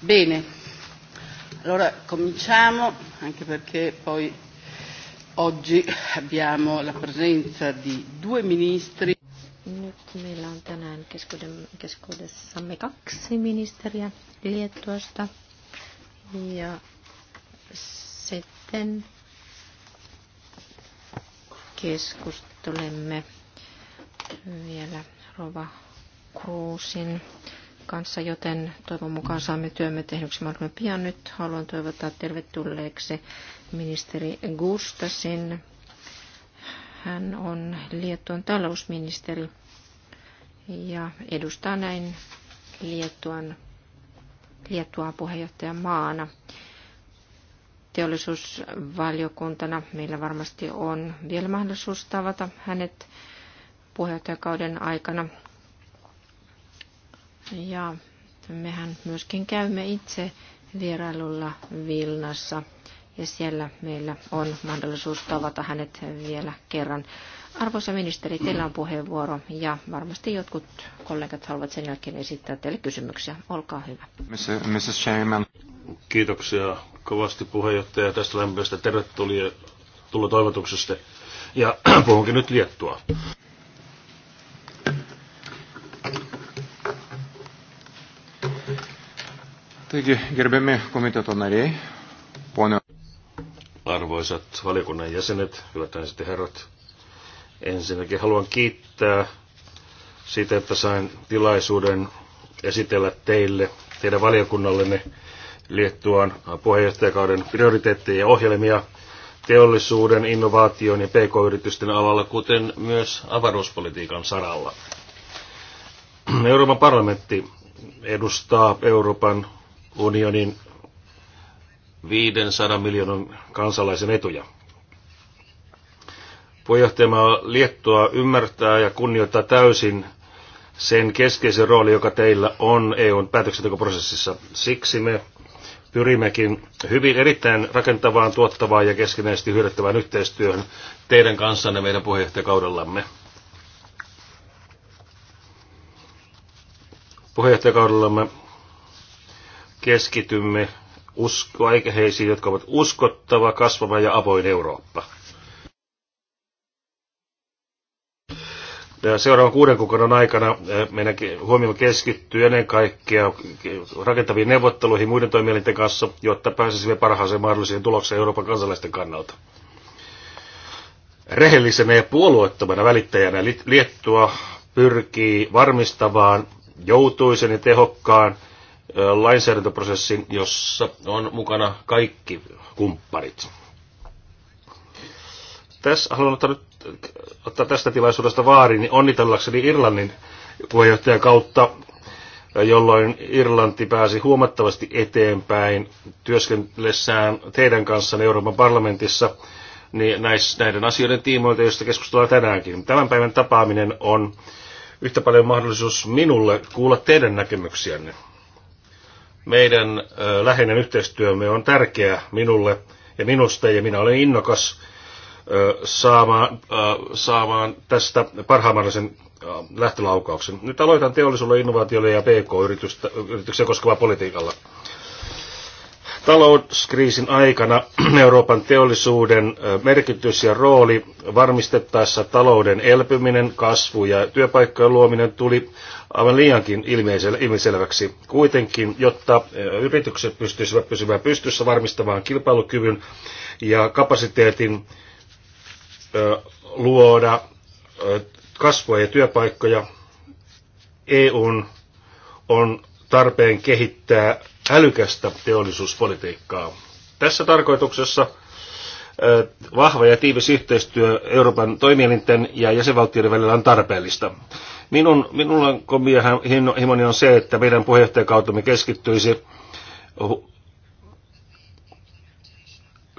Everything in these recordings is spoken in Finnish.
Bene, allora cominciamo, anche perché poi oggi abbiamo la presenza di due ministri. Nyt meillä on tänään keskuudessamme kaksi ministeriä Liettuasta ja sitten keskustelemme vielä Rova Kruusin kanssa, joten toivon mukaan saamme työmme tehdyksi mahdollisimman pian. Nyt haluan toivottaa tervetulleeksi ministeri Gustasin. Hän on Liettuan talousministeri ja edustaa näin Liettuan, Liettuaa puheenjohtajan maana teollisuusvaliokuntana meillä varmasti on vielä mahdollisuus tavata hänet puheenjohtajakauden aikana. Ja mehän myöskin käymme itse vierailulla Vilnassa ja siellä meillä on mahdollisuus tavata hänet vielä kerran. Arvoisa ministeri, teillä on puheenvuoro ja varmasti jotkut kollegat haluavat sen jälkeen esittää teille kysymyksiä. Olkaa hyvä. Mrs. Chairman. Kiitoksia kovasti puheenjohtaja tästä lämpöistä tervetuloa toivotuksesta. Ja puhunkin nyt Liettua. Taigi, gerbiami komiteto nariai, ponio. Arvoisat valiokunnan jäsenet, hyvät naiset ja herrat, ensinnäkin haluan kiittää siitä, että sain tilaisuuden esitellä teille, teidän valiokunnallenne liettuaan puheenjohtajakauden prioriteetteja ja ohjelmia teollisuuden, innovaation ja pk-yritysten alalla, kuten myös avaruuspolitiikan saralla. Euroopan parlamentti edustaa Euroopan unionin 500 miljoonan kansalaisen etuja. Puheenjohtajamaa Liettua ymmärtää ja kunnioittaa täysin sen keskeisen rooli, joka teillä on EUn päätöksentekoprosessissa. Siksi me pyrimmekin hyvin erittäin rakentavaan, tuottavaan ja keskinäisesti hyödyttävään yhteistyöhön teidän kanssanne meidän puheenjohtajakaudellamme. Puheenjohtajakaudellamme keskitymme usko, aiheisiin, jotka ovat uskottava, kasvava ja avoin Eurooppa. Seuraavan kuuden kuukauden aikana eh, meidän huomio keskittyy ennen kaikkea rakentaviin neuvotteluihin muiden toimielinten kanssa, jotta pääsisimme parhaaseen mahdolliseen tulokseen Euroopan kansalaisten kannalta. Rehellisenä ja puolueettomana välittäjänä Liettua pyrkii varmistavaan, joutuisen ja tehokkaan lainsäädäntöprosessin, jossa on mukana kaikki kumpparit. Tässä haluan ottaa, nyt, ottaa tästä tilaisuudesta vaarin niin onnitellakseni Irlannin puheenjohtajan kautta, jolloin Irlanti pääsi huomattavasti eteenpäin työskennellessään teidän kanssa Euroopan parlamentissa niin näis, näiden asioiden tiimoilta, joista keskustellaan tänäänkin. Tämän päivän tapaaminen on yhtä paljon mahdollisuus minulle kuulla teidän näkemyksiänne meidän läheinen yhteistyömme on tärkeä minulle ja minusta, ja minä olen innokas saamaan, saamaan tästä parhaan mahdollisen lähtölaukauksen. Nyt aloitan teollisuuden innovaatioille ja PK-yrityksiä koskevaa politiikalla. Talouskriisin aikana Euroopan teollisuuden merkitys ja rooli varmistettaessa talouden elpyminen, kasvu ja työpaikkojen luominen tuli aivan liiankin ilmiselväksi. Kuitenkin, jotta yritykset pystyisivät pysymään pystyssä varmistamaan kilpailukyvyn ja kapasiteetin luoda kasvua ja työpaikkoja, EUn on tarpeen kehittää älykästä teollisuuspolitiikkaa. Tässä tarkoituksessa vahva ja tiivis yhteistyö Euroopan toimielinten ja jäsenvaltioiden välillä on tarpeellista. Minun, minulla komia himoni on se, että meidän puheenjohtajakautemme keskittyisi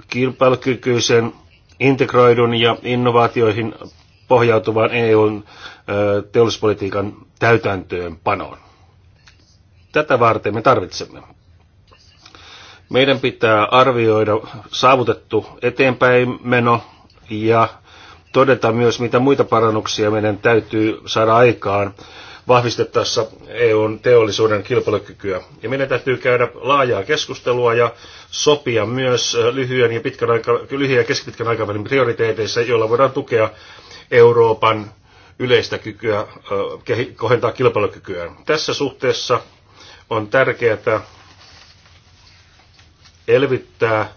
kilpailukykyisen, integroidun ja innovaatioihin pohjautuvan EUn teollisuuspolitiikan täytäntöönpanoon. Tätä varten me tarvitsemme meidän pitää arvioida saavutettu eteenpäin meno ja todeta myös, mitä muita parannuksia meidän täytyy saada aikaan vahvistettaessa EUn teollisuuden kilpailukykyä. Ja meidän täytyy käydä laajaa keskustelua ja sopia myös lyhyen ja, pitkän aika, lyhyen ja keskipitkän aikavälin prioriteeteissa, joilla voidaan tukea Euroopan yleistä kykyä kohentaa kilpailukykyä. Tässä suhteessa on tärkeää elvyttää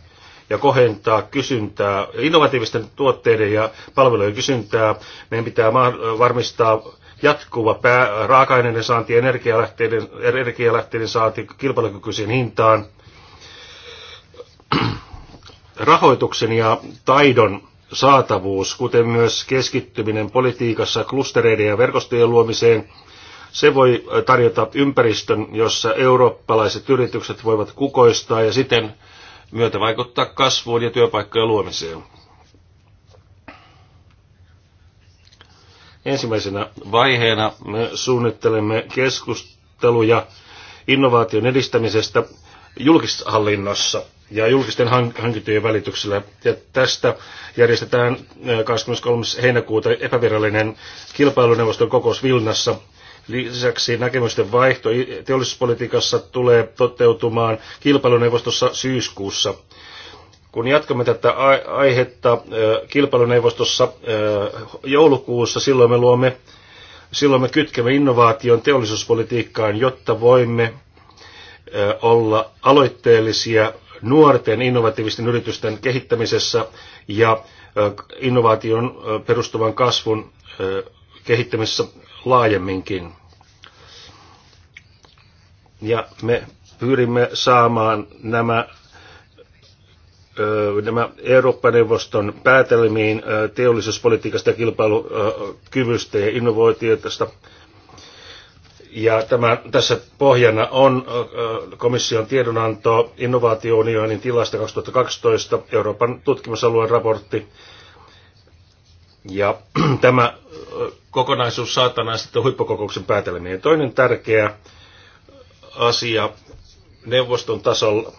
ja kohentaa kysyntää, innovatiivisten tuotteiden ja palvelujen kysyntää. Meidän pitää varmistaa jatkuva pää, raaka-aineiden saanti, energialähteiden, energialähteiden saanti kilpailukykyiseen hintaan. Rahoituksen ja taidon saatavuus, kuten myös keskittyminen politiikassa klustereiden ja verkostojen luomiseen – se voi tarjota ympäristön, jossa eurooppalaiset yritykset voivat kukoistaa ja siten myötä vaikuttaa kasvuun ja työpaikkojen luomiseen. Ensimmäisenä vaiheena me suunnittelemme keskusteluja innovaation edistämisestä julkishallinnossa ja julkisten hankintojen välityksellä. Ja tästä järjestetään 23. Äh, heinäkuuta epävirallinen kilpailuneuvoston kokous Vilnassa, Lisäksi näkemysten vaihto teollisuuspolitiikassa tulee toteutumaan kilpailuneuvostossa syyskuussa. Kun jatkamme tätä aihetta kilpailuneuvostossa joulukuussa, silloin me luomme silloin me kytkemme innovaation teollisuuspolitiikkaan, jotta voimme olla aloitteellisia nuorten innovatiivisten yritysten kehittämisessä ja innovaation perustuvan kasvun kehittämisessä laajemminkin. Ja me pyrimme saamaan nämä nämä Eurooppa-neuvoston päätelmiin teollisuuspolitiikasta ja kilpailukyvystä ja innovoitioista. Ja tämä, tässä pohjana on komission tiedonanto innovaatiounionin tilasta 2012, Euroopan tutkimusalueen raportti. Ja tämä kokonaisuus saatana sitten huippukokouksen päätelmiä. Toinen tärkeä asia neuvoston tasolla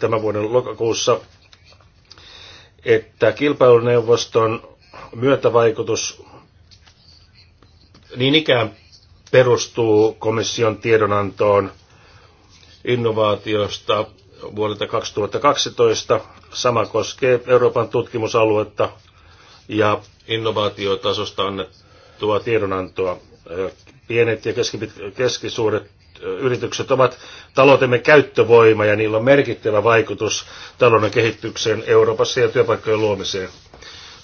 tämän vuoden lokakuussa, että kilpailuneuvoston myötävaikutus niin ikään perustuu komission tiedonantoon innovaatiosta vuodelta 2012. Sama koskee Euroopan tutkimusaluetta ja innovaatiotasosta annettu tuo tiedonantoa. Pienet ja keskisuuret yritykset ovat taloutemme käyttövoima ja niillä on merkittävä vaikutus talouden kehitykseen Euroopassa ja työpaikkojen luomiseen.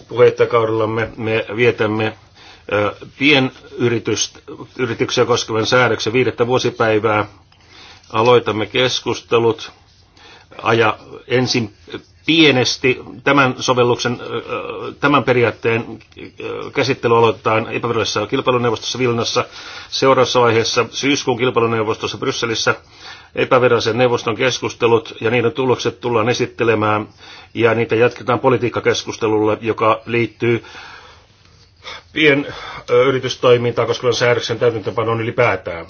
Puheittakaudellamme me vietämme pienyrityksiä koskevan säädöksen viidettä vuosipäivää. Aloitamme keskustelut aja ensin pienesti tämän sovelluksen, tämän periaatteen käsittely aloitetaan epävirallisessa kilpailuneuvostossa Vilnassa seuraavassa vaiheessa syyskuun kilpailuneuvostossa Brysselissä epävirallisen neuvoston keskustelut ja niiden tulokset tullaan esittelemään ja niitä jatketaan politiikkakeskustelulla, joka liittyy pienyritystoimintaa koskevan säädöksen täytäntöpanoon ylipäätään.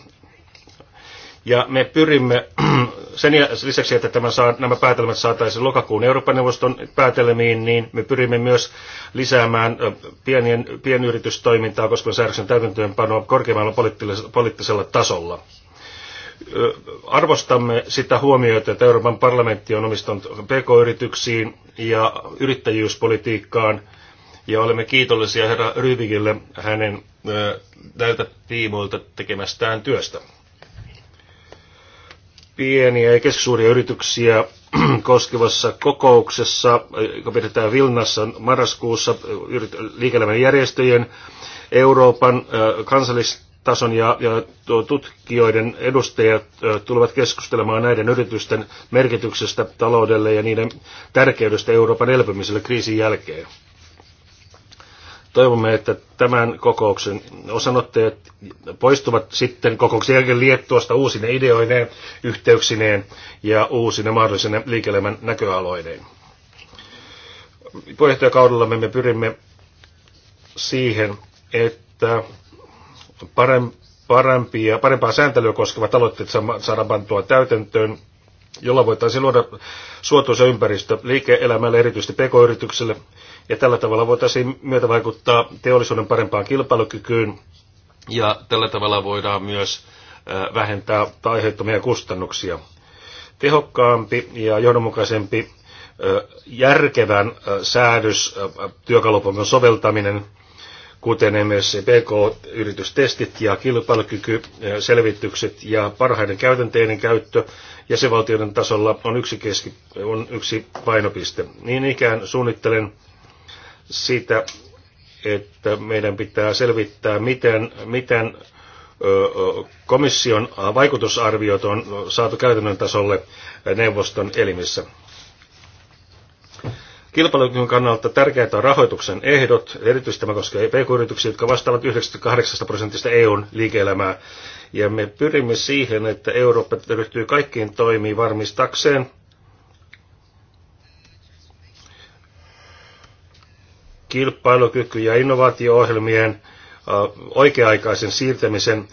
Ja me pyrimme sen lisäksi, että tämä saa, nämä päätelmät saataisiin lokakuun Euroopan neuvoston päätelmiin, niin me pyrimme myös lisäämään pienien, pienyritystoimintaa koskevan säädöksen täytäntöönpanoa korkeammalla poliittisella, poliittisella tasolla arvostamme sitä huomiota, että Euroopan parlamentti on omistanut pk-yrityksiin ja yrittäjyyspolitiikkaan, ja olemme kiitollisia herra Ryvigille hänen näiltä tiimoilta tekemästään työstä pieniä ja keskisuuria yrityksiä koskevassa kokouksessa, joka pidetään Vilnassa marraskuussa liike järjestöjen, Euroopan kansallistason ja, ja tutkijoiden edustajat tulevat keskustelemaan näiden yritysten merkityksestä taloudelle ja niiden tärkeydestä Euroopan elpymiselle kriisin jälkeen. Toivomme, että tämän kokouksen osanottajat poistuvat sitten kokouksen jälkeen Liettuosta uusine ideoineen, yhteyksineen ja uusine mahdollisine liikelemän näköaloineen. Puheenjohtajakaudella me pyrimme siihen, että parempia, parempaa sääntelyä koskevat aloitteet saadaan pantua täytäntöön, jolla voitaisiin luoda suotuisa ympäristö liike-elämälle, erityisesti pk yritykselle ja tällä tavalla voitaisiin myötävaikuttaa teollisuuden parempaan kilpailukykyyn ja tällä tavalla voidaan myös vähentää aiheuttamia kustannuksia. Tehokkaampi ja johdonmukaisempi järkevän säädös työkalupomon soveltaminen, kuten esimerkiksi PK-yritystestit ja kilpailukykyselvitykset ja parhaiden käytänteiden käyttö jäsenvaltioiden tasolla on yksi, keski, on yksi painopiste. Niin ikään suunnittelen sitä, että meidän pitää selvittää, miten, miten komission vaikutusarviot on saatu käytännön tasolle neuvoston elimissä. Kilpailukyvyn kannalta tärkeitä on rahoituksen ehdot, erityisesti tämä koskee pk-yrityksiä, jotka vastaavat 98 prosentista EUn liike-elämää. Ja me pyrimme siihen, että Eurooppa ryhtyy kaikkiin toimiin varmistakseen kilpailukyky- ja innovaatio-ohjelmien oikea-aikaisen siirtämisen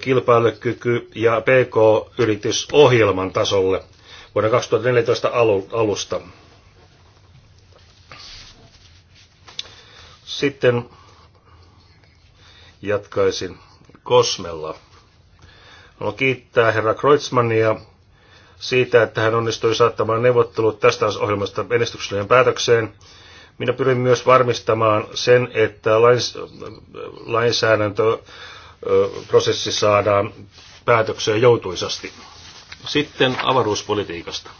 kilpailukyky- ja PK-yritysohjelman tasolle vuoden 2014 alusta. Sitten jatkaisin Kosmella. Haluan kiittää herra Kreutzmannia siitä, että hän onnistui saattamaan neuvottelut tästä ohjelmasta menestykselliseen päätökseen. Minä pyrin myös varmistamaan sen, että lainsäädäntöprosessi saadaan päätökseen joutuisasti. Sitten avaruuspolitiikasta.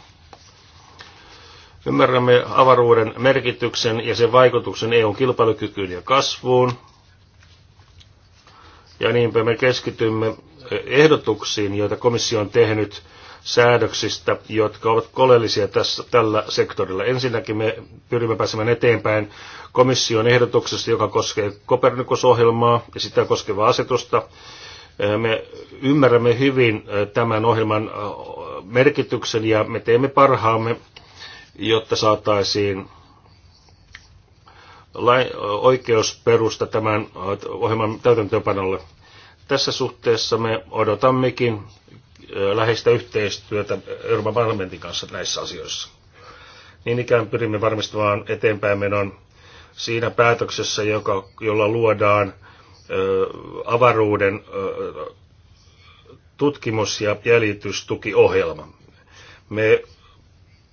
Ymmärrämme avaruuden merkityksen ja sen vaikutuksen EUn kilpailukykyyn ja kasvuun. Ja niinpä me keskitymme ehdotuksiin, joita komissio on tehnyt säädöksistä, jotka ovat koleellisia tässä, tällä sektorilla. Ensinnäkin me pyrimme pääsemään eteenpäin komission ehdotuksesta, joka koskee Kopernikusohjelmaa ja sitä koskevaa asetusta. Äh, me ymmärrämme hyvin äh, tämän ohjelman äh, merkityksen ja me teemme parhaamme, jotta saataisiin oikeusperusta tämän ohjelman täytäntöönpanolle. Tässä suhteessa me odotammekin läheistä yhteistyötä Euroopan parlamentin kanssa näissä asioissa. Niin ikään pyrimme varmistamaan eteenpäin menon siinä päätöksessä, joka, jolla luodaan avaruuden tutkimus- ja jäljitystukiohjelma. Me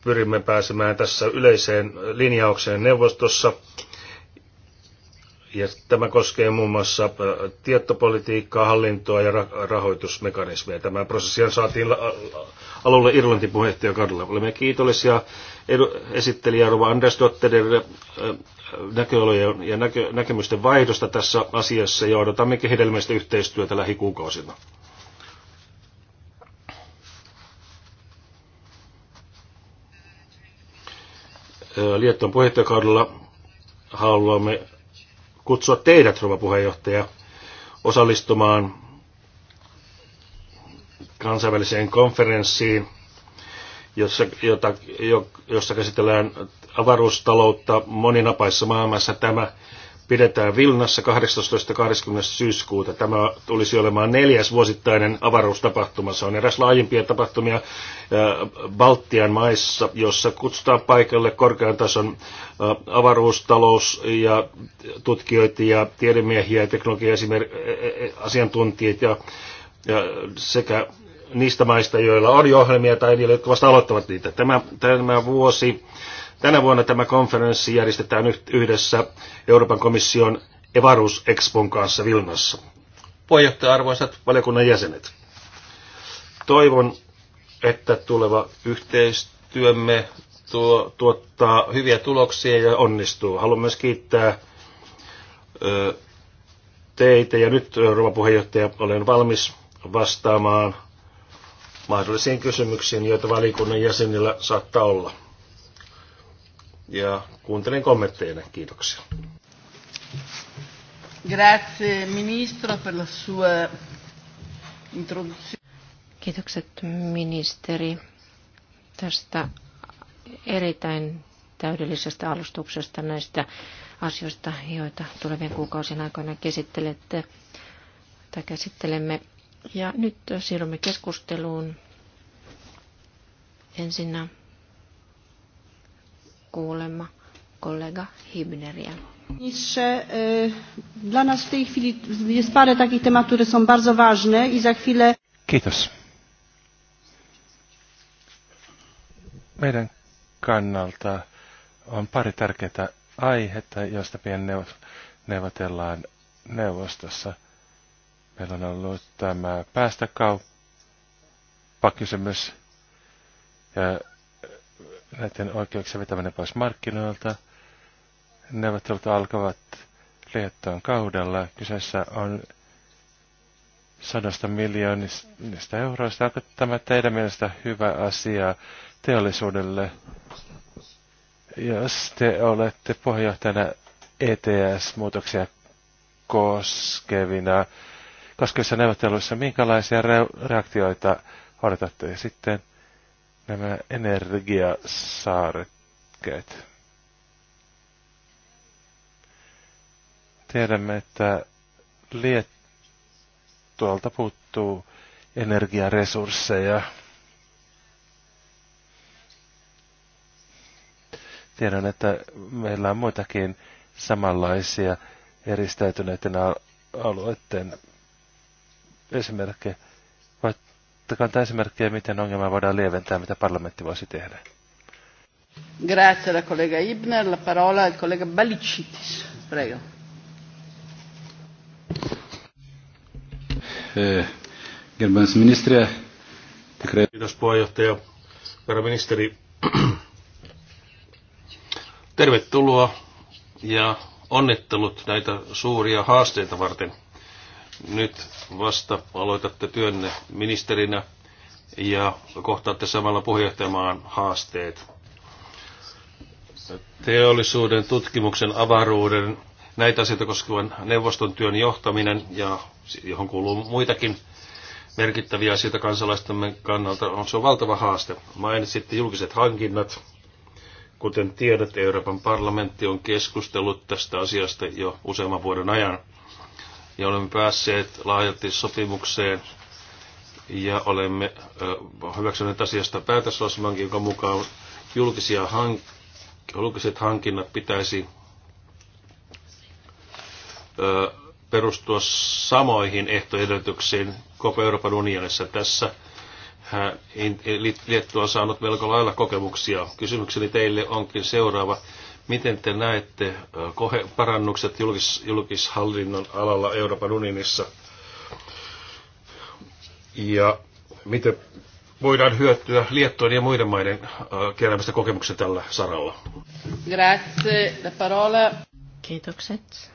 pyrimme pääsemään tässä yleiseen linjaukseen neuvostossa ja tämä koskee muun muassa äh, tietopolitiikkaa, hallintoa ja rahoitusmekanismeja. Tämä prosessi saatiin alulle Irlantin puheenjohtajan kaudella. Olemme kiitollisia esittelijä Rova Anders Dotterin äh, näköalojen ja näkö, näkemysten vaihdosta tässä asiassa ja odotammekin hedelmäistä yhteistyötä lähikuukausina. Äh, Liettuan puheenjohtajakaudella haluamme kutsua teidät, rouva puheenjohtaja, osallistumaan kansainväliseen konferenssiin, jossa, jota, jo, jossa käsitellään avaruustaloutta moninapaisessa maailmassa. Tämä pidetään Vilnassa 18.–20. syyskuuta. Tämä tulisi olemaan neljäs vuosittainen avaruustapahtuma. Se on eräs laajimpia tapahtumia Baltian maissa, jossa kutsutaan paikalle korkean tason avaruustalous ja tutkijoita ja tiedemiehiä ja teknologia asiantuntijat ja, ja sekä niistä maista, joilla on jo ohjelmia tai niillä, jotka vasta aloittavat niitä. Tämä, tämä vuosi Tänä vuonna tämä konferenssi järjestetään yhdessä Euroopan komission Evarus Expon kanssa Vilnassa. Puheenjohtaja, arvoisat valiokunnan jäsenet. Toivon, että tuleva yhteistyömme tuo, tuottaa hyviä tuloksia ja onnistuu. Haluan myös kiittää ö, teitä ja nyt rouva puheenjohtaja olen valmis vastaamaan mahdollisiin kysymyksiin, joita valiokunnan jäsenillä saattaa olla ja kuuntelen kommentteja. Kiitoksia. Grazie ministro per la sua introduzione. Kiitokset ministeri tästä erittäin täydellisestä alustuksesta näistä asioista, joita tulevien kuukausien aikana käsittelette tai käsittelemme. Ja nyt siirrymme keskusteluun. Ensinnä kuulemma kollega Hibneriä. Ministrze, dla nas w tej chwili jest parę takich tematów, które są bardzo ważne i za chwilę... Kiitos. Meidän kannalta on pari tärkeää aihetta, joista pian neuvotellaan neuvostossa. Meillä on ollut tämä päästökauppakysymys ja näiden oikeuksien vetäminen pois markkinoilta. Neuvottelut alkavat liettoon kaudella. Kyseessä on sadasta miljoonista euroista. Onko tämä teidän mielestä hyvä asia teollisuudelle, jos te olette puheenjohtajana ETS-muutoksia koskevina, koskevissa neuvotteluissa, minkälaisia re- reaktioita odotatte? Ja sitten nämä energiasaarekkeet. Tiedämme, että Liettualta puuttuu energiaresursseja. Tiedän, että meillä on muitakin samanlaisia eristäytyneiden alueiden esimerkkejä antaa esimerkkejä, miten ongelmaa voidaan lieventää, mitä parlamentti voisi tehdä. Grazie alla collega Ibner. La parola al collega Balicitis. Prego. Eh, gerbiamas ministeriä. Kiitos puheenjohtaja. Herra ministeri, tervetuloa ja onnittelut näitä suuria haasteita varten – nyt vasta aloitatte työnne ministerinä ja kohtaatte samalla puheenjohtajamaan haasteet. Teollisuuden, tutkimuksen, avaruuden, näitä asioita koskevan neuvoston työn johtaminen, ja johon kuuluu muitakin merkittäviä asioita kansalaistamme kannalta, on se on valtava haaste. Mainitsitte julkiset hankinnat. Kuten tiedät, Euroopan parlamentti on keskustellut tästä asiasta jo useamman vuoden ajan ja olemme päässeet laajalti sopimukseen ja olemme hyväksyneet asiasta päätöslausumankin, jonka mukaan julkisia hank- julkiset hankinnat pitäisi perustua samoihin ehtoedellytyksiin koko Euroopan unionissa. Tässä Liettua on saanut melko lailla kokemuksia. Kysymykseni teille onkin seuraava. Miten te näette parannukset julkis, julkishallinnon alalla Euroopan unionissa? Ja miten voidaan hyötyä Liettuan ja muiden maiden keräämistä kokemuksia tällä saralla? Grazie, la parola. Kiitokset.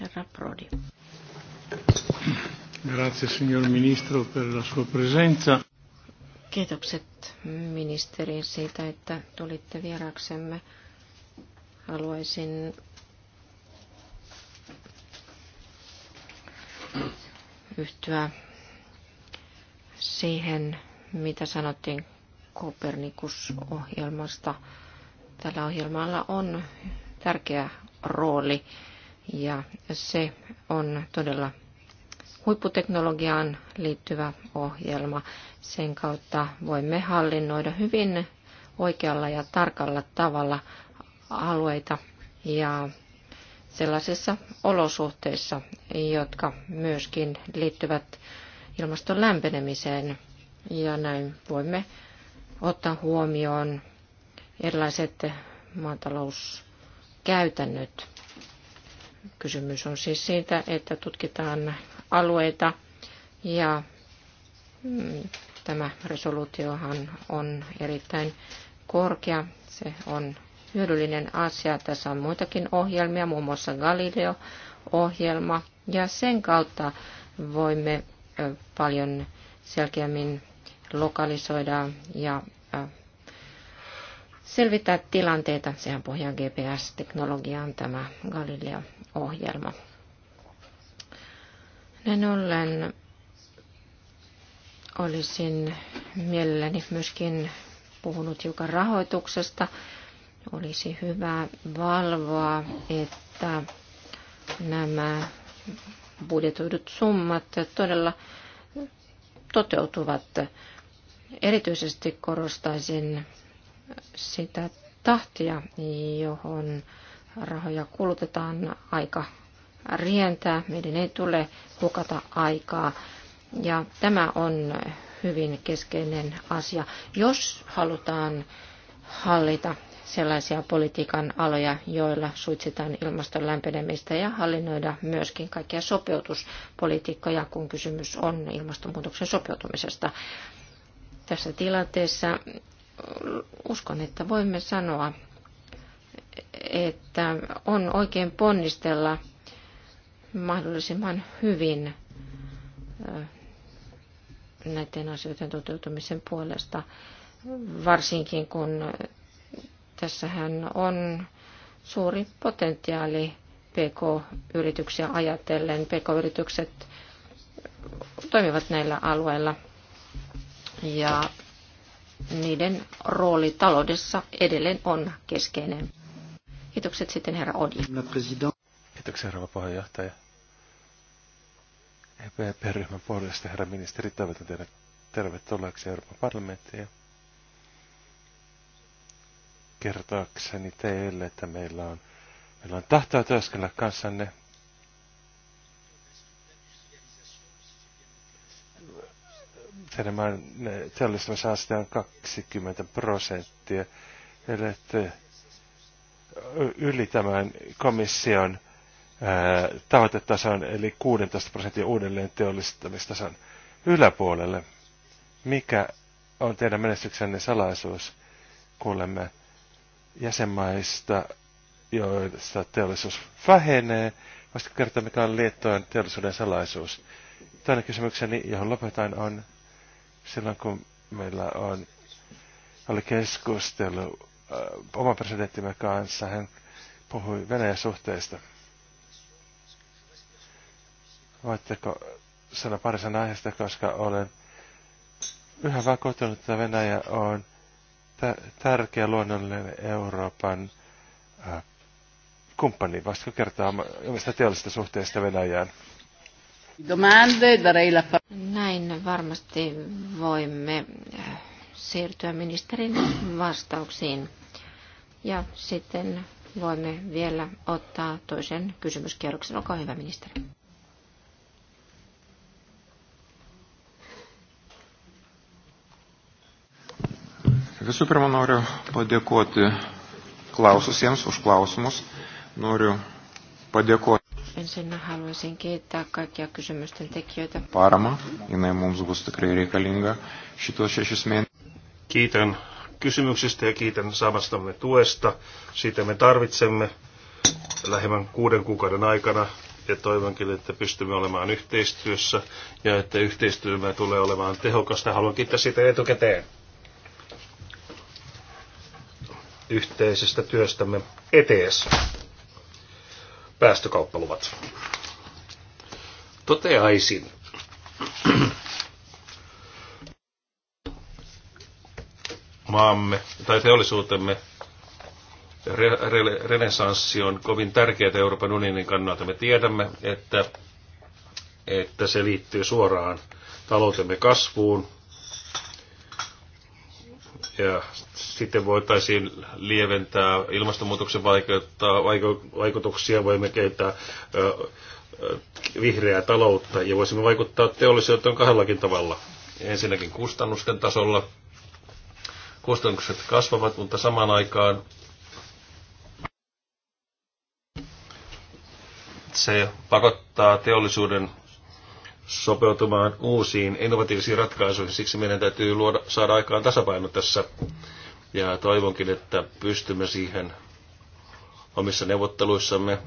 Herra Prodi. Grazie signor Ministro per la sua presenza. Kiitokset ministeriin siitä, että tulitte vieraksemme. Haluaisin yhtyä siihen, mitä sanottiin Kopernikus-ohjelmasta. Tällä ohjelmalla on tärkeä rooli ja se on todella huipputeknologiaan liittyvä ohjelma. Sen kautta voimme hallinnoida hyvin oikealla ja tarkalla tavalla alueita ja sellaisissa olosuhteissa, jotka myöskin liittyvät ilmaston lämpenemiseen. Ja näin voimme ottaa huomioon erilaiset maatalouskäytännöt. Kysymys on siis siitä, että tutkitaan alueita. Ja mm, tämä resoluutiohan on erittäin korkea. Se on hyödyllinen asia. Tässä on muitakin ohjelmia, muun muassa Galileo-ohjelma. Ja sen kautta voimme paljon selkeämmin lokalisoida ja selvittää tilanteita. Sehän pohjaa GPS-teknologiaan tämä Galileo-ohjelma. Näin ollen olisin mielelläni myöskin puhunut hiukan rahoituksesta. Olisi hyvä valvoa, että nämä budjetoidut summat todella toteutuvat. Erityisesti korostaisin sitä tahtia, johon rahoja kulutetaan aika rientää, meidän ei tule hukata aikaa. Ja tämä on hyvin keskeinen asia, jos halutaan hallita sellaisia politiikan aloja, joilla suitsitaan ilmaston lämpenemistä ja hallinnoida myöskin kaikkia sopeutuspolitiikkoja, kun kysymys on ilmastonmuutoksen sopeutumisesta. Tässä tilanteessa uskon, että voimme sanoa, että on oikein ponnistella mahdollisimman hyvin näiden asioiden toteutumisen puolesta, varsinkin kun tässähän on suuri potentiaali PK-yrityksiä ajatellen. PK-yritykset toimivat näillä alueilla ja niiden rooli taloudessa edelleen on keskeinen. Kiitokset sitten herra Odi. Kiitoksia, rouva puheenjohtaja. EPP-ryhmän puolesta herra ministeri toivotan teille tervetulleeksi Euroopan parlamenttiin. Kertoakseni teille, että meillä on, meillä on tahtoa työskennellä kanssanne. Teidän maan on 20 prosenttia. Eli yli tämän komission tavoitetason eli 16 prosentin uudelleen teollistamistason yläpuolelle. Mikä on teidän menestyksenne salaisuus? Kuulemme jäsenmaista, joissa teollisuus vähenee. Voisitko kertoa, mikä on liittojen teollisuuden salaisuus? Toinen kysymykseni, johon lopetan, on silloin, kun meillä on, oli keskustelu äh, oman presidenttimme kanssa, hän puhui Venäjän suhteista. Voitteko sanoa pari sanaa aiheesta, koska olen yhä vakuuttunut, että Venäjä on tärkeä luonnollinen Euroopan äh, kumppani. Voisitko kertoa omista teollisista suhteista Venäjään? Näin varmasti voimme siirtyä ministerin vastauksiin. Ja sitten voimme vielä ottaa toisen kysymyskierroksen. Olkaa hyvä, ministeri. Visų pirma, noriu padėkoti klaususiems už klausimus. Noriu padėkoti. Ensinnä haluaisin kiittää kaikkia kysymysten tekijöitä. Parama, inai mums bus tikrai reikalinga šitos šešis mėnesius. Kiitän kysymyksistä ja kiitän samastamme tuesta. Siitä me tarvitsemme lähemmän kuuden kuukauden aikana ja toivonkin, että pystymme olemaan yhteistyössä ja että yhteistyömme tulee olemaan tehokasta. Haluan kiittää siitä etukäteen. yhteisestä työstämme ETS, päästökauppaluvat. Toteaisin, maamme tai teollisuutemme re, re, renesanssi on kovin tärkeää Euroopan unionin kannalta. Me tiedämme, että, että se liittyy suoraan taloutemme kasvuun, ja sitten voitaisiin lieventää ilmastonmuutoksen vaikeuttaa, vaikutuksia, voimme kehittää vihreää taloutta ja voisimme vaikuttaa teollisuuteen kahdellakin tavalla. Ensinnäkin kustannusten tasolla. Kustannukset kasvavat, mutta samaan aikaan se pakottaa teollisuuden sopeutumaan uusiin innovatiivisiin ratkaisuihin. Siksi meidän täytyy luoda, saada aikaan tasapaino tässä. Ja toivonkin, että pystymme siihen omissa neuvotteluissamme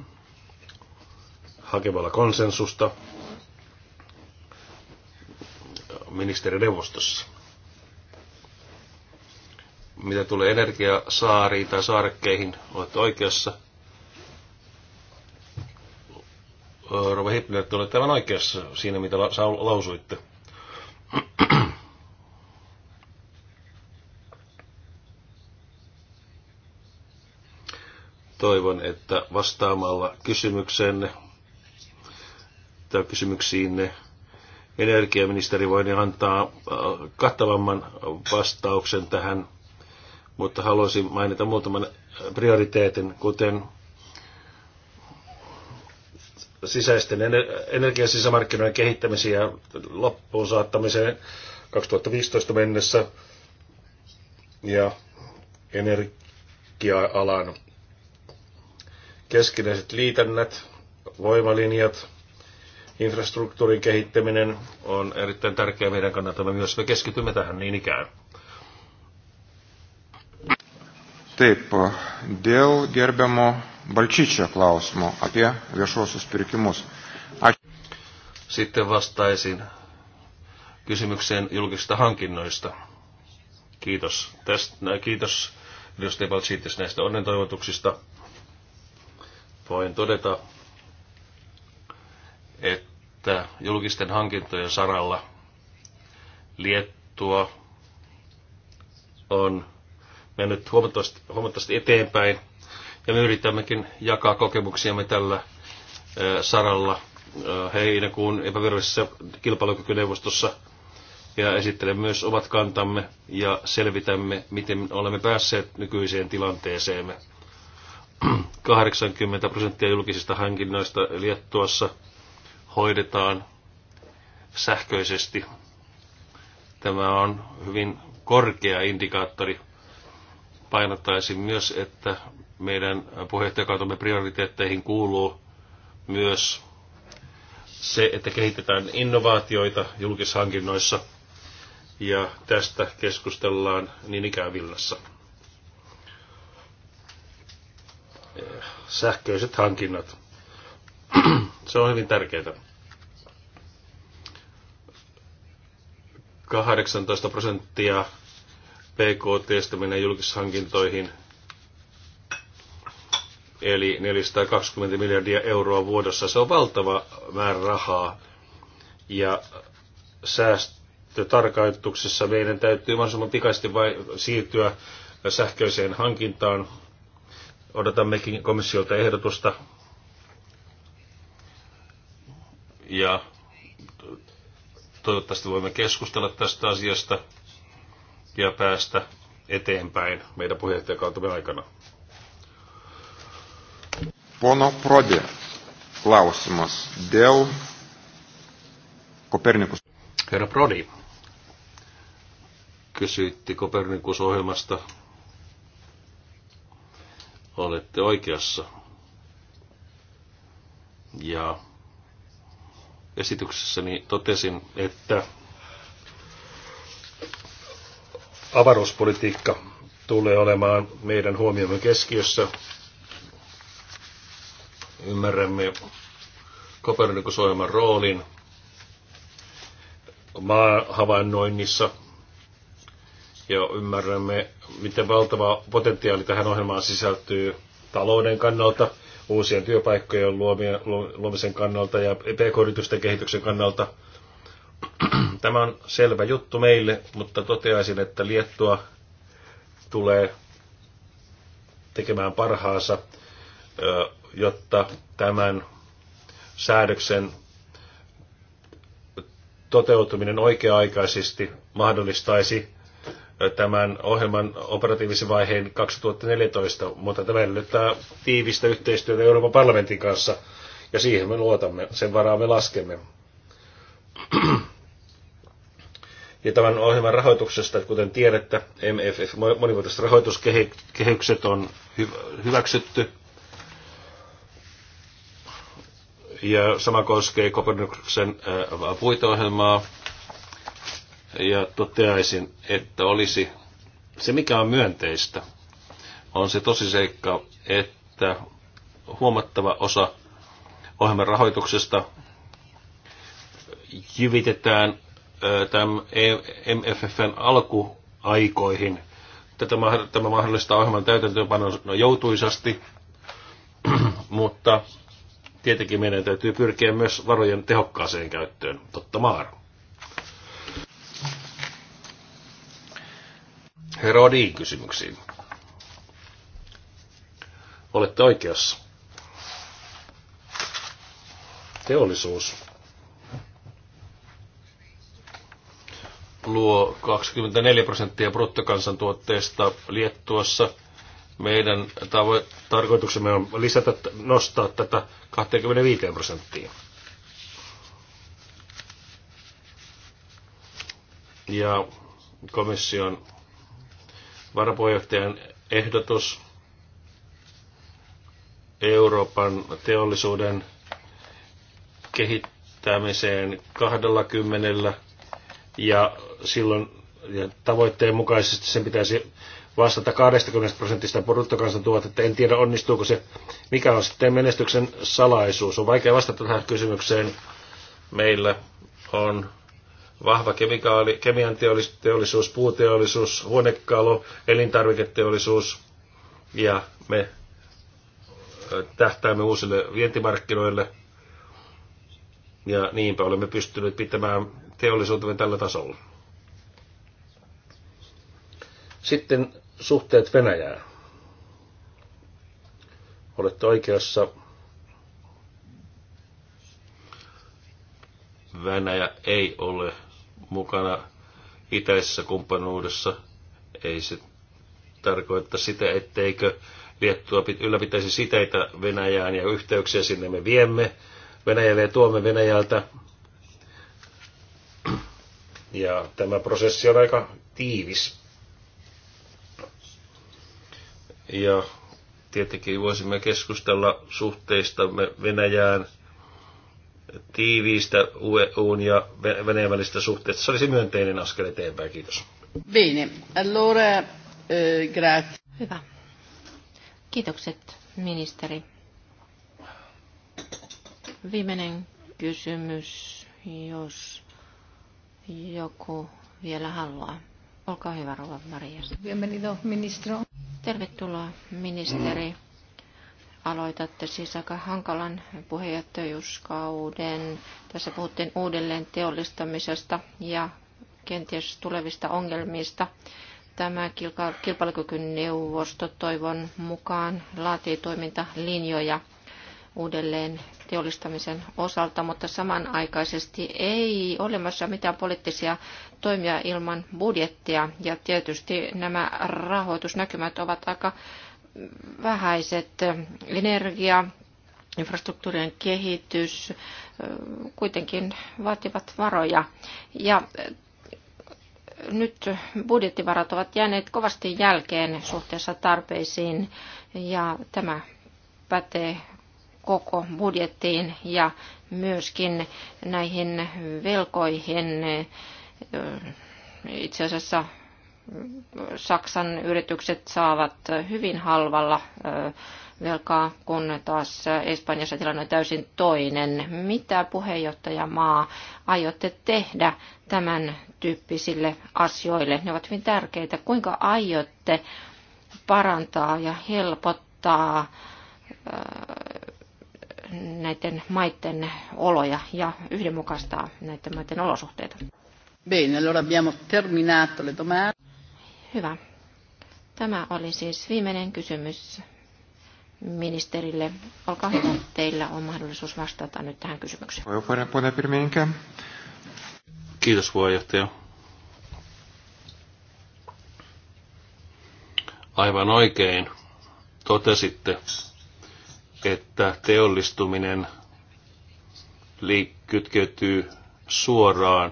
hakemalla konsensusta ministerineuvostossa. Mitä tulee energiasaariin tai saarekkeihin, olette oikeassa – Rova Hippner, te olette aivan oikeassa siinä, mitä lausuitte. Toivon, että vastaamalla kysymyksenne tai kysymyksiinne energiaministeri voi niin antaa äh, kattavamman vastauksen tähän, mutta haluaisin mainita muutaman prioriteetin, kuten sisäisten energiasisämarkkinoiden kehittämiseen ja loppuun saattamiseen 2015 mennessä ja energia-alan keskinäiset liitännät, voimalinjat, infrastruktuurin kehittäminen on erittäin tärkeää meidän kannaltamme myös. Me keskitymme tähän niin ikään. Taip, dėl gerbiamo Balčičio klausimu apie viešuosius pirkimus. Ačiū. Sitten vastaisin kysymykseen julkisista hankinnoista. Kiitos, tästä, kiitos edustaja Balchitis näistä onnentoivotuksista. Voin todeta, että julkisten hankintojen saralla Liettua on mennyt huomattavasti, huomattavasti eteenpäin – ja me yritämmekin jakaa kokemuksiamme tällä saralla heinäkuun epävirallisessa kilpailukykyneuvostossa ja esittelemme myös omat kantamme ja selvitämme, miten olemme päässeet nykyiseen tilanteeseemme. 80 prosenttia julkisista hankinnoista Liettuassa hoidetaan sähköisesti. Tämä on hyvin korkea indikaattori. Painottaisin myös, että meidän puheenjohtajakautamme prioriteetteihin kuuluu myös se, että kehitetään innovaatioita julkishankinnoissa ja tästä keskustellaan niin ikään Villassa. Sähköiset hankinnat. Se on hyvin tärkeää. 18 prosenttia PKTstä menee julkishankintoihin eli 420 miljardia euroa vuodessa. Se on valtava määrä rahaa ja säästötarkoituksessa meidän täytyy mahdollisimman pikaisesti vai siirtyä sähköiseen hankintaan. Odotammekin komissiolta ehdotusta. Ja toivottavasti voimme keskustella tästä asiasta ja päästä eteenpäin meidän puheenjohtajakautemme aikana. Pono Prodė klausimas dėl Kopernikus. Herra Prodi, kysytti Kopernikus-ohjelmasta. Olette oikeassa. Ja esityksessäni totesin, että avaruuspolitiikka tulee olemaan meidän huomiomme keskiössä Ymmärrämme Kopernikusohjelman roolin maahavainnoinnissa ja ymmärrämme, miten valtava potentiaali tähän ohjelmaan sisältyy talouden kannalta, uusien työpaikkojen luomisen kannalta ja pk-yritysten kehityksen kannalta. Tämä on selvä juttu meille, mutta toteaisin, että Liettua tulee tekemään parhaansa jotta tämän säädöksen toteutuminen oikea-aikaisesti mahdollistaisi tämän ohjelman operatiivisen vaiheen 2014, mutta tämä edellyttää tiivistä yhteistyötä Euroopan parlamentin kanssa, ja siihen me luotamme, sen varaan me laskemme. Ja tämän ohjelman rahoituksesta, kuten tiedätte, MFF, monivuotiset rahoituskehykset on hyväksytty ja sama koskee Kopernikuksen äh, puiteohjelmaa. Ja toteaisin, että olisi se, mikä on myönteistä, on se tosiseikka, että huomattava osa ohjelman rahoituksesta jyvitetään äh, tämän MFFn alkuaikoihin. Tätä, tämä mahdollistaa ohjelman täytäntöönpanon joutuisasti, mutta tietenkin meidän täytyy pyrkiä myös varojen tehokkaaseen käyttöön. Totta maara. Herodin kysymyksiin. Olette oikeassa. Teollisuus luo 24 prosenttia bruttokansantuotteesta Liettuassa – meidän tavo- tarkoituksemme on lisätä, nostaa tätä 25 prosenttiin. Ja komission varapuheenjohtajan ehdotus Euroopan teollisuuden kehittämiseen 20 ja silloin ja tavoitteen mukaisesti sen pitäisi vastata 20 prosentista bruttokansantuotetta. En tiedä, onnistuuko se. Mikä on sitten menestyksen salaisuus? On vaikea vastata tähän kysymykseen. Meillä on vahva kemikaali, kemian teollisuus, puuteollisuus, huonekalu, elintarviketeollisuus ja me tähtäämme uusille vientimarkkinoille ja niinpä olemme pystyneet pitämään teollisuutemme tällä tasolla. Sitten suhteet Venäjään. Olette oikeassa. Venäjä ei ole mukana itäisessä kumppanuudessa. Ei se tarkoita sitä, etteikö Liettua ylläpitäisi siteitä Venäjään ja yhteyksiä sinne me viemme Venäjälle ja tuomme Venäjältä. Ja tämä prosessi on aika tiivis. Ja tietenkin voisimme keskustella suhteistamme Venäjään tiiviistä EUn ja Venäjän välistä suhteesta. Se olisi myönteinen askel eteenpäin. Kiitos. Bene. Allora, eh, grazie. Hyvä. Kiitokset, ministeri. Viimeinen kysymys, jos joku vielä haluaa. Olkaa hyvä, Rova Maria. Bienvenido, ministro. Tervetuloa, ministeri. Aloitatte siis aika hankalan puheenjohtajuuskauden. Tässä puhuttiin uudelleen teollistamisesta ja kenties tulevista ongelmista. Tämä kilpailukykyneuvosto toivon mukaan laatii toimintalinjoja uudelleen teollistamisen osalta, mutta samanaikaisesti ei olemassa mitään poliittisia toimia ilman budjettia. Ja tietysti nämä rahoitusnäkymät ovat aika vähäiset. Energia, infrastruktuurien kehitys kuitenkin vaativat varoja. Ja nyt budjettivarat ovat jääneet kovasti jälkeen suhteessa tarpeisiin ja tämä pätee koko budjettiin ja myöskin näihin velkoihin. Itse asiassa Saksan yritykset saavat hyvin halvalla velkaa, kun taas Espanjassa tilanne on täysin toinen. Mitä puheenjohtajamaa aiotte tehdä tämän tyyppisille asioille? Ne ovat hyvin tärkeitä. Kuinka aiotte parantaa ja helpottaa näiden maiden oloja ja yhdenmukaistaa näiden maiden olosuhteita. Bene, allora abbiamo terminato le domande. Hyvä. Tämä oli siis viimeinen kysymys ministerille. Olkaa hyvä, teillä on mahdollisuus vastata nyt tähän kysymykseen. Voi Kiitos puheenjohtaja. Aivan oikein totesitte, että teollistuminen kytkeytyy suoraan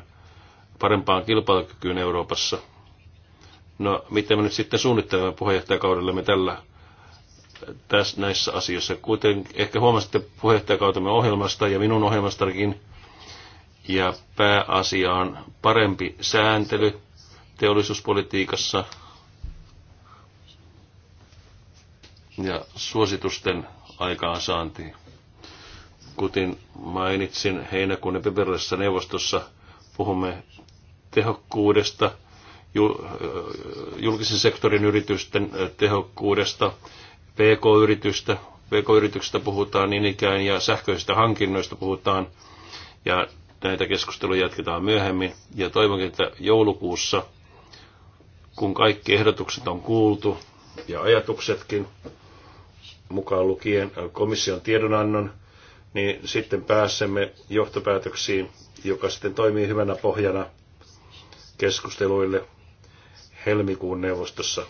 parempaan kilpailukykyyn Euroopassa. No, miten me nyt sitten suunnittelemme puheenjohtajakaudellemme tällä tässä näissä asioissa. Kuten ehkä huomasitte puheenjohtajakautemme ohjelmasta ja minun ohjelmastakin, ja pääasia on parempi sääntely teollisuuspolitiikassa ja suositusten aikaansaantiin. Kuten mainitsin heinäkuun epävirallisessa neuvostossa, puhumme tehokkuudesta, julkisen sektorin yritysten tehokkuudesta, PK-yritystä, PK-yrityksistä puhutaan niin ikään ja sähköisistä hankinnoista puhutaan ja näitä keskusteluja jatketaan myöhemmin ja toivonkin, että joulukuussa, kun kaikki ehdotukset on kuultu ja ajatuksetkin, mukaan lukien komission tiedonannon, niin sitten pääsemme johtopäätöksiin, joka sitten toimii hyvänä pohjana keskusteluille helmikuun neuvostossa,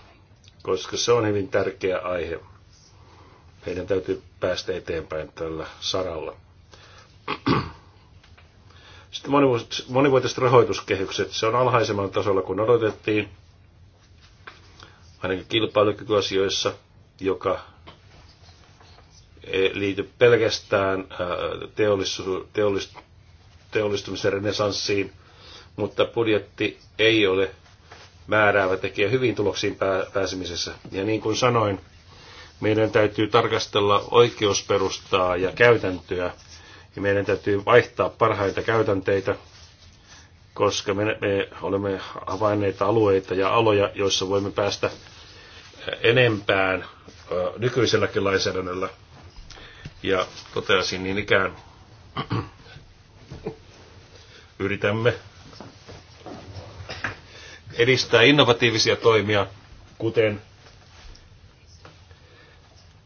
koska se on hyvin tärkeä aihe. Meidän täytyy päästä eteenpäin tällä saralla. Sitten monivuotiset rahoituskehykset. Se on alhaisemman tasolla kuin odotettiin, ainakin kilpailukykyasioissa, joka liity pelkästään äh, teollistumisen renesanssiin, mutta budjetti ei ole määräävä tekijä hyvin tuloksiin pääsemisessä. Ja niin kuin sanoin, meidän täytyy tarkastella oikeusperustaa ja käytäntöä, ja meidän täytyy vaihtaa parhaita käytänteitä, koska me, me olemme havainneet alueita ja aloja, joissa voimme päästä enempään nykyiselläkin lainsäädännöllä ja toteasin niin ikään, yritämme edistää innovatiivisia toimia, kuten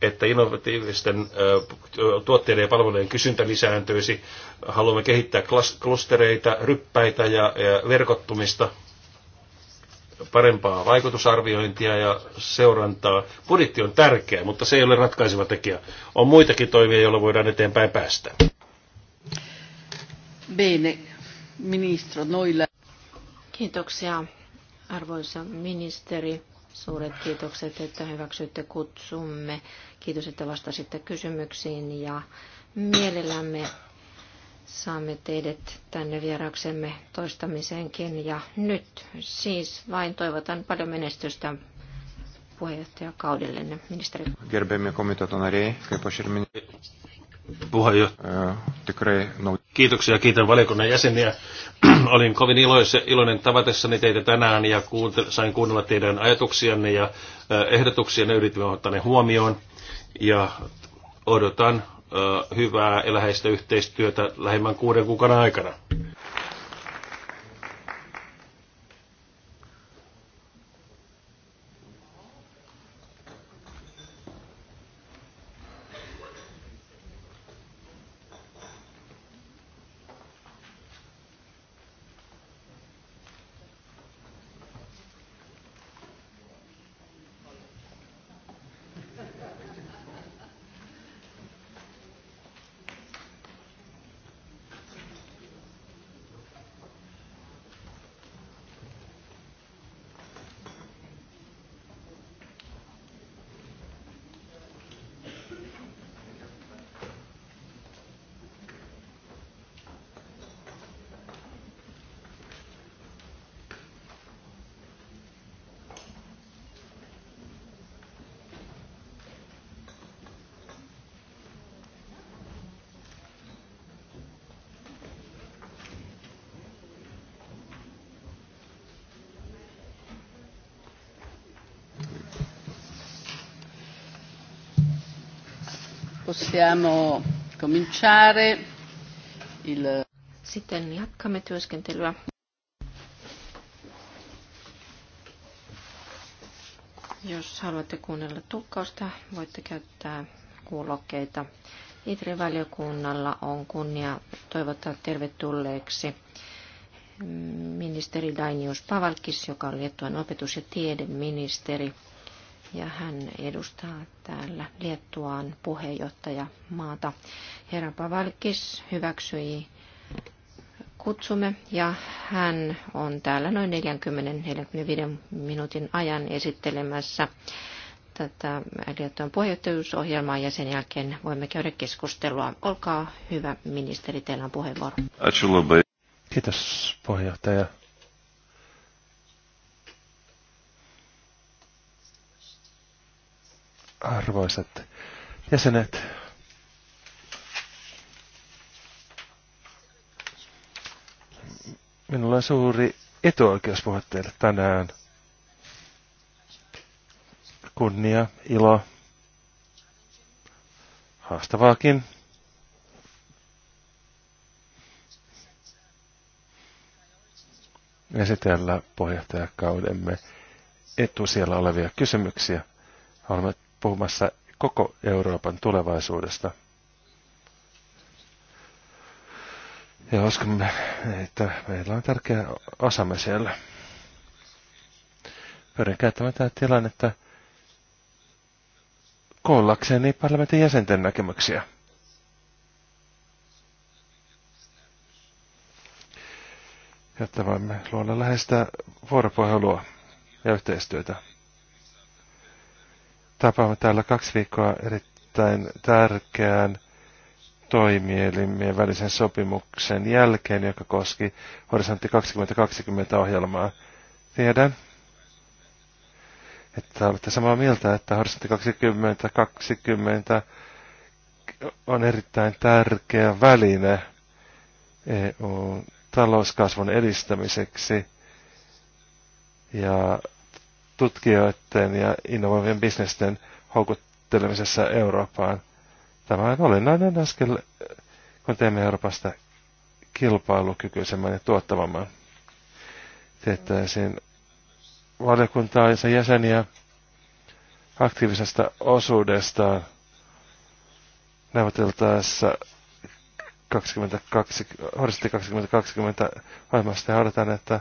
että innovatiivisten tuotteiden ja palvelujen kysyntä lisääntyisi. Haluamme kehittää klustereita, ryppäitä ja verkottumista – parempaa vaikutusarviointia ja seurantaa. Budjetti on tärkeä, mutta se ei ole ratkaiseva tekijä. On muitakin toimia, joilla voidaan eteenpäin päästä. Bene, ministro, noilla. Kiitoksia, arvoisa ministeri. Suuret kiitokset, että hyväksytte kutsumme. Kiitos, että vastasitte kysymyksiin ja mielellämme saamme teidät tänne vieraksemme toistamiseenkin. Ja nyt siis vain toivotan paljon menestystä puheenjohtajakaudellenne, ministeri. Gerbiami komitaton arei, kaip Puheenjohtaja. E, Kiitoksia, kiitän valiokunnan jäseniä. Olin kovin iloise, iloinen tavatessani teitä tänään ja kuuntel, sain kuunnella teidän ajatuksianne ja e, ehdotuksianne, yritimme ottaa ne huomioon. Ja odotan hyvää ja läheistä yhteistyötä lähimmän kuuden kuukauden aikana. Possiamo cominciare il... Sitten jatkamme työskentelyä. Jos haluatte kuunnella tulkkausta, voitte käyttää kuulokkeita. Itrin valiokunnalla on kunnia toivottaa tervetulleeksi ministeri Dainius Pavalkis, joka on Liettuan opetus- ja tiedeministeri ja hän edustaa täällä Liettuaan puheenjohtaja maata. Herra Pavalkis hyväksyi kutsumme ja hän on täällä noin 40-45 minuutin ajan esittelemässä tätä Liettuaan puheenjohtajuusohjelmaa ja sen jälkeen voimme käydä keskustelua. Olkaa hyvä ministeri, teillä on puheenvuoro. Kiitos puheenjohtaja. arvoisat jäsenet. Minulla on suuri etuoikeus puhua teille tänään. Kunnia, ilo, haastavaakin. esitellä puheenjohtajakaudemme etusijalla olevia kysymyksiä. Haluamme puhumassa koko Euroopan tulevaisuudesta. Ja uskomme, että meillä on tärkeä osamme siellä. Pyrin käyttämään tätä tilannetta koollakseni niin parlamentin jäsenten näkemyksiä. Jotta voimme luoda läheistä vuoropuhelua ja yhteistyötä tapaamme täällä kaksi viikkoa erittäin tärkeän toimielimien välisen sopimuksen jälkeen, joka koski Horisontti 2020 ohjelmaa. Tiedän, että olette samaa mieltä, että Horisontti 2020 on erittäin tärkeä väline EU-talouskasvun edistämiseksi ja tutkijoiden ja innovoivien bisnesten houkuttelemisessa Eurooppaan. Tämä on olennainen askel, kun teemme Euroopasta kilpailukykyisemmän ja tuottavamman. Teettäisiin valiokuntaa ja sen jäseniä aktiivisesta osuudestaan neuvoteltaessa 22, horisontti 2020 ohjelmasta ja odotan, että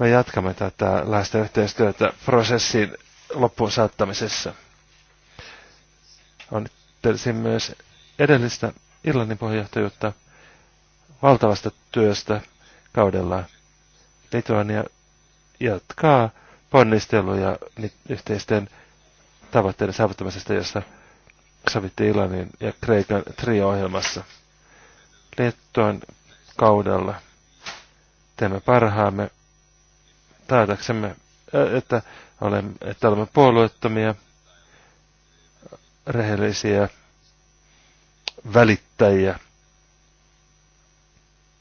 me jatkamme tätä läheistä yhteistyötä prosessin loppuun saattamisessa. Onnittelisin myös edellistä Irlannin puheenjohtajuutta valtavasta työstä kaudella. Lituania jatkaa ponnisteluja yhteisten tavoitteiden saavuttamisesta, jossa sovittiin Irlannin ja Kreikan trio-ohjelmassa. Liettuan kaudella teemme parhaamme päätäksemme, että olemme, että olemme puolueettomia, rehellisiä, välittäjiä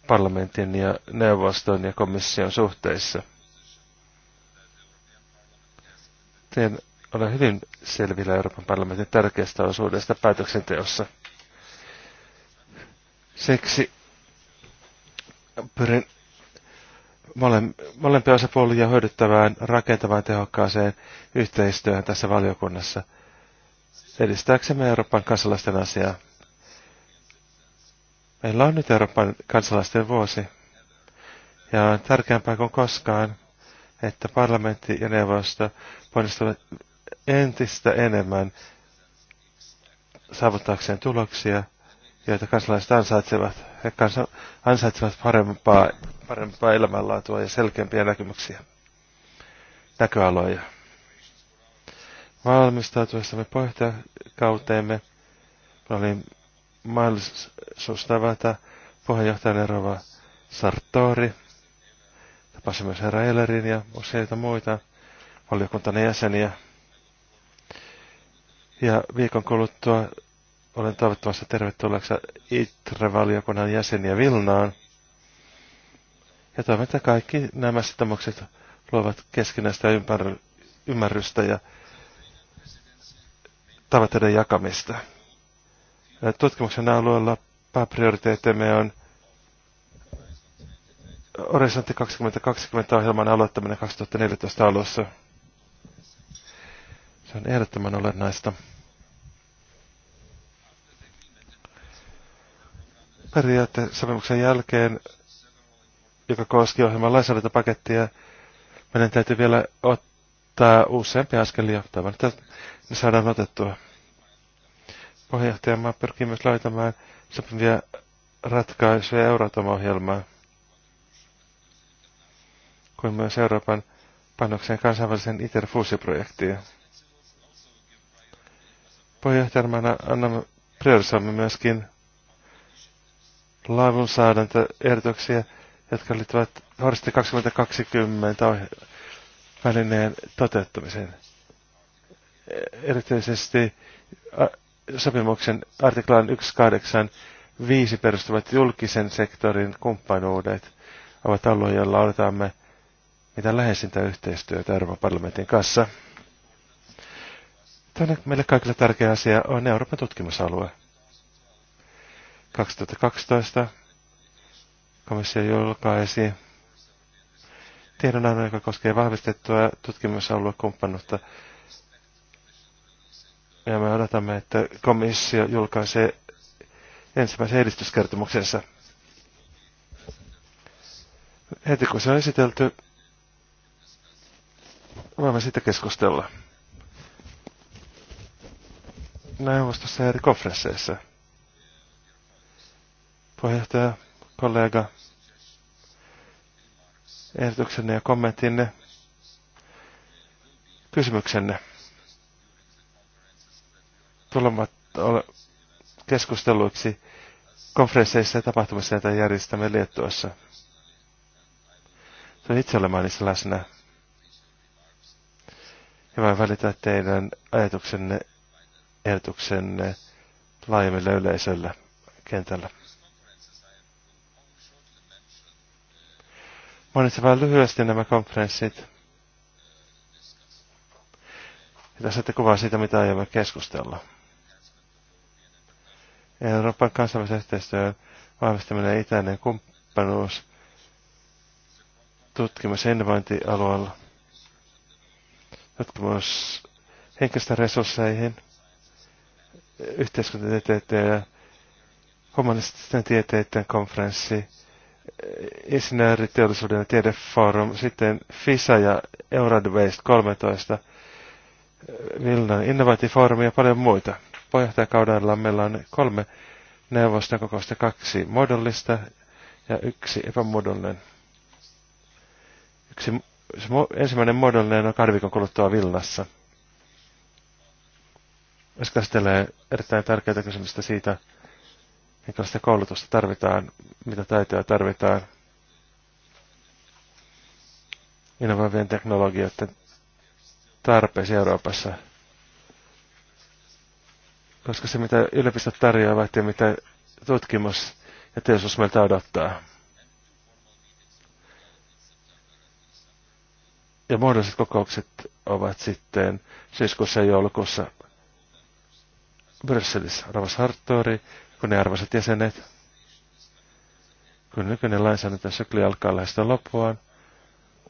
parlamentin ja neuvoston ja komission suhteissa. Teen, olen hyvin selvillä Euroopan parlamentin tärkeästä osuudesta päätöksenteossa. Siksi pyrin molempia osapuolia hyödyttävään, rakentavaan, tehokkaaseen yhteistyöhön tässä valiokunnassa edistääksemme Euroopan kansalaisten asiaa. Meillä on nyt Euroopan kansalaisten vuosi, ja on tärkeämpää kuin koskaan, että parlamentti ja neuvosto ponnistuvat entistä enemmän saavuttaakseen tuloksia, joita kansalaiset ansaitsevat he kanssa ansaitsevat parempaa, parempaa elämänlaatua ja selkeämpiä näkemyksiä, näköaloja. Valmistautuessamme puheenjohtajakauteemme oli mahdollisuus tavata puheenjohtajan Rova Sartori, tapasin myös herra Ellerin ja useita muita valiokuntamme jäseniä. Ja viikon kuluttua olen toivottamassa tervetulleeksi ITRE-valiokunnan jäseniä Vilnaan. Ja toivon, että kaikki nämä sitomukset luovat keskinäistä ympär- ymmärrystä ja tavoitteiden jakamista. Tutkimuksen alueella pääprioriteettimme on Horisontti 2020 ohjelman aloittaminen 2014 alussa. Se on ehdottoman olennaista. periaatteessopimuksen jälkeen, joka koski ohjelman lainsäädäntöpakettia, meidän täytyy vielä ottaa useampi askelia. Toivon, että ne saadaan otettua. Puheenjohtajamaa pyrkii myös laitamaan sopivia ratkaisuja euratom kuin myös Euroopan panokseen kansainvälisen ITER-fuusioprojektiin. Puheenjohtajana annamme priorisoimme myöskin laivunsaadanta-ehdotuksia, jotka liittyvät Horisontti 2020 välineen toteuttamiseen. Erityisesti sopimuksen artiklaan 185 perustuvat julkisen sektorin kumppanuudet ovat alueet, joilla odotamme mitä läheisintä yhteistyötä Euroopan parlamentin kanssa. Toinen meille kaikille tärkeä asia on Euroopan tutkimusalue. 2012 komissio julkaisi tiedonannon, joka koskee vahvistettua kumppanuutta. Ja me odotamme, että komissio julkaisee ensimmäisen edistyskertomuksensa. Heti kun se on esitelty, voimme sitten keskustella neuvostossa ja eri konferensseissa puheenjohtaja, kollega, ehdotuksenne ja kommenttinne, kysymyksenne. Tulemat keskusteluiksi konferensseissa ja tapahtumissa, joita järjestämme Liettuassa. On itse olemaan niissä läsnä. Ja vain välitän teidän ajatuksenne, ehdotuksenne laajemmille yleisöllä kentällä. Mainitsen vain lyhyesti nämä konferenssit. Ja tässä te kuvaa siitä, mitä aiomme keskustella. Euroopan kansainvälisen yhteistyön vahvistaminen ja itäinen kumppanuus tutkimus- ja innovointialueella. Tutkimus henkilöstön resursseihin, yhteiskuntatieteiden ja humanististen tieteiden konferenssi insinööriteollisuuden ja tiedeforum, sitten FISA ja Eurad Waste 13, Vilnan innovaatifoorumi ja paljon muita. Pohjohtajakaudella meillä on kolme neuvoston kokousta, kaksi muodollista ja yksi epämuodollinen. Yksi, ensimmäinen muodollinen on kahden kuluttua Vilnassa. Se käsittelee erittäin tärkeitä kysymystä siitä, minkälaista koulutusta tarvitaan, mitä taitoja tarvitaan innovaavien teknologioiden tarpeisiin Euroopassa. Koska se, mitä yliopistot tarjoavat ja mitä tutkimus ja teollisuus meiltä odottaa. Ja muodolliset kokoukset ovat sitten syyskuussa ja joulukuussa Brysselissä Ravas Hartori, kun ne arvoisat jäsenet, kun nykyinen lainsäädäntösykli alkaa lähestyä loppuaan,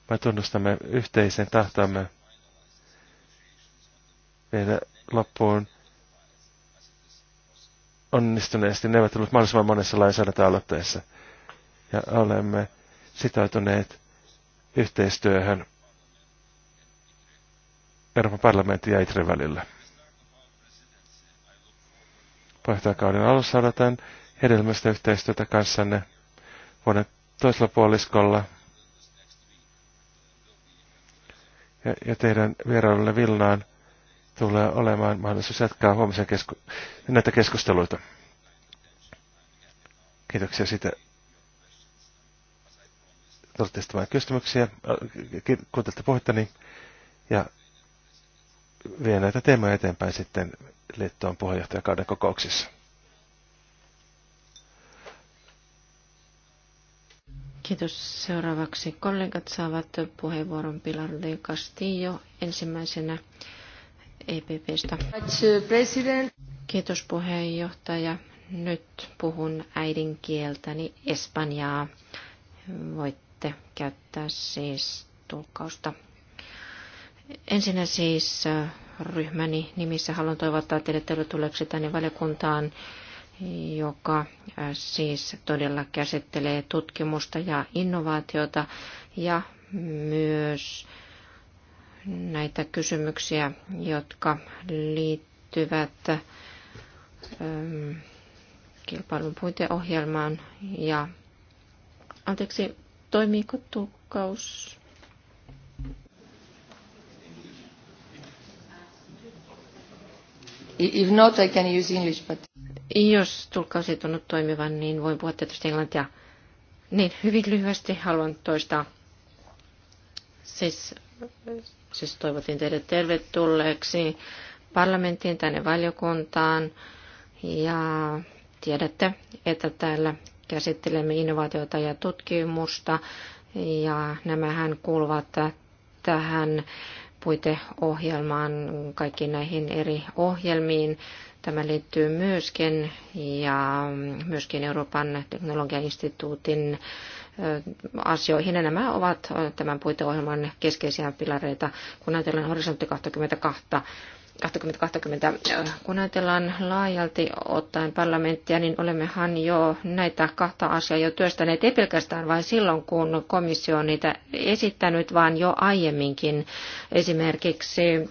me tunnustamme yhteisen tahtomme viedä loppuun onnistuneesti neuvottelut mahdollisimman monessa lainsäädäntöaloitteessa. Ja olemme sitoutuneet yhteistyöhön Euroopan parlamentin ja ITRE välillä. Puheenjohtajakauden alussa odotan hedelmästä yhteistyötä kanssanne vuoden toisella puoliskolla ja, ja teidän vierailulle Vilnaan tulee olemaan mahdollisuus jatkaa huomisen kesku- näitä keskusteluita. Kiitoksia siitä. sitten esittämään kysymyksiä, äh, kun tästä puhetta, niin, ja vien näitä teemoja eteenpäin sitten liittoon puheenjohtajakauden kokouksissa. Kiitos. Seuraavaksi kollegat saavat puheenvuoron Pilar de Castillo ensimmäisenä EPPstä. President. Kiitos puheenjohtaja. Nyt puhun äidinkieltäni espanjaa. Voitte käyttää siis tulkausta. Ensinnä siis ryhmäni nimissä haluan toivottaa teille tervetulleeksi tänne valiokuntaan, joka siis todella käsittelee tutkimusta ja innovaatiota ja myös näitä kysymyksiä, jotka liittyvät kilpailun puiteohjelmaan ja anteeksi, toimiiko tukkaus? If not, I can use English, but... Jos tulkkaus ei tunnu toimivan, niin voin puhua tietysti englantia. Niin, hyvin lyhyesti haluan toistaa. Siis, siis toivotin teidät tervetulleeksi parlamenttiin, tänne valiokuntaan. Ja tiedätte, että täällä käsittelemme innovaatioita ja tutkimusta. Ja nämähän kuuluvat tähän puiteohjelmaan, kaikkiin näihin eri ohjelmiin. Tämä liittyy myöskin ja myöskin Euroopan teknologiainstituutin asioihin. Ja nämä ovat tämän puiteohjelman keskeisiä pilareita, kun ajatellaan horisontti 22 2020. Kun ajatellaan laajalti ottaen parlamenttia, niin olemmehan jo näitä kahta asiaa jo työstäneet, ei pelkästään vain silloin, kun komissio on niitä esittänyt, vaan jo aiemminkin esimerkiksi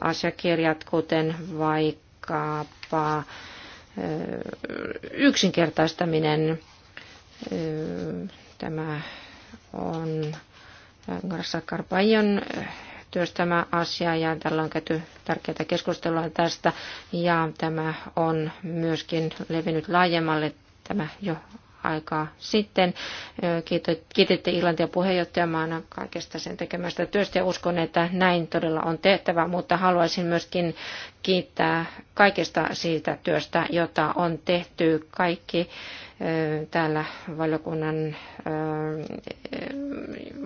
asiakirjat, kuten vaikkapa yksinkertaistaminen. Tämä on Garsa Karpajon Työstämä asia ja tällä on käyty tärkeää keskustelua tästä ja tämä on myöskin levinnyt laajemmalle tämä jo aikaa sitten. Kiititte Irlantia puheenjohtajamaana kaikesta sen tekemästä työstä ja uskon, että näin todella on tehtävä, mutta haluaisin myöskin kiittää kaikesta siitä työstä, jota on tehty kaikki eh, täällä valiokunnan eh,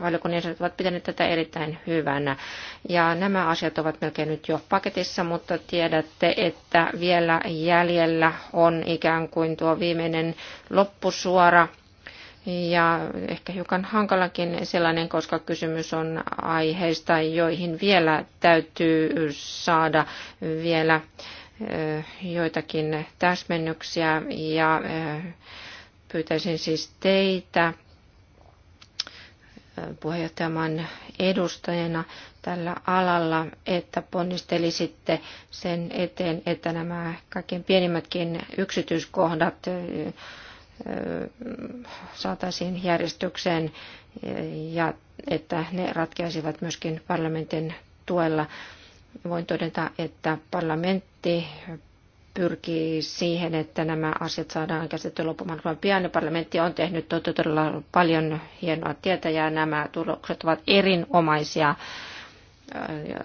valiokunnan ovat pitäneet tätä erittäin hyvänä. Ja nämä asiat ovat melkein nyt jo paketissa, mutta tiedätte, että vielä jäljellä on ikään kuin tuo viimeinen loppusuora ja ehkä hiukan hankalakin sellainen, koska kysymys on aiheista, joihin vielä täytyy saada vielä eh, joitakin täsmennyksiä ja eh, pyytäisin siis teitä puheenjohtajamaan edustajana tällä alalla, että ponnistelisitte sen eteen, että nämä kaikkein pienimmätkin yksityiskohdat saataisiin järjestykseen ja että ne ratkeaisivat myöskin parlamentin tuella. Voin todeta, että parlamentti pyrkii siihen, että nämä asiat saadaan käsittelyyn loppumahdollisimman pian. Ja parlamentti on tehnyt todella paljon hienoa tietä ja nämä tulokset ovat erinomaisia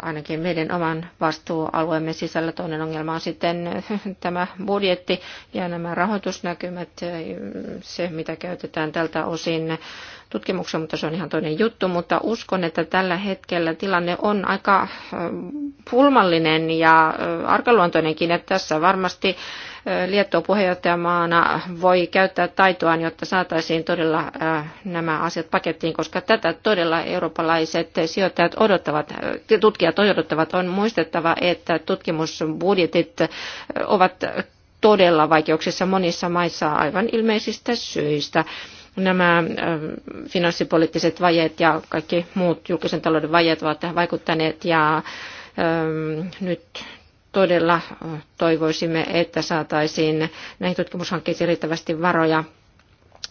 ainakin meidän oman vastuualueemme sisällä. Toinen ongelma on sitten tämä budjetti ja nämä rahoitusnäkymät, se mitä käytetään tältä osin tutkimuksen, mutta se on ihan toinen juttu. Mutta uskon, että tällä hetkellä tilanne on aika pulmallinen ja arkaluontoinenkin, että tässä varmasti Liettua puheenjohtajamaana voi käyttää taitoaan, jotta saataisiin todella nämä asiat pakettiin, koska tätä todella eurooppalaiset sijoittajat odottavat, tutkijat odottavat. On muistettava, että tutkimusbudjetit ovat todella vaikeuksissa monissa maissa aivan ilmeisistä syistä nämä finanssipoliittiset vajeet ja kaikki muut julkisen talouden vajeet ovat tähän vaikuttaneet ja nyt todella toivoisimme, että saataisiin näihin tutkimushankkeisiin riittävästi varoja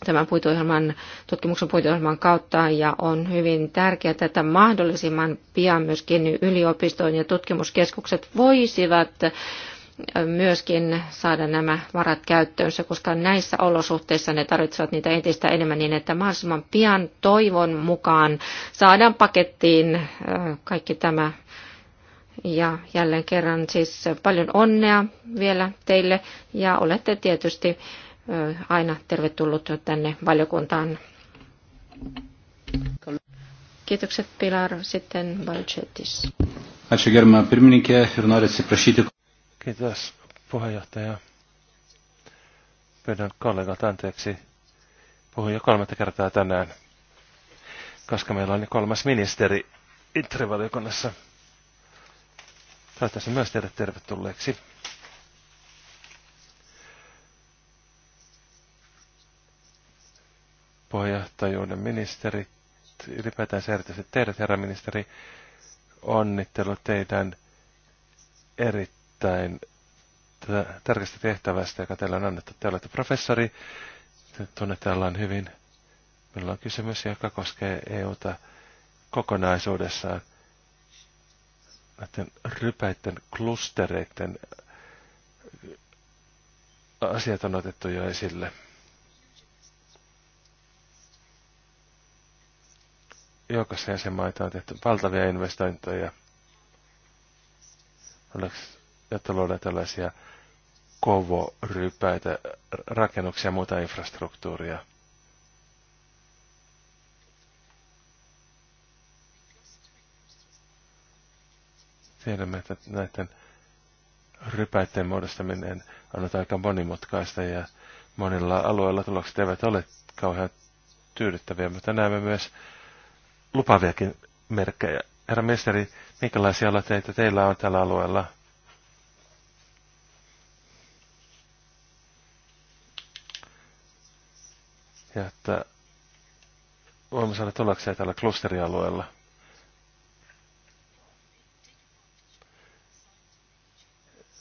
tämän puitoihjelman, tutkimuksen puitoihjelman kautta ja on hyvin tärkeää, että mahdollisimman pian myöskin yliopistojen ja tutkimuskeskukset voisivat myöskin saada nämä varat käyttöönsä, koska näissä olosuhteissa ne tarvitsevat niitä entistä enemmän niin, että mahdollisimman pian toivon mukaan saadaan pakettiin kaikki tämä. Ja jälleen kerran siis paljon onnea vielä teille ja olette tietysti aina tervetullut tänne valiokuntaan. Kiitokset Pilar, sitten Balcetis. Ačiū Germa, pirmininkė ir noriu atsiprašyti. Kiitos puheenjohtaja. Pyydän kollegat anteeksi. Puhun jo kolmatta kertaa tänään, koska meillä on kolmas ministeri Intrivaliokunnassa. Toivottavasti myös teidät tervetulleeksi. Puheenjohtajuuden ministerit, ylipäätään erityisesti teidät, herra ministeri, onnittelu teidän erittäin erittäin tärkeästä tehtävästä, joka teillä on annettu. Te olette professori, te tunnette ollaan hyvin. Meillä on kysymys, joka koskee EUta kokonaisuudessaan näiden rypäiden klustereiden asiat on otettu jo esille. Jokaisen jäsenmaita on tehty valtavia investointeja. Oliko jotta luodaan tällaisia kovorypäitä, rakennuksia ja muuta infrastruktuuria. Tiedämme, että näiden rypäiden muodostaminen on aika monimutkaista ja monilla alueilla tulokset eivät ole kauhean tyydyttäviä, mutta näemme myös lupaviakin merkkejä. Herra ministeri, minkälaisia aloitteita teillä on tällä alueella? ja että voimme saada tuloksia tällä klusterialueella.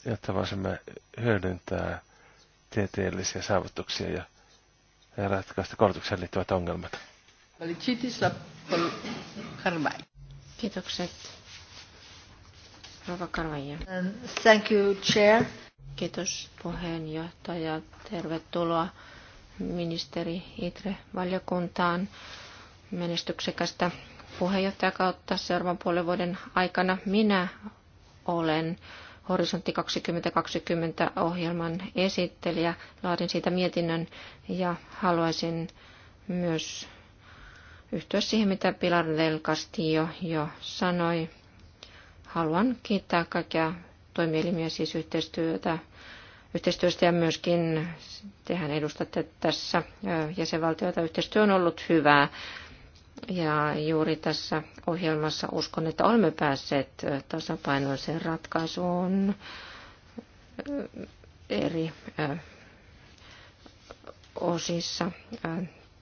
jotta voisimme hyödyntää tieteellisiä saavutuksia ja, ja ratkaista koulutukseen liittyvät ongelmat. Kiitokset. Rova Karvaija. Thank you, Chair. Kiitos puheenjohtaja. Tervetuloa ministeri Itre-valiokuntaan menestyksekästä puheenjohtajakautta seuraavan puolen vuoden aikana. Minä olen Horisontti 2020 ohjelman esittelijä. Laadin siitä mietinnön ja haluaisin myös yhtyä siihen, mitä Pilar del Castillo jo sanoi. Haluan kiittää kaikkia toimielimiä, siis yhteistyötä yhteistyöstä ja myöskin tehän edustatte tässä jäsenvaltioita. Yhteistyö on ollut hyvää ja juuri tässä ohjelmassa uskon, että olemme päässeet tasapainoiseen ratkaisuun eri osissa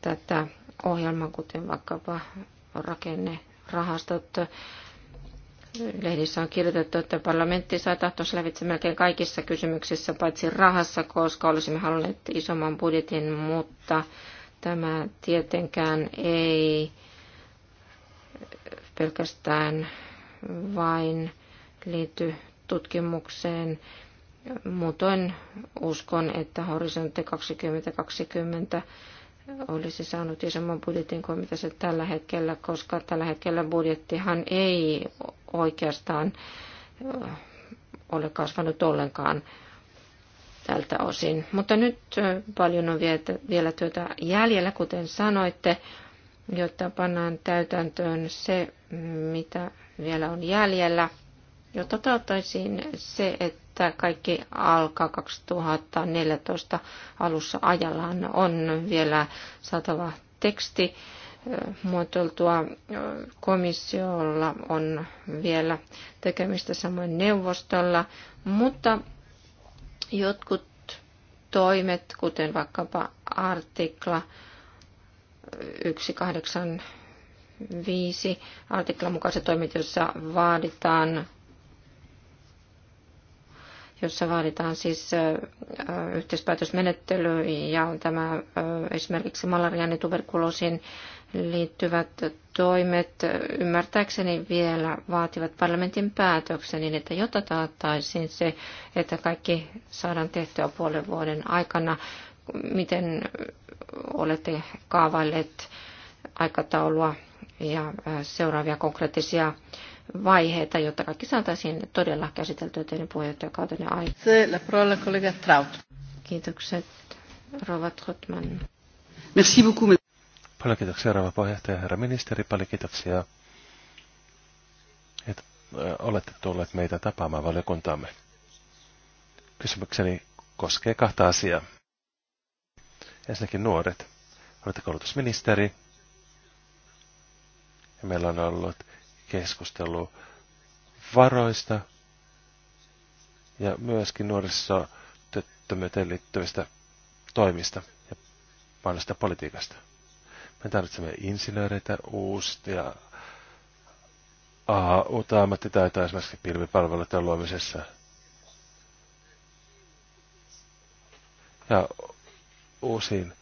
tätä ohjelmaa, kuten vaikkapa rakennerahastot, rahastot Lehdissä on kirjoitettu, että parlamentti saa tahtoisi lävitse melkein kaikissa kysymyksissä, paitsi rahassa, koska olisimme halunneet isomman budjetin, mutta tämä tietenkään ei pelkästään vain liity tutkimukseen. Muutoin uskon, että horisontti 2020 olisi saanut isomman budjetin kuin mitä se tällä hetkellä, koska tällä hetkellä budjettihan ei oikeastaan äh, ole kasvanut ollenkaan tältä osin. Mutta nyt äh, paljon on vielä työtä jäljellä, kuten sanoitte, jotta pannaan täytäntöön se, mitä vielä on jäljellä, jotta taattaisiin se, että Tämä kaikki alkaa 2014 alussa ajallaan. On vielä saatava teksti muotoiltua. Komissiolla on vielä tekemistä samoin neuvostolla, mutta jotkut toimet, kuten vaikkapa artikla 185, artiklan mukaiset toimet, joissa vaaditaan jossa vaaditaan siis yhteispäätösmenettely ja tämä esimerkiksi malarian ja tuberkuloosiin liittyvät toimet ymmärtääkseni vielä vaativat parlamentin päätöksen niin, että jotta taattaisiin se, että kaikki saadaan tehtyä puolen vuoden aikana, miten olette kaavailleet aikataulua ja seuraavia konkreettisia vaiheita, jotta kaikki saataisiin todella käsiteltyä teidän puheenjohtajakautenne aikana. Se la Kiitokset, Rova Trotman. Merci beaucoup. Paljon kiitoksia, Rova puheenjohtaja, herra ministeri. Paljon kiitoksia, että olette tulleet meitä tapaamaan valiokuntaamme. Kysymykseni koskee kahta asiaa. Ensinnäkin nuoret. Olette koulutusministeri. Ja meillä on ollut keskustelu varoista ja myöskin työttömyyteen liittyvistä toimista ja painosta politiikasta. Me tarvitsemme insinööreitä, uusia, aha, uutta ammattitaitoa esimerkiksi pilvipalveluiden luomisessa. Ja uusiin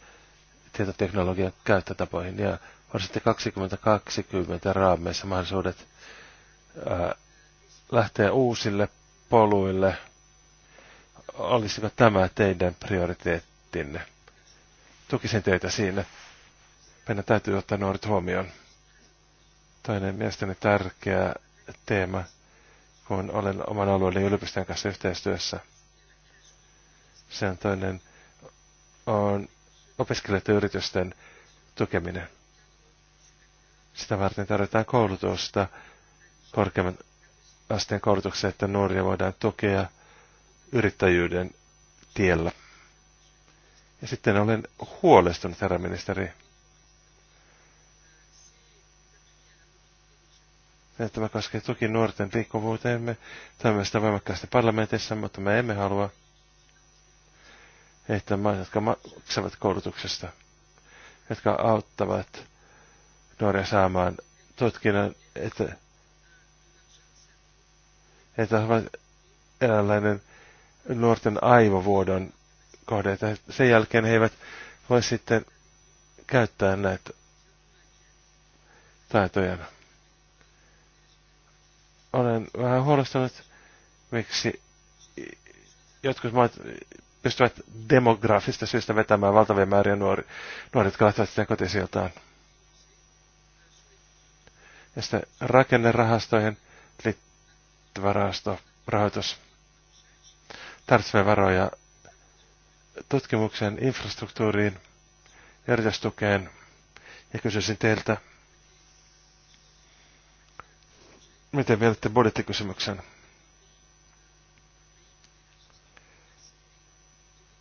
tietoteknologian käyttötapoihin ja Varsinkin 2020 raameissa mahdollisuudet lähteä uusille poluille. Olisiko tämä teidän prioriteettinne? Tukisin teitä siinä. Meidän täytyy ottaa nuoret huomioon. Toinen mielestäni tärkeä teema, kun olen oman alueeni yliopistojen kanssa yhteistyössä. Se on toinen on opiskelijoiden yritysten tukeminen. Sitä varten tarvitaan koulutusta, korkeamman asteen koulutuksen, että nuoria voidaan tukea yrittäjyyden tiellä. Ja sitten olen huolestunut, herra ministeri, että tämä koskee tuki nuorten liikkuvuuteen. Me toimme sitä voimakkaasti parlamentissa, mutta me emme halua, että maat, jotka maksavat koulutuksesta, jotka auttavat nuoria saamaan tutkinnan, että, että ovat eräänlainen nuorten aivovuodon kohde, että sen jälkeen he eivät voi sitten käyttää näitä taitoja. Olen vähän huolestunut, miksi jotkut maat pystyvät demografista syystä vetämään valtavia määriä nuori, nuoret lähtevät sitä kotisiltaan ja sitten rakennerahastoihin liittyvä rahasto, rahoitus. tarvitsee varoja tutkimukseen, infrastruktuuriin, järjestukeen ja kysyisin teiltä, miten viedätte budjettikysymyksen?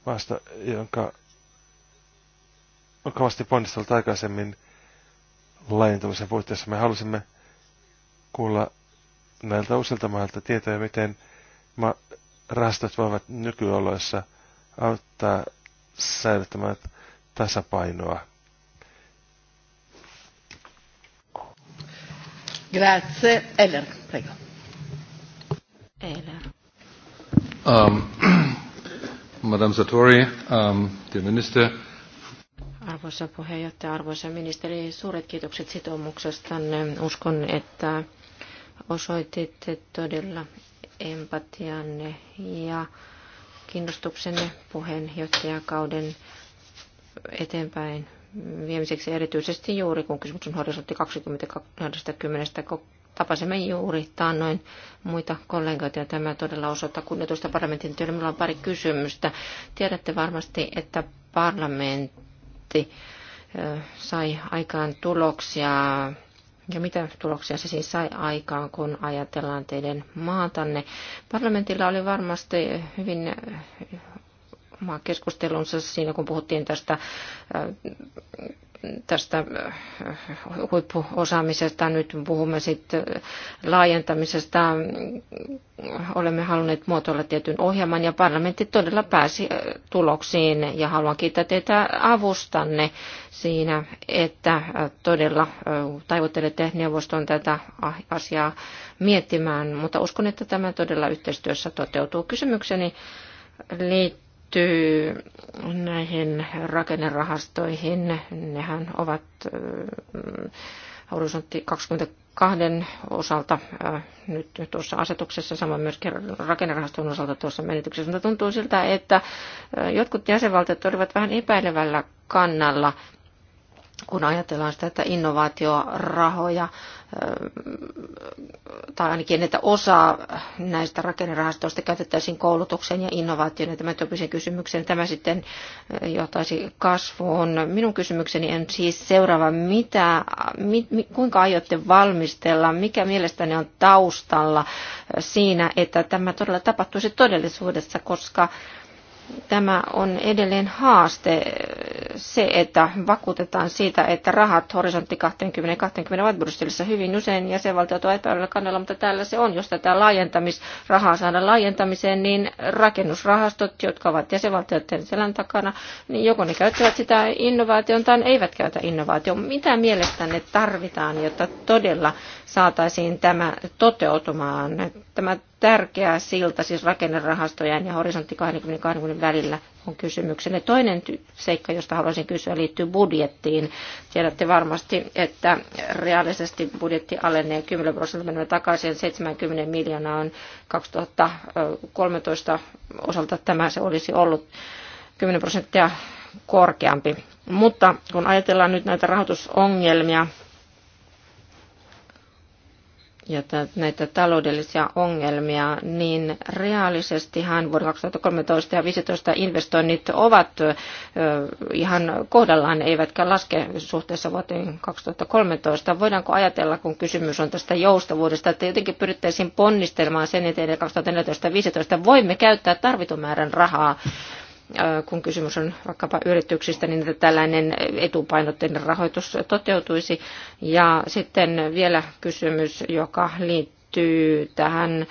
vasta jonka on kovasti ponnistellut aikaisemmin laajentumisen puitteissa. Me halusimme kuulla näiltä uusilta mailta tietoja, miten ma- rahastot voivat nykyoloissa auttaa säilyttämään tasapainoa. Grazie. Eller, prego. Eller. Um, Madame Satori, um, dear Minister, Arvoisa puheenjohtaja, arvoisa ministeri, suuret kiitokset sitoumuksestanne. Uskon, että osoititte todella empatianne ja kiinnostuksenne puheenjohtajakauden eteenpäin viemiseksi erityisesti juuri, kun kysymys on horisontti 2020 tapasimme juuri taannoin muita kollegoita ja tämä todella osoittaa kunnioitusta parlamentin työlle. Minulla on pari kysymystä. Tiedätte varmasti, että parlamentti parlamentti sai aikaan tuloksia. Ja mitä tuloksia se siis sai aikaan, kun ajatellaan teidän maatanne? Parlamentilla oli varmasti hyvin oma keskustelunsa siinä, kun puhuttiin tästä tästä äh, huippuosaamisesta, nyt puhumme sitten laajentamisesta, olemme halunneet muotoilla tietyn ohjelman ja parlamentti todella pääsi äh, tuloksiin ja haluan kiittää teitä avustanne siinä, että äh, todella taivuttelette neuvoston tätä asiaa miettimään, mutta uskon, että tämä todella yhteistyössä toteutuu. Kysymykseni liittyy liittyy näihin rakennerahastoihin. Nehän ovat horisontti 22 osalta nyt tuossa asetuksessa, samoin myöskin rakennerahaston osalta tuossa menetyksessä. Mutta tuntuu siltä, että jotkut jäsenvaltiot olivat vähän epäilevällä kannalla kun ajatellaan sitä, että innovaatiorahoja tai ainakin, että osa näistä rakennerahastoista käytettäisiin koulutukseen ja innovaatioon ja tämän tyyppisen kysymyksen. Tämä sitten johtaisi kasvuun. Minun kysymykseni on siis seuraava. Mitä, mi, kuinka aiotte valmistella? Mikä mielestäni on taustalla siinä, että tämä todella tapahtuisi todellisuudessa, koska tämä on edelleen haaste se, että vakuutetaan siitä, että rahat horisontti 20-20 ovat Brysselissä hyvin usein jäsenvaltiot ovat epäilyllä kannalla, mutta täällä se on. Jos tätä laajentamisrahaa saadaan laajentamiseen, niin rakennusrahastot, jotka ovat jäsenvaltioiden selän takana, niin joko ne käyttävät sitä innovaation tai eivät käytä innovaation. Mitä mielestänne tarvitaan, jotta todella saataisiin tämä toteutumaan? Tämä tärkeä silta, siis rakennerahastojen ja horisontti 2020 välillä on kysymyksen. toinen seikka, josta haluaisin kysyä, liittyy budjettiin. Tiedätte varmasti, että reaalisesti budjetti alenee 10 prosenttia, menemme takaisin 70 miljoonaa on 2013 osalta tämä se olisi ollut 10 prosenttia korkeampi. Mutta kun ajatellaan nyt näitä rahoitusongelmia, ja näitä taloudellisia ongelmia, niin reaalisestihan vuonna 2013 ja 2015 investoinnit ovat ihan kohdallaan, eivätkä laske suhteessa vuoteen 2013. Voidaanko ajatella, kun kysymys on tästä joustavuudesta, että jotenkin pyrittäisiin ponnistelemaan sen eteen, että 2014-2015 voimme käyttää tarvitun määrän rahaa kun kysymys on vaikkapa yrityksistä, niin että tällainen etupainotteinen rahoitus toteutuisi. Ja sitten vielä kysymys, joka liittyy tähän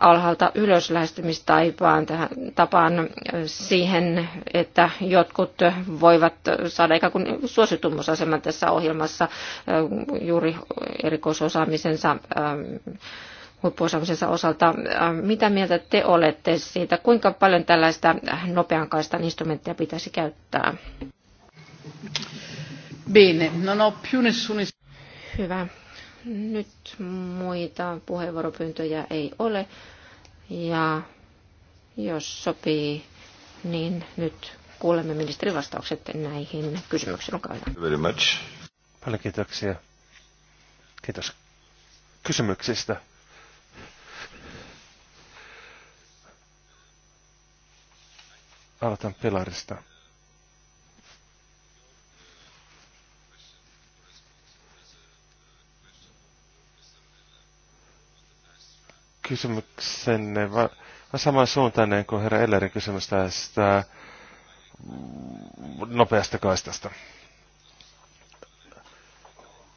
alhaalta ylös lähestymistaipaan tähän tapaan siihen, että jotkut voivat saada ikään kuin suositumusaseman tässä ohjelmassa juuri erikoisosaamisensa huippuosaamisensa osalta. Äh, mitä mieltä te olette siitä, kuinka paljon tällaista nopean kaistan instrumenttia pitäisi käyttää? Bene, non ho più nessun... Hyvä. Nyt muita puheenvuoropyyntöjä ei ole. Ja jos sopii, niin nyt kuulemme ministerin vastaukset näihin kysymyksiin. Very much. Paljon kiitoksia. Kiitos kysymyksistä. Aloitan pilarista. kysymyksenne va, va samansuuntainen kuin herra Ellerin kysymys tästä nopeasta kaistasta.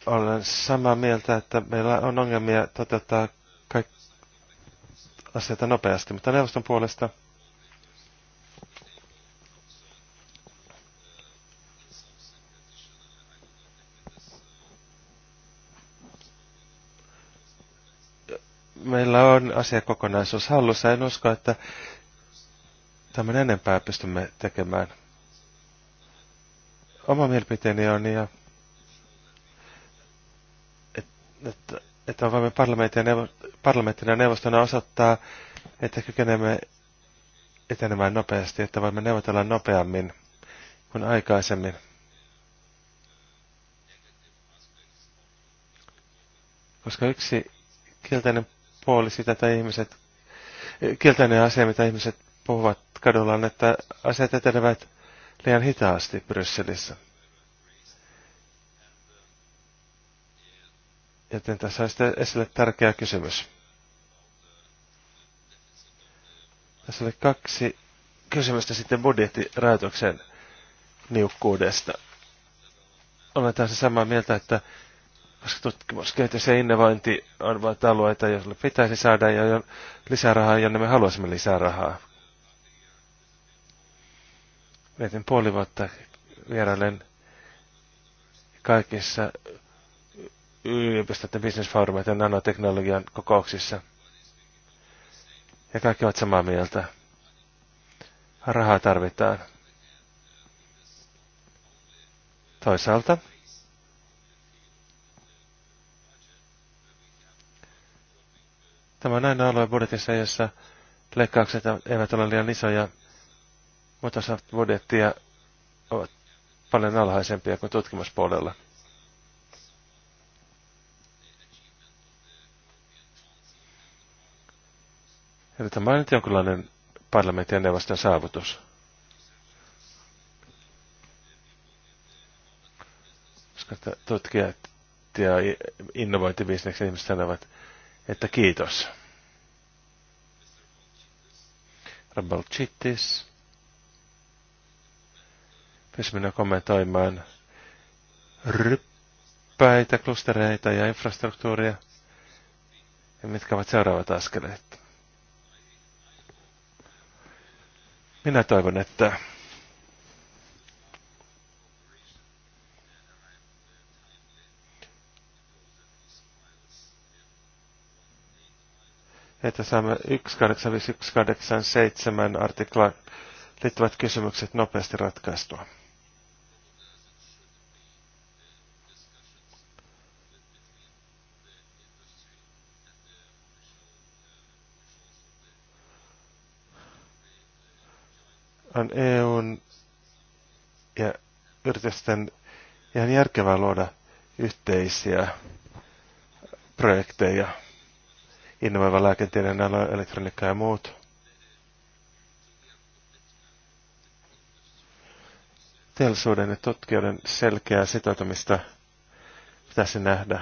Olen samaa mieltä, että meillä on ongelmia toteuttaa kaikki asioita nopeasti, mutta neuvoston puolesta – asiakokonaisuus hallussa. En usko, että tämän enempää pystymme tekemään. Oma mielipiteeni on, ja että, että on voimme parlamenttina ja neuvostona osoittaa, että kykenemme etenemään nopeasti, että voimme neuvotella nopeammin kuin aikaisemmin. Koska yksi kielteinen puoli sitä, että ihmiset, kieltäinen asia, mitä ihmiset puhuvat kadulla, on, että asiat etenevät liian hitaasti Brysselissä. Joten tässä on sitten esille tärkeä kysymys. Tässä oli kaksi kysymystä sitten budjettirajoituksen niukkuudesta. Olen tässä samaa mieltä, että koska tutkimus, kehitys ja innovointi on vain alueita, joille pitäisi saada jo lisää rahaa, jonne me haluaisimme lisää rahaa. Vietin puoli vuotta vierailen kaikissa yliopistoiden bisnesfoorumeiden ja nanoteknologian kokouksissa. Ja kaikki ovat samaa mieltä. Rahaa tarvitaan. Toisaalta Tämä on aina alue budjetissa, jossa leikkaukset eivät ole liian isoja, mutta osa budjettia ovat paljon alhaisempia kuin tutkimuspuolella. Eli tämä on nyt jonkinlainen parlamentin ja neuvoston saavutus. Koska tutkijat ja innovointibisneksen ihmiset sanovat, että kiitos. Rabalchittis. Pystymme kommentoimaan ryppäitä, klustereita ja infrastruktuuria. Ja mitkä ovat seuraavat askeleet? Minä toivon, että että saamme 18587 artiklaan liittyvät kysymykset nopeasti ratkaistua. On EUn ja yritysten ihan järkevää luoda yhteisiä projekteja innovoiva lääketieteen ala, elektroniikka ja muut. Teollisuuden ja tutkijoiden selkeää sitoutumista pitäisi nähdä.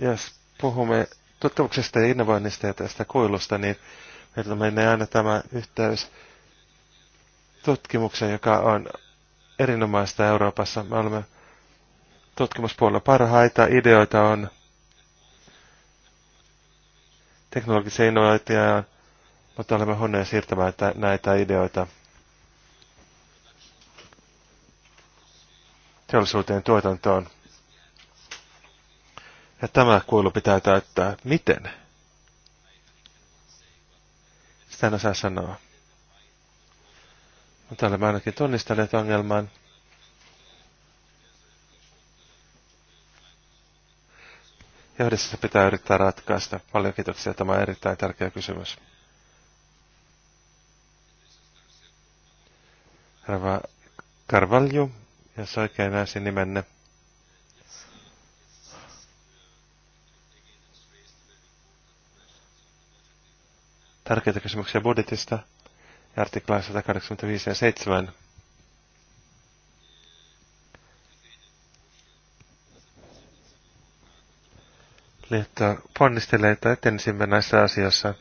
Jos puhumme tutkimuksesta ja innovoinnista ja tästä kuilusta, niin meillä menee aina tämä yhteys tutkimukseen, joka on erinomaista Euroopassa. Me olemme tutkimuspuolella parhaita ideoita on teknologisia innovaatioita, mutta olemme honneja siirtämään näitä ideoita teollisuuteen tuotantoon. Ja tämä kuilu pitää täyttää. Miten? Sitä en osaa sanoa. Mutta olemme ainakin tunnistaneet ongelman. ja se pitää yrittää ratkaista. Paljon kiitoksia, tämä on erittäin tärkeä kysymys. Rava Carvalho, jos oikein näisin nimenne. Tärkeitä kysymyksiä budjetista Artikla 185 ja 7 liitto ponnistelee, että etenisimme näissä asioissa.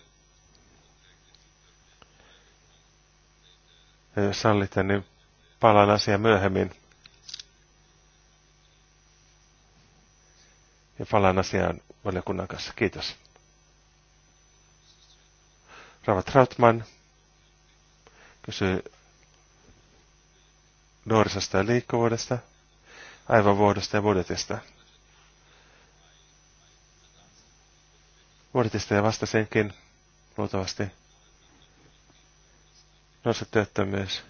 Ja jos sallitte, niin palaan asiaan myöhemmin. Ja palaan asiaan valiokunnan kanssa. Kiitos. Rava Trautman kysyi nuorisosta ja liikkuvuudesta, aivovuodosta ja budjetista. Vuoditista ja vasta senkin luultavasti työttömyys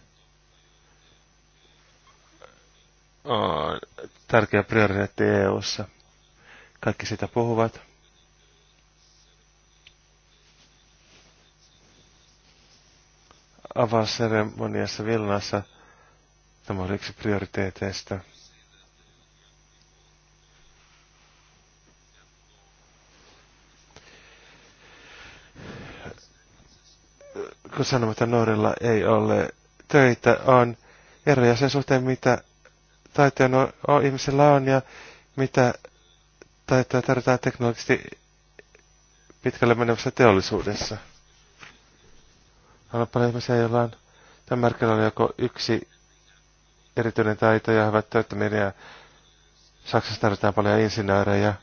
on tärkeä prioriteetti EU-ssa. Kaikki sitä puhuvat. Avausseremoniassa Vilnassa tämä oli yksi prioriteeteista. kun sanomme, että nuorilla ei ole töitä, on eroja sen suhteen, mitä taiteen on, on, ihmisellä on ja mitä taitoa tarvitaan teknologisesti pitkälle menevässä teollisuudessa. On paljon ihmisiä, joilla on tämän oli joko yksi erityinen taito ja hyvät työttömiä. Saksassa tarvitaan paljon insinöörejä,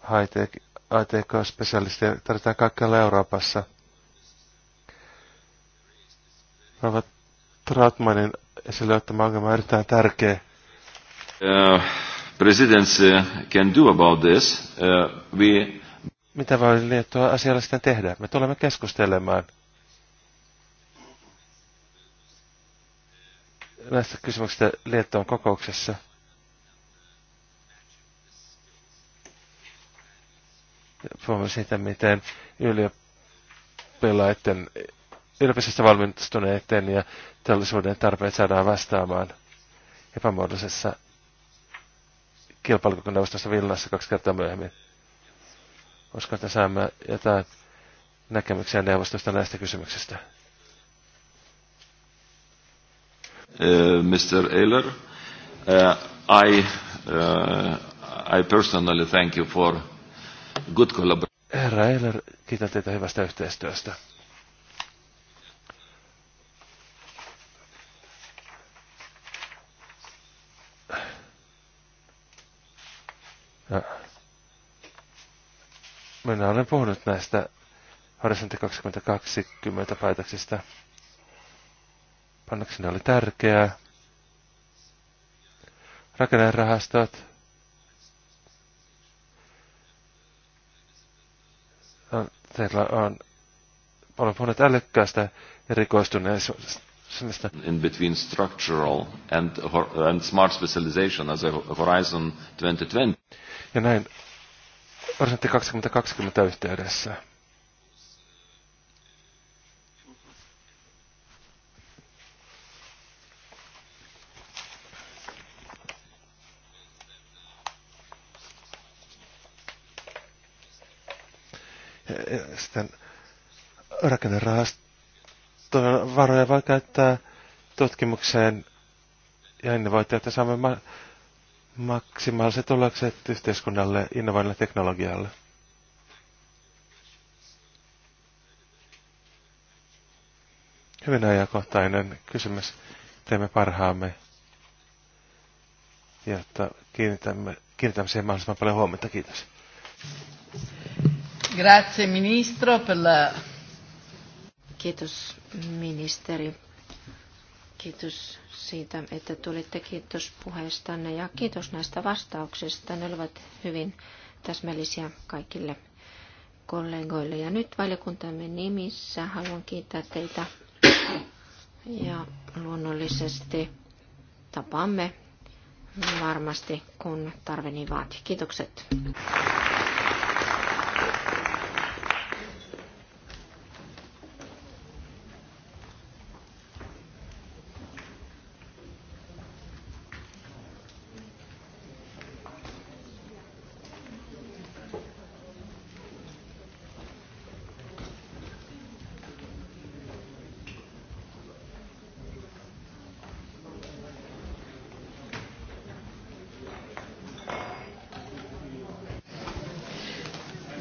high-tech, ATK-spesialisteja, tarvitaan kaikkialla Euroopassa – Rava Tratmanin esille ottama ongelma on erittäin tärkeä. Uh, presidency uh, can do about this. Uh, we... Mitä voi liittyä asialla sitten tehdä? Me tulemme keskustelemaan näistä kysymyksistä Liettuan kokouksessa. Puhumme siitä, miten yliopilaiden yliopistosta valmistuneiden ja teollisuuden tarpeet saadaan vastaamaan epämuodollisessa kilpailukykyneuvostossa Villassa kaksi kertaa myöhemmin. Olisiko, että saamme jotain näkemyksiä neuvostosta näistä kysymyksistä. Uh, Mr. Eiler, uh, I, uh, I personally thank you for good collaboration. Herra Eiler, kiitän teitä hyvästä yhteistyöstä. Ja minä olen puhunut näistä Horisontti 2020 päätöksistä. Pannaksi ne oli tärkeää. Rakennerahastot. Teillä on, paljon puhunut älykkäästä erikoistuneisuudesta in between structural and, and smart specialization as a horizon 2020. Ja näin prosentti 2020 yhteydessä. sitten rakennerahastojen varoja voi käyttää tutkimukseen ja niin että saamme maksimaaliset olekset yhteiskunnalle innovoinnille teknologialle. Hyvin ajankohtainen kysymys. Teemme parhaamme, jotta kiinnitämme, kiinnitämme siihen mahdollisimman paljon huomenta. Kiitos. Grazie ministro per la... Kiitos ministeri Kiitos siitä, että tulitte. Kiitos puheestanne ja kiitos näistä vastauksista. Ne olivat hyvin täsmällisiä kaikille kollegoille. Ja nyt valiokuntamme nimissä haluan kiittää teitä ja luonnollisesti tapaamme varmasti, kun tarve niin vaatii. Kiitokset.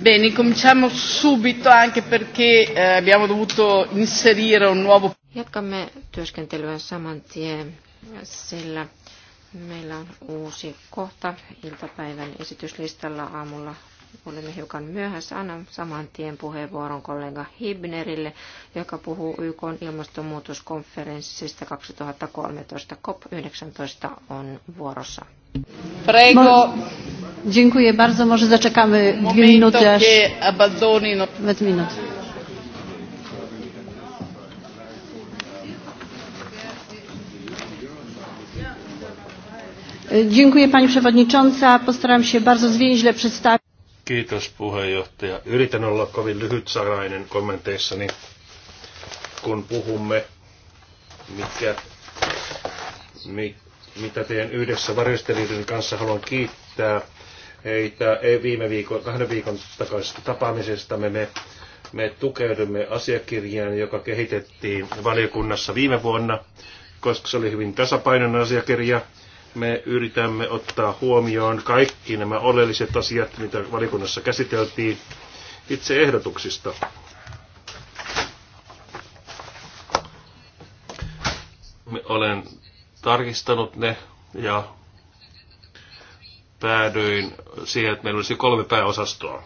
Bene, cominciamo subito anche perché eh, abbiamo dovuto inserire un nuovo... Jatkamme työskentelyä saman tien, sillä meillä on uusi kohta iltapäivän esityslistalla aamulla. Olemme hiukan myöhässä. Annan saman tien puheenvuoron kollega Hibnerille, joka puhuu YK ilmastonmuutoskonferenssista 2013. COP19 on vuorossa. Prego. Dziękuję bardzo. Może zaczekamy dwie minuty aż... No- nawet minut. Dziękuję Pani Przewodnicząca. Postaram się bardzo zwięźle przedstawić. Kiitos puheenjohtaja. Yritän olla kovin lyhytsarainen kommenteissani, kun puhumme, mitkä, mi, mitä teidän yhdessä varjostelijoiden kanssa. Haluan kiittää heitä viime viikon, kahden viikon takaisesta tapaamisesta. Me, me tukeudumme asiakirjaan, joka kehitettiin valiokunnassa viime vuonna, koska se oli hyvin tasapainoinen asiakirja. Me yritämme ottaa huomioon kaikki nämä oleelliset asiat, mitä valiokunnassa käsiteltiin itse ehdotuksista. Olen tarkistanut ne ja päädyin siihen, että meillä olisi kolme pääosastoa,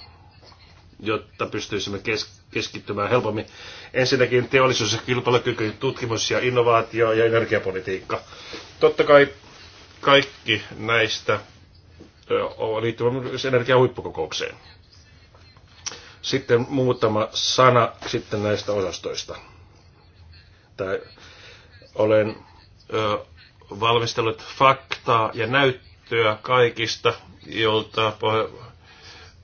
jotta pystyisimme kes- keskittymään helpommin. Ensinnäkin teollisuus ja kilpailukyky, tutkimus ja innovaatio ja energiapolitiikka. Totta kai kaikki näistä liittyvät myös energiahuippukokoukseen. Sitten muutama sana sitten näistä osastoista. Tai olen ö, valmistellut faktaa ja näyttöä näyttöä kaikista, jolta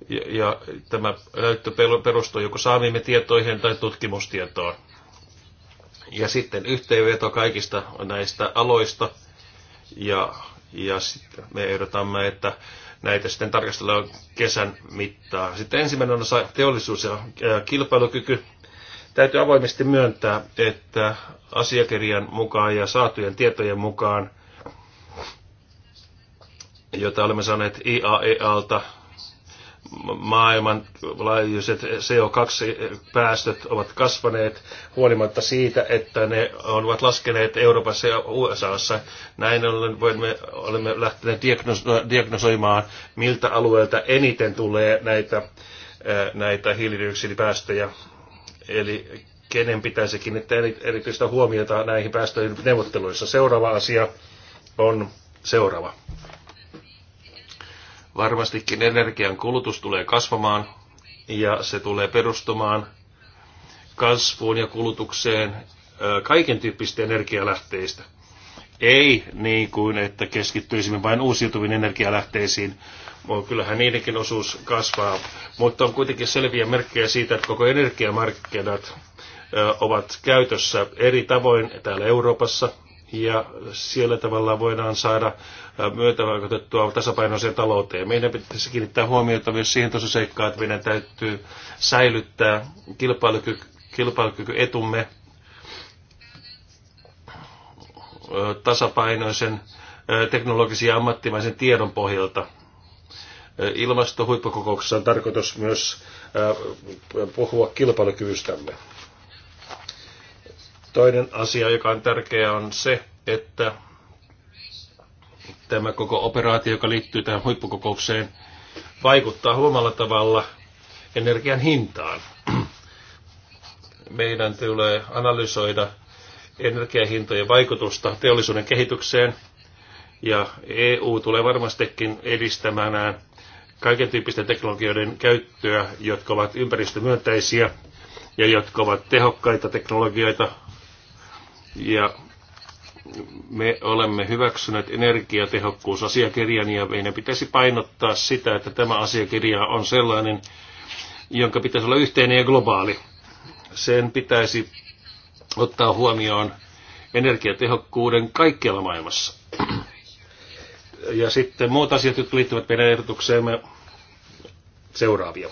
ja, ja tämä näyttö perustuu joko saamiimme tietoihin tai tutkimustietoon. Ja sitten yhteenveto kaikista näistä aloista. Ja, ja sitten me ehdotamme, että näitä sitten tarkastellaan kesän mittaan. Sitten ensimmäinen osa teollisuus ja kilpailukyky. Täytyy avoimesti myöntää, että asiakirjan mukaan ja saatujen tietojen mukaan – jota olemme saaneet IAEAlta, maailmanlaajuiset CO2-päästöt ovat kasvaneet huolimatta siitä, että ne ovat laskeneet Euroopassa ja USAssa. Näin ollen voimme, olemme lähteneet diagnosoimaan, miltä alueelta eniten tulee näitä, äh, näitä hiilidioksidipäästöjä. Eli kenen pitäisi kiinnittää erityistä huomiota näihin päästöihin neuvotteluissa. Seuraava asia on seuraava. Varmastikin energian kulutus tulee kasvamaan ja se tulee perustumaan kasvuun ja kulutukseen kaiken tyyppistä energialähteistä. Ei niin kuin, että keskittyisimme vain uusiutuviin energialähteisiin, on kyllähän niidenkin osuus kasvaa, mutta on kuitenkin selviä merkkejä siitä, että koko energiamarkkinat ovat käytössä eri tavoin täällä Euroopassa – ja siellä tavalla voidaan saada myötävaikutettua tasapainoiseen talouteen. Meidän pitäisi kiinnittää huomiota myös siihen tosiseikkaan, että meidän täytyy säilyttää kilpailukyky, kilpailukyky etumme tasapainoisen teknologisen ja ammattimaisen tiedon pohjalta. Ilmastohuippukokouksessa on tarkoitus myös puhua kilpailukyvystämme. Toinen asia, joka on tärkeä, on se, että tämä koko operaatio, joka liittyy tähän huippukokoukseen, vaikuttaa huomalla tavalla energian hintaan. Meidän tulee analysoida energiahintojen vaikutusta teollisuuden kehitykseen, ja EU tulee varmastikin edistämään kaiken tyyppisten teknologioiden käyttöä, jotka ovat ympäristömyönteisiä ja jotka ovat tehokkaita teknologioita, ja me olemme hyväksyneet energiatehokkuusasiakirjan ja meidän pitäisi painottaa sitä, että tämä asiakirja on sellainen, jonka pitäisi olla yhteinen ja globaali. Sen pitäisi ottaa huomioon energiatehokkuuden kaikkialla maailmassa. Ja sitten muut asiat, jotka liittyvät meidän ehdotukseemme, seuraavia.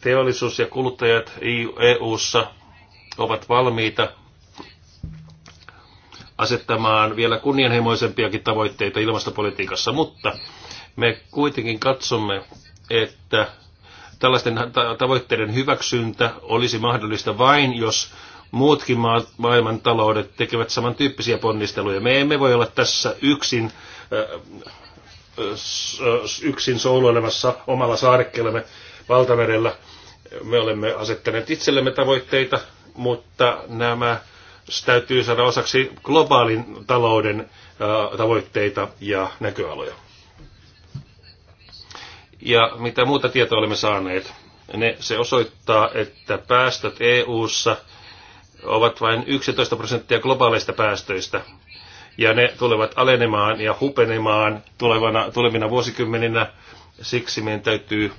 Teollisuus ja kuluttajat EU-ssa ovat valmiita asettamaan vielä kunnianhimoisempiakin tavoitteita ilmastopolitiikassa, mutta me kuitenkin katsomme, että tällaisten tavoitteiden hyväksyntä olisi mahdollista vain, jos muutkin ma- maailman taloudet tekevät samantyyppisiä ponnisteluja. Me emme voi olla tässä yksin, äh, äh yksin souloilemassa omalla saarekkeellamme valtamerellä. Me olemme asettaneet itsellemme tavoitteita, mutta nämä se täytyy saada osaksi globaalin talouden tavoitteita ja näköaloja. Ja mitä muuta tietoa olemme saaneet? Ne, se osoittaa, että päästöt EU:ssa ovat vain 11 prosenttia globaaleista päästöistä, ja ne tulevat alenemaan ja hupenemaan tulevina vuosikymmeninä. Siksi meidän täytyy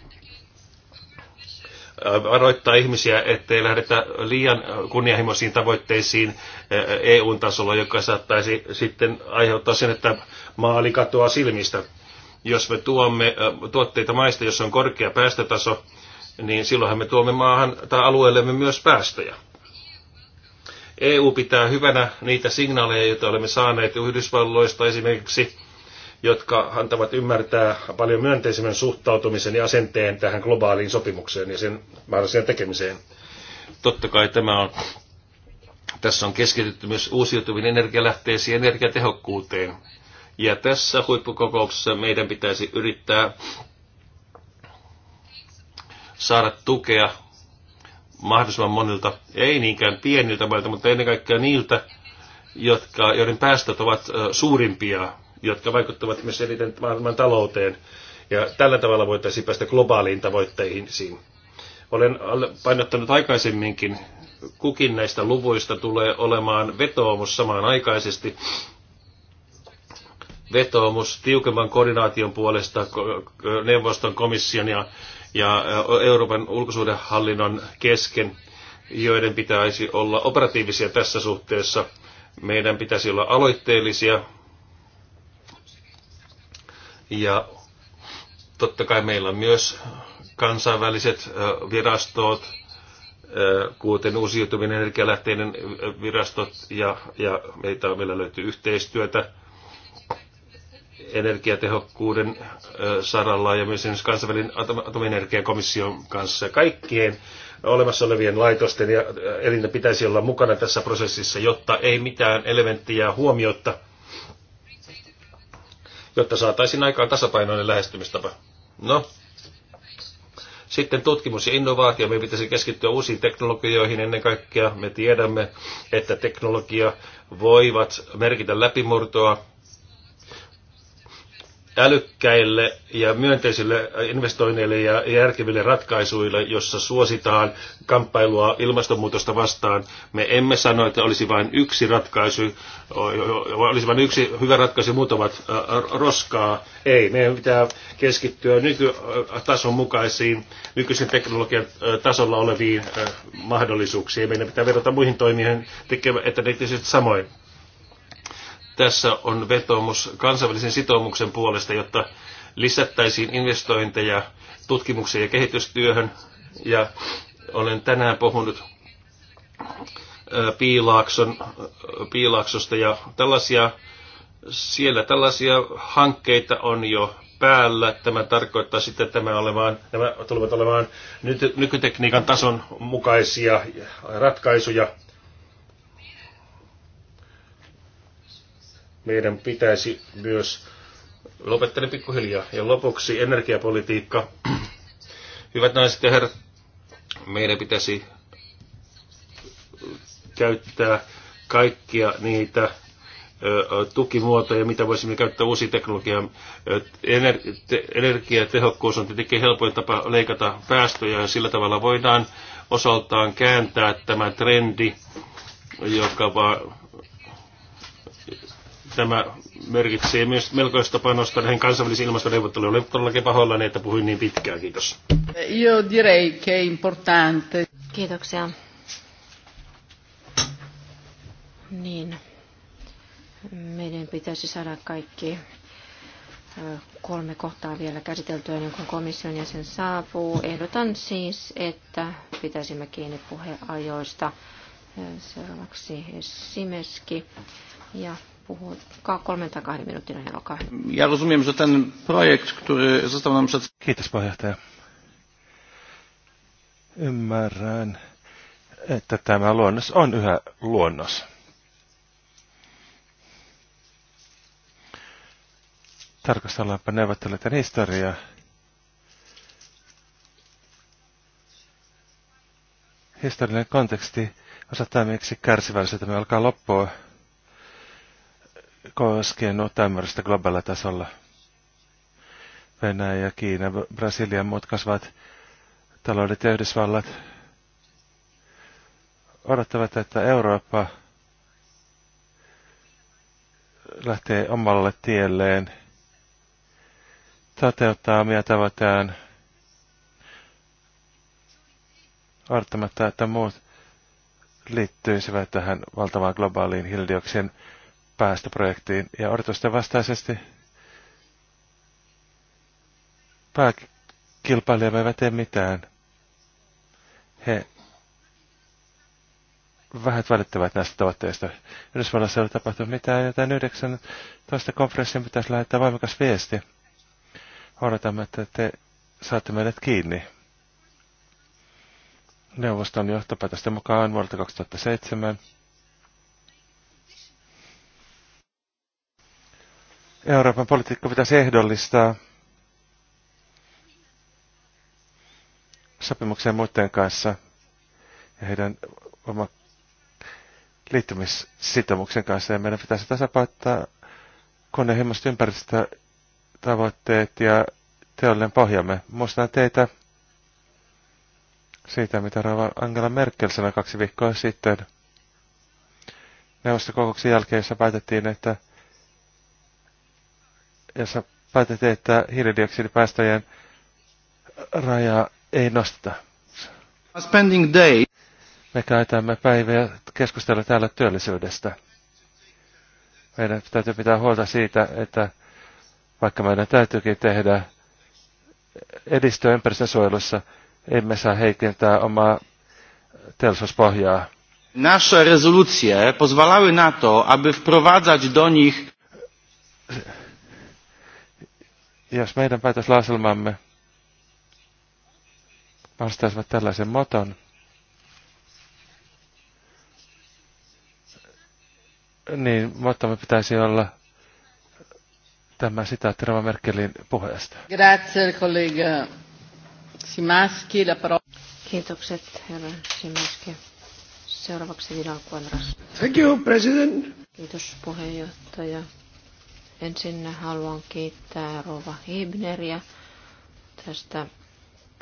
Äh, varoittaa ihmisiä, ettei lähdetä liian kunnianhimoisiin tavoitteisiin äh, EU-tasolla, joka saattaisi sitten aiheuttaa sen, että maali katoaa silmistä. Jos me tuomme äh, tuotteita maista, jossa on korkea päästötaso, niin silloinhan me tuomme maahan tai alueellemme myös päästöjä. EU pitää hyvänä niitä signaaleja, joita olemme saaneet Yhdysvalloista esimerkiksi, jotka antavat ymmärtää paljon myönteisemmän suhtautumisen ja asenteen tähän globaaliin sopimukseen ja sen mahdolliseen tekemiseen. Totta kai tämä on, tässä on keskitytty myös uusiutuviin energialähteisiin ja energiatehokkuuteen. Ja tässä huippukokouksessa meidän pitäisi yrittää saada tukea mahdollisimman monilta, ei niinkään pieniltä mailta, mutta ennen kaikkea niiltä, jotka, joiden päästöt ovat suurimpia jotka vaikuttavat myös eniten maailman talouteen. Ja tällä tavalla voitaisiin päästä globaaliin tavoitteisiin. Olen painottanut aikaisemminkin, kukin näistä luvuista tulee olemaan vetoomus samaan aikaisesti. Vetoomus tiukemman koordinaation puolesta neuvoston, komission ja, ja Euroopan ulkosuhdehallinnon kesken, joiden pitäisi olla operatiivisia tässä suhteessa. Meidän pitäisi olla aloitteellisia, ja totta kai meillä on myös kansainväliset virastot, kuten uusiutuvien energialähteiden virastot, ja, ja meitä on vielä löytyy yhteistyötä energiatehokkuuden saralla ja myös kansainvälinen atomenergiakomission kanssa. Kaikkien olemassa olevien laitosten ja elinten pitäisi olla mukana tässä prosessissa, jotta ei mitään elementtiä huomiota jotta saataisiin aikaan tasapainoinen lähestymistapa. No, sitten tutkimus ja innovaatio, me pitäisi keskittyä uusiin teknologioihin ennen kaikkea. Me tiedämme, että teknologia voivat merkitä läpimurtoa älykkäille ja myönteisille investoinneille ja järkeville ratkaisuille, jossa suositaan kamppailua ilmastonmuutosta vastaan. Me emme sano, että olisi vain yksi ratkaisu, olisi vain yksi hyvä ratkaisu, muut ovat roskaa. Ei, meidän pitää keskittyä nykytason mukaisiin, nykyisen teknologian tasolla oleviin mahdollisuuksiin. Meidän pitää verrata muihin toimijoihin, että ne samoin. Tässä on vetoomus kansainvälisen sitoumuksen puolesta, jotta lisättäisiin investointeja tutkimukseen ja kehitystyöhön. Ja olen tänään puhunut Piilaakson, Piilaaksosta ja tällaisia, siellä tällaisia hankkeita on jo päällä. Tämä tarkoittaa sitten, että tämä olemaan, nämä tulevat olemaan nykytekniikan tason mukaisia ratkaisuja. meidän pitäisi myös lopettaa pikkuhiljaa. Ja lopuksi energiapolitiikka. Hyvät naiset ja herrat, meidän pitäisi käyttää kaikkia niitä tukimuotoja, mitä voisimme käyttää uusi teknologia. Ener- te- energiatehokkuus on tietenkin helpoin tapa leikata päästöjä ja sillä tavalla voidaan osaltaan kääntää tämä trendi, joka vaan Tämä merkitsee myös melkoista panosta näihin kansainvälisiin ilmastoneuvotteluihin. Olen todellakin pahoillani, että puhuin niin pitkään. Kiitos. Io direi che importante. Kiitoksia. Niin. Meidän pitäisi saada kaikki kolme kohtaa vielä käsiteltyä ennen kuin komission jäsen saapuu. Ehdotan siis, että pitäisimme kiinni puheajoista. Seuraavaksi Simeski ja ja rozumiem, że ten projekt, który został nam przed... Kiitos puheenjohtaja. Ymmärrän, että tämä luonnos on yhä luonnos. Tarkastellaanpa neuvottelijoiden historiaa. Historiallinen konteksti osoittaa, miksi kärsivällisyytemme alkaa loppua koskien tämmöistä globaalilla tasolla. Venäjä, Kiina, Brasilia, muut kasvavat taloudet ja Yhdysvallat odottavat, että Eurooppa lähtee omalle tielleen, toteuttaa omia tavoitteen odottamatta, että muut liittyisivät tähän valtavaan globaaliin hildioksen päästä projektiin ja odotusten vastaisesti pääkilpailijamme eivät tee mitään. He vähät välittävät näistä tavoitteista. Yhdysvalloissa ei ole tapahtunut mitään, joten 19 konferenssin pitäisi lähettää voimakas viesti. Odotamme, että te saatte meidät kiinni. Neuvoston johtopäätösten mukaan vuodelta 2007 Euroopan politiikka pitäisi ehdollistaa sopimukseen muiden kanssa ja heidän oma liittymissitoumuksen kanssa. Ja meidän pitäisi tasapainottaa kunnianhimoiset tavoitteet ja teollinen pohjamme. Muistan teitä siitä, mitä Rava Angela Merkel sanoi kaksi viikkoa sitten neuvostokokouksen jälkeen, jossa päätettiin, että jossa päätettiin, että hiilidioksidipäästöjen rajaa ei nosteta. Spending day. Me käytämme päivää keskustella täällä työllisyydestä. Meidän täytyy pitää huolta siitä, että vaikka meidän täytyykin tehdä edistyä ympäristönsuojelussa, emme saa heikentää omaa teollisuuspohjaa. Nasze rezolucje pozwalały na to, aby wprowadzać do nich jos meidän päätöslauselmamme vastaisivat tällaisen moton, niin mottamme pitäisi olla tämä sitaatti Rova Merkelin puheesta. Grazie, collega Simaski. La parola. Kiitokset, herra Simaski. Seuraavaksi Vilan Kuonras. Thank you, president. Kiitos, puheenjohtaja. Ensin haluan kiittää Rova Hibneriä tästä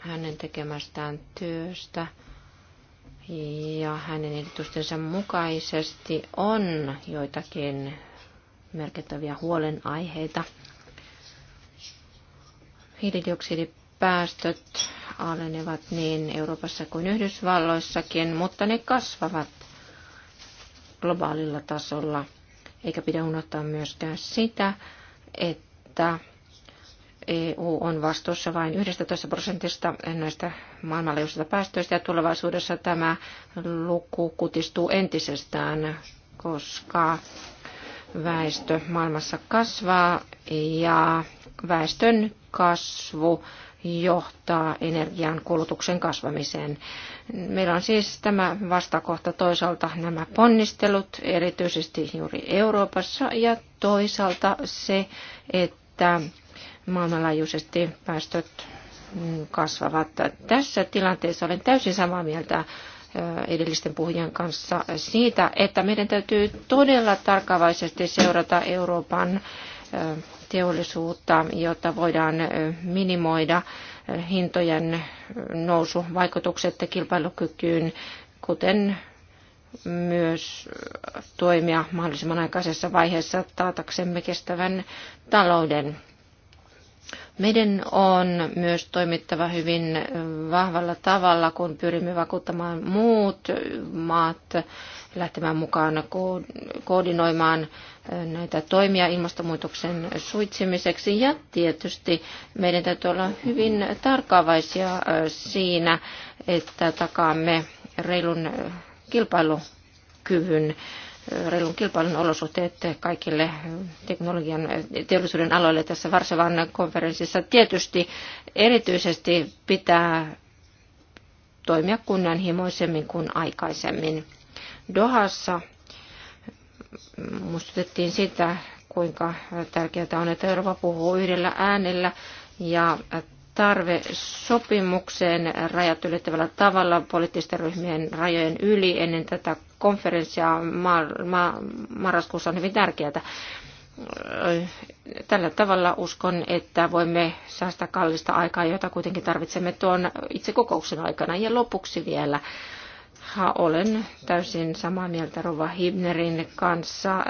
hänen tekemästään työstä. Ja hänen ehdotustensa mukaisesti on joitakin merkittäviä huolenaiheita. Hiilidioksidipäästöt alenevat niin Euroopassa kuin Yhdysvalloissakin, mutta ne kasvavat globaalilla tasolla – eikä pidä unohtaa myöskään sitä, että EU on vastuussa vain 11 prosentista näistä maailmanlaajuisista päästöistä ja tulevaisuudessa tämä luku kutistuu entisestään, koska väestö maailmassa kasvaa ja väestön kasvu johtaa energian kulutuksen kasvamiseen. Meillä on siis tämä vastakohta toisaalta nämä ponnistelut, erityisesti juuri Euroopassa, ja toisaalta se, että maailmanlaajuisesti päästöt kasvavat. Tässä tilanteessa olen täysin samaa mieltä edellisten puhujien kanssa siitä, että meidän täytyy todella tarkavaisesti seurata Euroopan teollisuutta, jotta voidaan minimoida hintojen nousuvaikutukset kilpailukykyyn, kuten myös toimia mahdollisimman aikaisessa vaiheessa taataksemme kestävän talouden. Meidän on myös toimittava hyvin vahvalla tavalla, kun pyrimme vakuuttamaan muut maat lähtemään mukaan koordinoimaan näitä toimia ilmastonmuutoksen suitsimiseksi. Ja tietysti meidän täytyy olla hyvin tarkkaavaisia siinä, että takaamme reilun kilpailukyvyn reilun kilpailun olosuhteet kaikille teknologian teollisuuden aloille tässä Varsovan konferenssissa. Tietysti erityisesti pitää toimia kunnianhimoisemmin kuin aikaisemmin. Dohassa muistutettiin sitä, kuinka tärkeää on, että Eurooppa puhuu yhdellä äänellä ja tarve sopimukseen rajat ylittävällä tavalla poliittisten ryhmien rajojen yli ennen tätä konferenssia mar- ma- marraskuussa on hyvin tärkeää. Tällä tavalla uskon, että voimme säästää kallista aikaa, jota kuitenkin tarvitsemme tuon itse kokouksen aikana. Ja lopuksi vielä olen täysin samaa mieltä Rova Hibnerin kanssa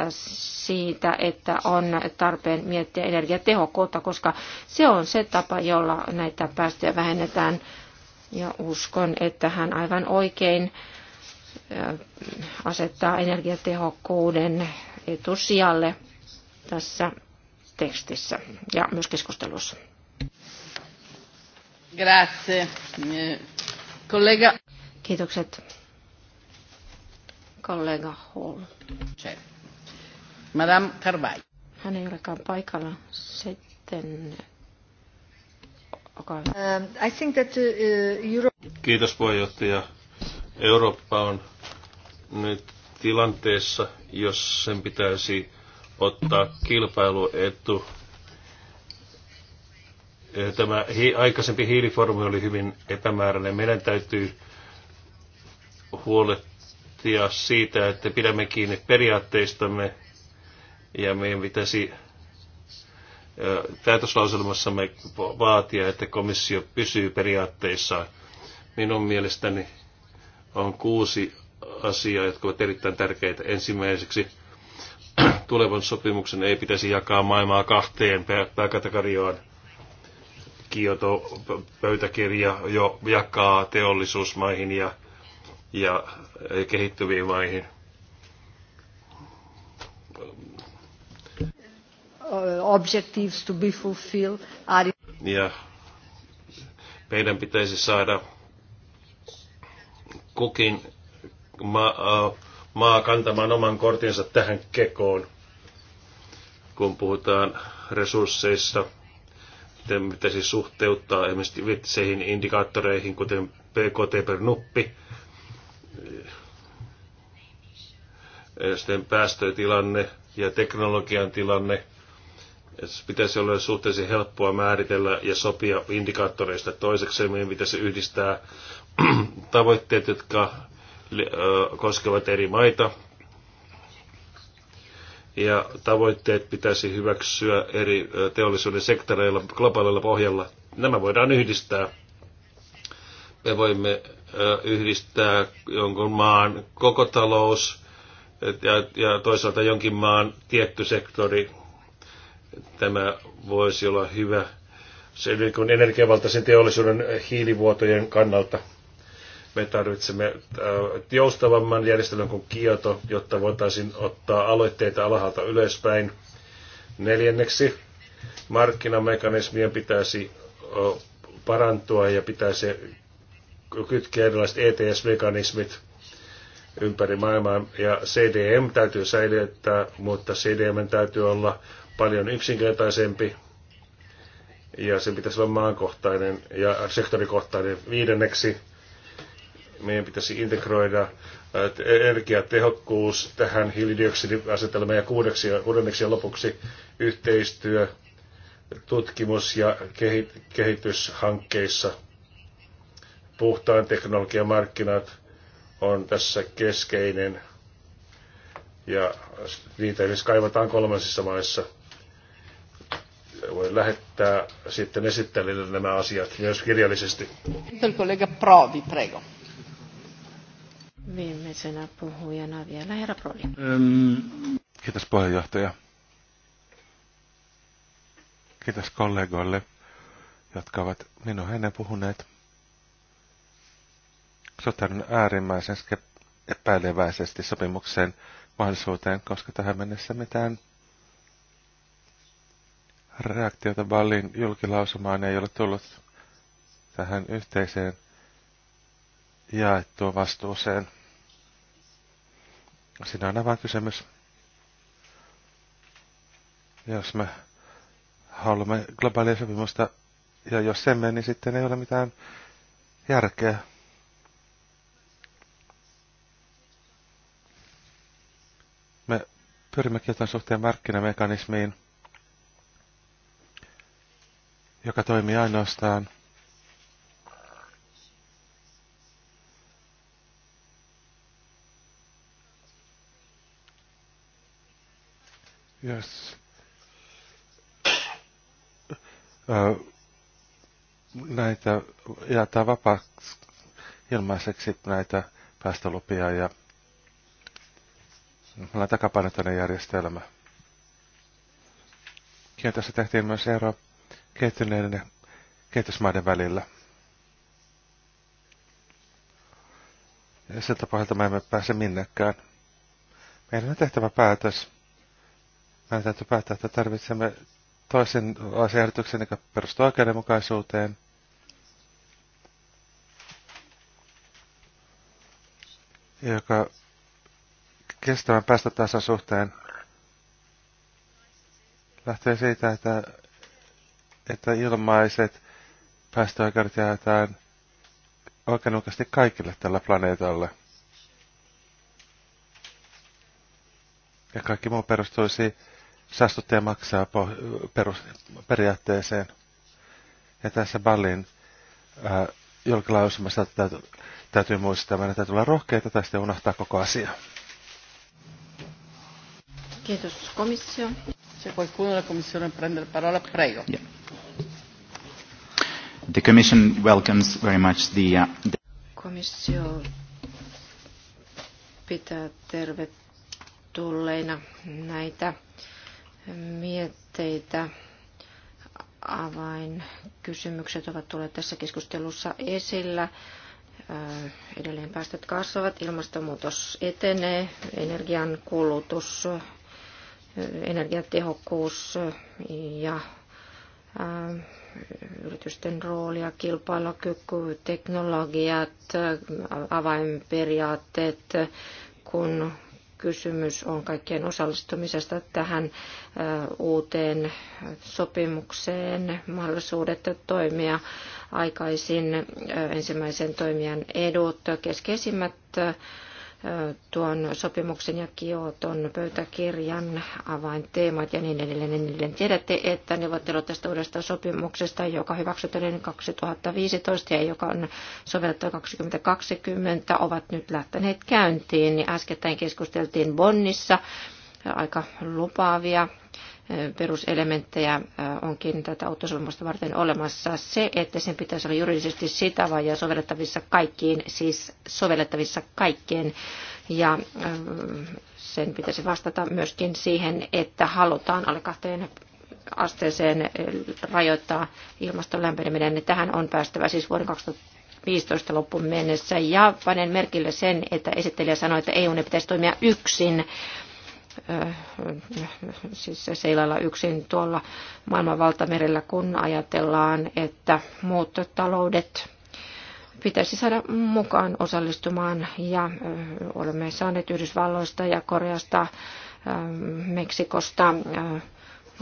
siitä, että on tarpeen miettiä energiatehokkuutta, koska se on se tapa, jolla näitä päästöjä vähennetään. Ja uskon, että hän aivan oikein asettaa energiatehokkuuden etusijalle tässä tekstissä ja myös keskustelussa. Grazie. Kollega. Kiitokset kollega Hall. Se. Madame Carvai. Hän ei olekaan paikalla. Sitten... Okay. Um, I think that, uh, uh Europe... Kiitos puheenjohtaja. Eurooppa on nyt tilanteessa, jos sen pitäisi ottaa kilpailuetu. Eh, tämä aikaisempi hiiliformi oli hyvin epämääräinen. Meidän täytyy huolehtia huolehtia siitä, että pidämme kiinni periaatteistamme ja meidän pitäisi päätöslauselmassamme vaatia, että komissio pysyy periaatteissaan. Minun mielestäni on kuusi asiaa, jotka ovat erittäin tärkeitä. Ensimmäiseksi tulevan sopimuksen ei pitäisi jakaa maailmaa kahteen pääkategorioon. Kioto pöytäkirja jo jakaa teollisuusmaihin ja ja kehittyviin maihin. Uh, objectives to be fulfilled are... Ja meidän pitäisi saada kukin ma- uh, maa kantamaan oman kortinsa tähän kekoon, kun puhutaan resursseista – Miten pitäisi suhteuttaa esimerkiksi vitseihin, indikaattoreihin, kuten PKT per nuppi, sitten päästötilanne ja teknologian tilanne. Se Pitäisi olla suhteellisen helppoa määritellä ja sopia indikaattoreista. Toiseksi meidän pitäisi yhdistää tavoitteet, jotka koskevat eri maita. Ja tavoitteet pitäisi hyväksyä eri teollisuuden sektoreilla globaalilla pohjalla. Nämä voidaan yhdistää. Me voimme yhdistää jonkun maan koko talous ja, ja toisaalta jonkin maan tietty sektori. Tämä voisi olla hyvä se, niin energiavaltaisen teollisuuden hiilivuotojen kannalta. Me tarvitsemme joustavamman järjestelmän kuin Kioto, jotta voitaisiin ottaa aloitteita alhaalta ylöspäin. Neljänneksi, markkinamekanismien pitäisi parantua ja pitäisi kytkee erilaiset ETS-mekanismit ympäri maailmaa. Ja CDM täytyy säilyttää, mutta CDM täytyy olla paljon yksinkertaisempi. Ja se pitäisi olla maankohtainen ja sektorikohtainen. Viidenneksi meidän pitäisi integroida äh, energiatehokkuus tähän hiilidioksidiasetelmaan ja kuudeksi, kuudenneksi ja lopuksi yhteistyö tutkimus- ja kehityshankkeissa – puhtaan teknologian markkinat on tässä keskeinen ja niitä edes siis kaivataan kolmansissa maissa. Voin lähettää sitten esittelijälle nämä asiat myös kirjallisesti. Kollega Prodi, prego. Viimeisenä puhujana vielä herra Prodi. Kiitos puheenjohtaja. Kiitos kollegoille, jotka ovat minun ennen puhuneet suhtaudun äärimmäisen epäileväisesti sopimuksen mahdollisuuteen, koska tähän mennessä mitään reaktiota Ballin julkilausumaan ei ole tullut tähän yhteiseen jaettuun vastuuseen. Siinä on aivan kysymys. Jos me haluamme globaalia sopimusta, ja jos emme, niin sitten ei ole mitään järkeä. Me pyrimme kiertämään suhteen markkinamekanismiin, joka toimii ainoastaan Yes. näitä jaetaan vapaaksi ilmaiseksi näitä päästölupia ja Meillä on takapainottainen järjestelmä. Kiintossa tehtiin myös ero kehittyneiden ja kehitysmaiden välillä. Ja siltä pohjalta me emme pääse minnekään. Meidän on tehtävä päätös. Meidän täytyy päättää, että tarvitsemme toisen asiaehdotuksen, joka perustuu oikeudenmukaisuuteen. Joka kestävän päästötason suhteen lähtee siitä, että, että ilmaiset päästöoikeudet jaetaan oikeudenmukaisesti kaikille tällä planeetalla. Ja kaikki muu perustuisi saastuttaja maksaa perus, periaatteeseen. Ja tässä Ballin julkilausumassa täytyy, täytyy muistaa, meidän täytyy olla rohkeita tai sitten unohtaa koko asia. Kiitos komissio. Se qualcuno della Commissione prende la parola, prego. Yeah. The Commission welcomes very much the, uh, the Komissio pitää tervetulleina näitä mietteitä. Avainkysymykset ovat tulleet tässä keskustelussa esillä. Äh, edelleen päästöt kasvavat, ilmastonmuutos etenee, energian kulutus energiatehokkuus ja äh, yritysten roolia, kilpailukyky, teknologiat, avainperiaatteet, kun kysymys on kaikkien osallistumisesta tähän äh, uuteen sopimukseen, mahdollisuudet toimia aikaisin, äh, ensimmäisen toimijan edut, keskeisimmät tuon sopimuksen ja Kioton pöytäkirjan avainteemat ja niin edelleen. Niin edelleen. Tiedätte, että neuvottelut tästä uudesta sopimuksesta, joka hyväksytään 2015 ja joka on sovellettu 2020, ovat nyt lähteneet käyntiin. Äskettäin keskusteltiin Bonnissa aika lupaavia peruselementtejä onkin tätä sopimusta varten olemassa. Se, että sen pitäisi olla juridisesti sitava ja sovellettavissa kaikkiin, siis sovellettavissa kaikkien, Ja sen pitäisi vastata myöskin siihen, että halutaan alle kahteen asteeseen rajoittaa ilmaston lämpeneminen. Tähän on päästävä siis vuoden 2015 loppuun mennessä. Ja panen merkille sen, että esittelijä sanoi, että EU ne pitäisi toimia yksin Äh, siis seilailla yksin tuolla maailman valtamerellä, kun ajatellaan, että muut taloudet pitäisi saada mukaan osallistumaan ja äh, olemme saaneet Yhdysvalloista ja Koreasta, äh, Meksikosta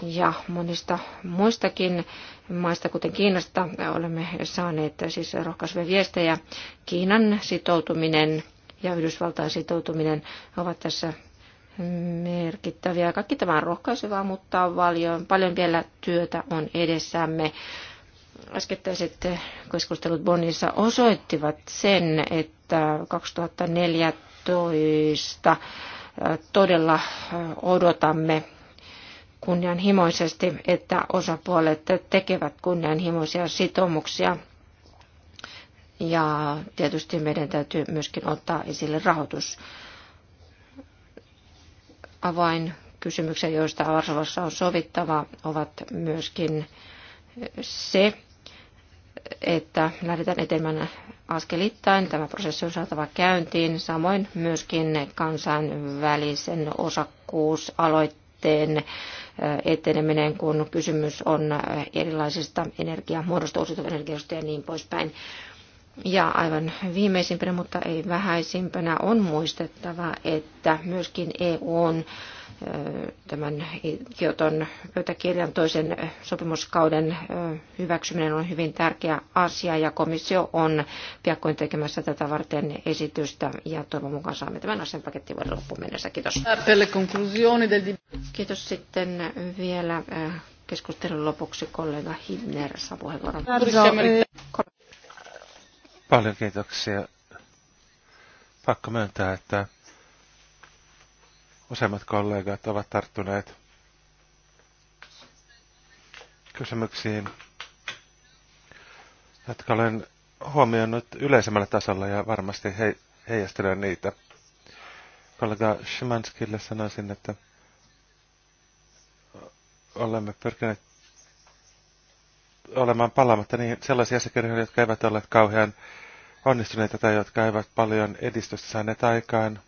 ja monista muistakin maista, kuten Kiinasta, olemme saaneet siis rohkaisevia viestejä. Kiinan sitoutuminen ja Yhdysvaltain sitoutuminen ovat tässä merkittäviä. Kaikki tämä on rohkaisevaa, mutta on paljon, paljon vielä työtä on edessämme. Äskettäiset keskustelut Bonnissa osoittivat sen, että 2014 todella odotamme kunnianhimoisesti, että osapuolet tekevät kunnianhimoisia sitoumuksia. Ja tietysti meidän täytyy myöskin ottaa esille rahoitus avainkysymykset, joista Varsovassa on sovittava, ovat myöskin se, että lähdetään etemään askelittain. Tämä prosessi on saatava käyntiin. Samoin myöskin kansainvälisen osakkuusaloitteen eteneminen, kun kysymys on erilaisista energiamuodosta, uusiutuvista energiasta ja niin poispäin. Ja aivan viimeisimpänä, mutta ei vähäisimpänä, on muistettava, että myöskin EU on tämän Kioton pöytäkirjan toisen sopimuskauden hyväksyminen on hyvin tärkeä asia ja komissio on piakkoin tekemässä tätä varten esitystä ja toivon mukaan saamme tämän asian paketti vuoden loppuun mennessä. Kiitos. Kiitos sitten vielä keskustelun lopuksi kollega Hinner saa puheenvuoron. Paljon kiitoksia. Pakko myöntää, että useimmat kollegat ovat tarttuneet kysymyksiin, jotka olen huomioinut yleisemmällä tasolla ja varmasti he, heijastelen niitä. Kollega Szymanskille sanoisin, että olemme pyrkineet olemaan palaamatta niin sellaisia asiakirjoja, jotka eivät ole kauhean onnistuneita tai jotka eivät paljon edistystä saaneet aikaan.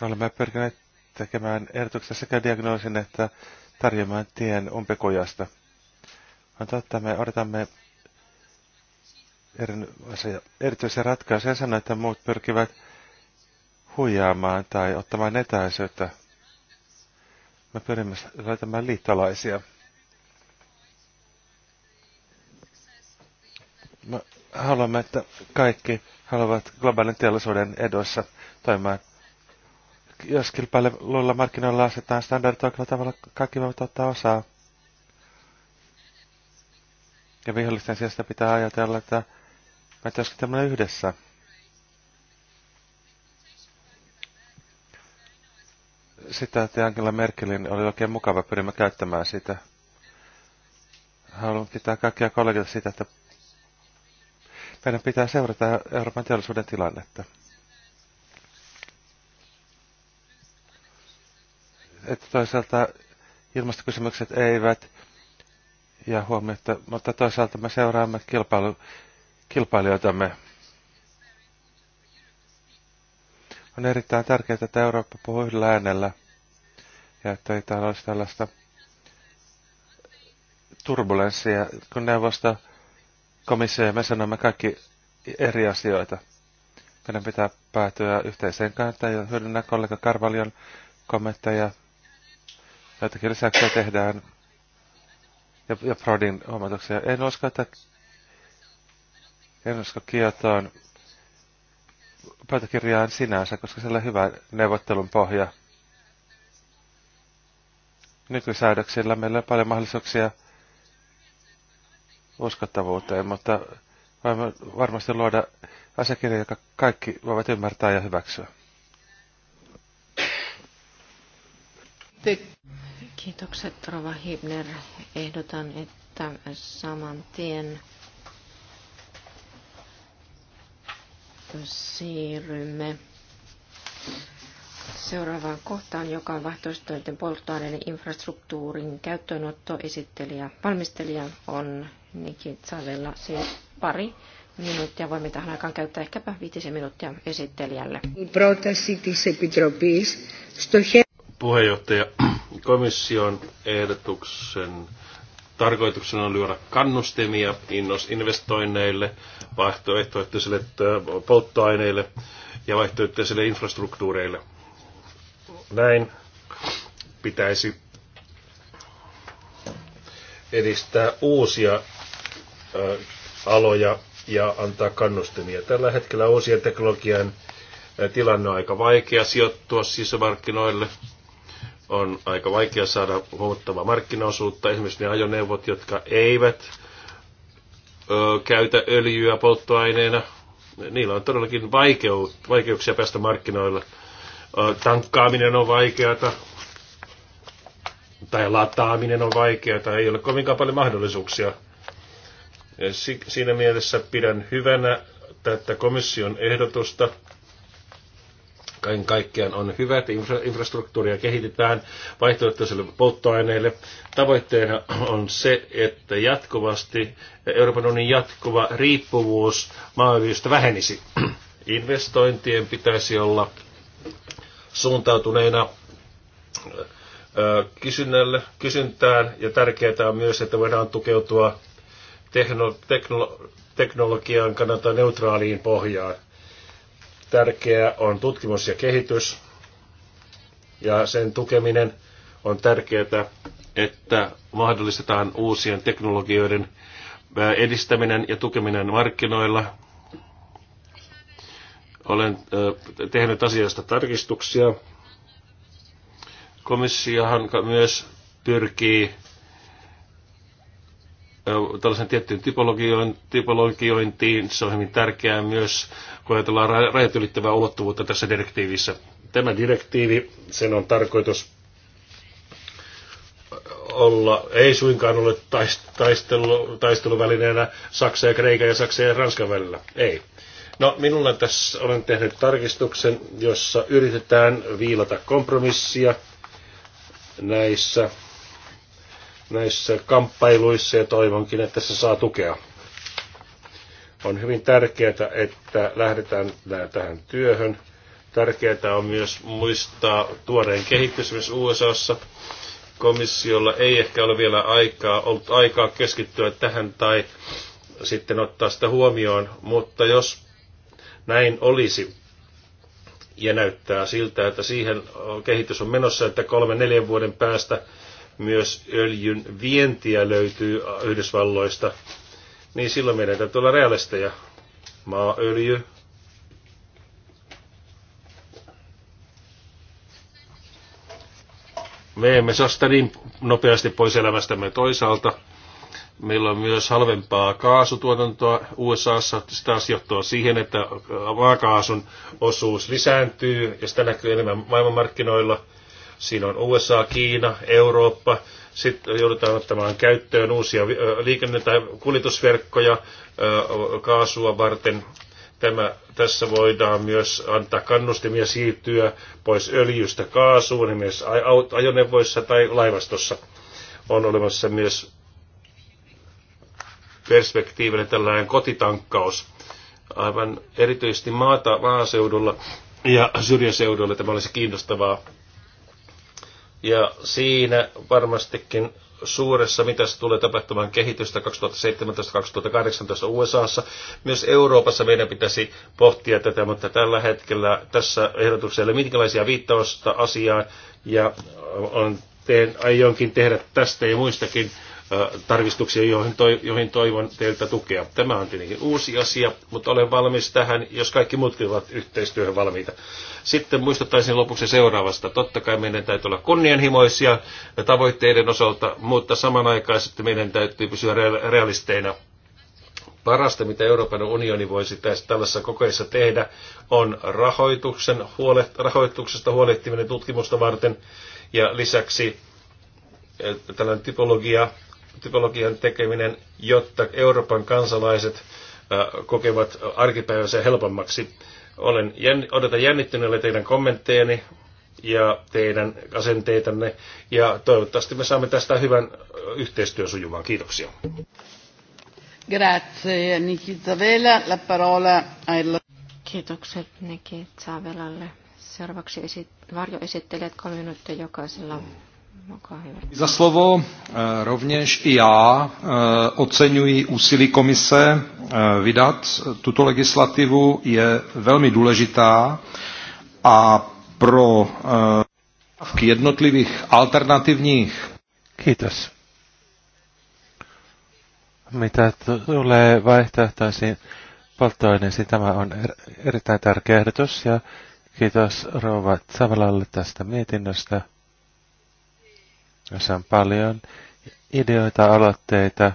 Olemme pyrkineet tekemään ehdotuksia sekä diagnoosin että tarjoamaan tien umpikujasta. On totta, me odotamme erityisiä ratkaisuja sanoa, että muut pyrkivät huijaamaan tai ottamaan etäisyyttä me pyrimme löytämään liittolaisia. Me haluamme, että kaikki haluavat globaalin teollisuuden edossa toimimaan. Jos kilpailuilla markkinoilla asetetaan standardit oikealla tavalla, kaikki voivat ottaa osaa. Ja vihollisten sijasta pitää ajatella, että me työskentelemme yhdessä. että Angela Merkelin oli oikein mukava, pyrimme käyttämään sitä. Haluan pitää kaikkia kollegoita sitä, että meidän pitää seurata Euroopan teollisuuden tilannetta. Että toisaalta ilmastokysymykset eivät ja huomioita, mutta toisaalta me seuraamme kilpailu, kilpailijoitamme On erittäin tärkeää, että Eurooppa puhuu yhdellä äänellä ja että ei täällä olisi tällaista turbulenssia, kun neuvosto, komissio ja me sanomme kaikki eri asioita. Meidän pitää päätyä yhteiseen kantaan ja hyödynnä kollega Karvalion kommentteja. Joitakin lisäyksiä tehdään ja, ja Prodin huomautuksia. En usko, että en usko kietoon pöytäkirjaan sinänsä, koska siellä on hyvä neuvottelun pohja. Nykysäädöksillä meillä on paljon mahdollisuuksia uskottavuuteen, mutta voimme varmasti luoda asiakirja, joka kaikki voivat ymmärtää ja hyväksyä. Kiitokset, Rova Hibner. Ehdotan, että saman tien siirrymme seuraavaan kohtaan, joka on vaihtoehtoisten polttoaineiden infrastruktuurin käyttöönotto. Esittelijä, valmistelija on Niki Tsavella. Siis pari minuuttia voimme tähän aikaan käyttää ehkäpä viitisen minuuttia esittelijälle. Puheenjohtaja, komission ehdotuksen Tarkoituksena on lyödä kannustimia investoinneille, vaihtoehtoisille polttoaineille ja vaihtoehtoisille infrastruktuureille. Näin pitäisi edistää uusia aloja ja antaa kannustimia. Tällä hetkellä uusien teknologian tilanne on aika vaikea sijoittua sisämarkkinoille – on aika vaikea saada huomattavaa markkinaosuutta. Esimerkiksi ne ajoneuvot, jotka eivät ö, käytä öljyä polttoaineena, niillä on todellakin vaikeu, vaikeuksia päästä markkinoille. Ö, tankkaaminen on vaikeata, tai lataaminen on vaikeata, ei ole kovinkaan paljon mahdollisuuksia. Si- siinä mielessä pidän hyvänä tätä komission ehdotusta kaiken kaikkiaan on hyvä, että infra- infrastruktuuria kehitetään vaihtoehtoisille polttoaineille. Tavoitteena on se, että jatkuvasti Euroopan unionin jatkuva riippuvuus maaöljystä vähenisi. Investointien pitäisi olla suuntautuneena kysynnälle, kysyntään ja tärkeää on myös, että voidaan tukeutua teknolo- teknolo- teknologiaan kannalta neutraaliin pohjaan Tärkeää on tutkimus ja kehitys ja sen tukeminen on tärkeää, että mahdollistetaan uusien teknologioiden äh, edistäminen ja tukeminen markkinoilla. Olen äh, tehnyt asiasta tarkistuksia. Komissiohan myös pyrkii tällaisen tiettyyn typologiointiin. Se on hyvin tärkeää myös, kun ajatellaan rajat ylittävää ulottuvuutta tässä direktiivissä. Tämä direktiivi, sen on tarkoitus olla, ei suinkaan ole taistelu, taisteluvälineenä Saksa ja Kreikan ja Saksa ja Ranskan välillä. Ei. No, minulla tässä olen tehnyt tarkistuksen, jossa yritetään viilata kompromissia näissä näissä kamppailuissa ja toivonkin, että se saa tukea. On hyvin tärkeää, että lähdetään tähän työhön. Tärkeää on myös muistaa tuoreen kehitys myös USAssa. Komissiolla ei ehkä ole vielä aikaa, ollut aikaa keskittyä tähän tai sitten ottaa sitä huomioon, mutta jos näin olisi, ja näyttää siltä, että siihen kehitys on menossa, että kolme neljän vuoden päästä myös öljyn vientiä löytyy Yhdysvalloista, niin silloin meidän täytyy olla realisteja. Maaöljy, me emme saa sitä niin nopeasti pois elämästämme toisaalta. Meillä on myös halvempaa kaasutuotantoa USAssa. Sitä taas johtuu siihen, että maakaasun osuus lisääntyy ja sitä näkyy enemmän maailmanmarkkinoilla. Siinä on USA, Kiina, Eurooppa. Sitten joudutaan ottamaan käyttöön uusia liikenne- tai kuljetusverkkoja kaasua varten. Tämä, tässä voidaan myös antaa kannustimia siirtyä pois öljystä kaasuun, myös ajoneuvoissa tai laivastossa. On olemassa myös perspektiivinen tällainen kotitankkaus aivan erityisesti maata, maaseudulla ja syrjäseudulla. Tämä olisi kiinnostavaa ja siinä varmastikin suuressa, mitä se tulee tapahtumaan kehitystä 2017-2018 USAssa. Myös Euroopassa meidän pitäisi pohtia tätä, mutta tällä hetkellä tässä ehdotuksella ole minkälaisia viittausta asiaan ja on, teen, aionkin tehdä tästä ja muistakin tarkistuksia, joihin, toi, joihin toivon teiltä tukea. Tämä on tietenkin uusi asia, mutta olen valmis tähän, jos kaikki muutkin ovat yhteistyöhön valmiita. Sitten muistuttaisin lopuksi seuraavasta. Totta kai meidän täytyy olla kunnianhimoisia tavoitteiden osalta, mutta samanaikaisesti meidän täytyy pysyä realisteina. Parasta, mitä Euroopan unioni voisi tässä tällaisessa kokeessa tehdä, on rahoituksen, huolet, rahoituksesta huolehtiminen tutkimusta varten ja lisäksi tällainen typologia, typologian tekeminen, jotta Euroopan kansalaiset äh, kokevat arkipäivänsä helpommaksi. Olen, odotan jännittyneellä teidän kommentteeni ja teidän asenteitanne ja toivottavasti me saamme tästä hyvän yhteistyön sujumaan. Kiitoksia. Grazie Nikita Vela. La parola alla... Kiitokset Nikita Velalle. Seuraavaksi esi- varjoesittelijät kolme minuuttia jokaisella. Za slovo eh, rovněž i já eh, oceňuji úsilí komise eh, vydat tuto legislativu. Je velmi důležitá a pro jednotlivých alternativních. Kiitos. Mitä tulee vaihtoehtoisiin polttoaineisiin, tämä on er-, erittäin tärkeä ehdotus ja kiitos rouva Savalalle tästä mietinnöstä jossa on paljon ideoita, aloitteita.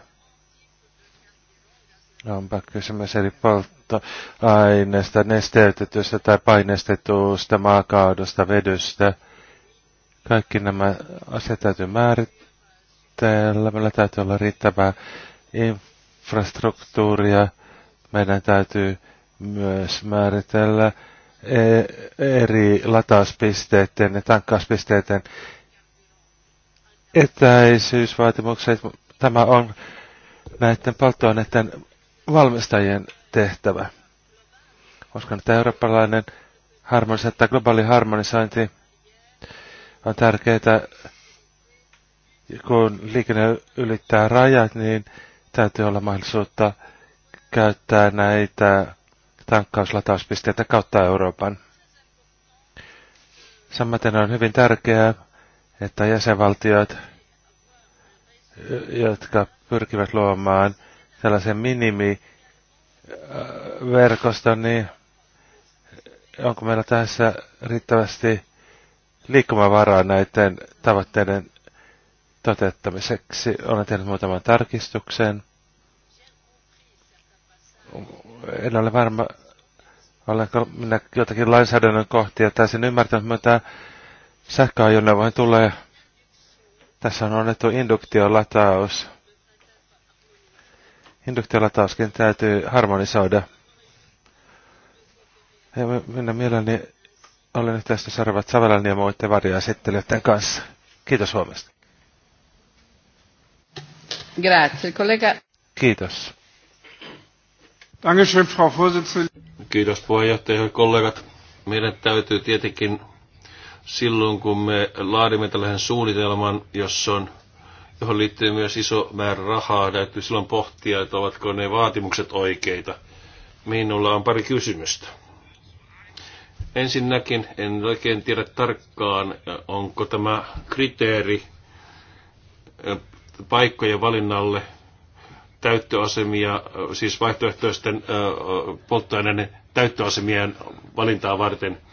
Onpa kysymys eri polttoaineesta, nesteytetystä tai painestetusta, maakaudusta, vedystä. Kaikki nämä asiat täytyy määritellä. Meillä täytyy olla riittävää infrastruktuuria. Meidän täytyy myös määritellä e- eri latauspisteiden ja tankkauspisteiden etäisyysvaatimukset. Tämä on näiden polttoaineiden valmistajien tehtävä. Koska tämä eurooppalainen harmonisointi tai globaali harmonisointi on tärkeää, kun liikenne ylittää rajat, niin täytyy olla mahdollisuutta käyttää näitä tankkauslatauspisteitä kautta Euroopan. Samaten on hyvin tärkeää, että jäsenvaltiot, jotka pyrkivät luomaan tällaisen minimiverkoston, niin onko meillä tässä riittävästi liikkumavaraa näiden tavoitteiden toteuttamiseksi? Olen tehnyt muutaman tarkistuksen. En ole varma, olenko minä jotakin lainsäädännön kohtia täysin ymmärtänyt, mutta sähköajoneuvoihin tulee. Tässä on annettu induktiolataus. Induktiolatauskin täytyy harmonisoida. Ja minä mielelläni olen tästä seuraavat Savelan ja muiden varjoesittelijöiden kanssa. Kiitos huomesta. Grazie, kollega. Kiitos. Dankeschön, Frau Vorsitzende. Kiitos puheenjohtaja ja kollegat. Meidän täytyy tietenkin silloin, kun me laadimme tällaisen suunnitelman, jossa on johon liittyy myös iso määrä rahaa, täytyy silloin pohtia, että ovatko ne vaatimukset oikeita. Minulla on pari kysymystä. Ensinnäkin en oikein tiedä tarkkaan, onko tämä kriteeri paikkojen valinnalle täyttöasemia, siis vaihtoehtoisten polttoaineiden täyttöasemien valintaa varten –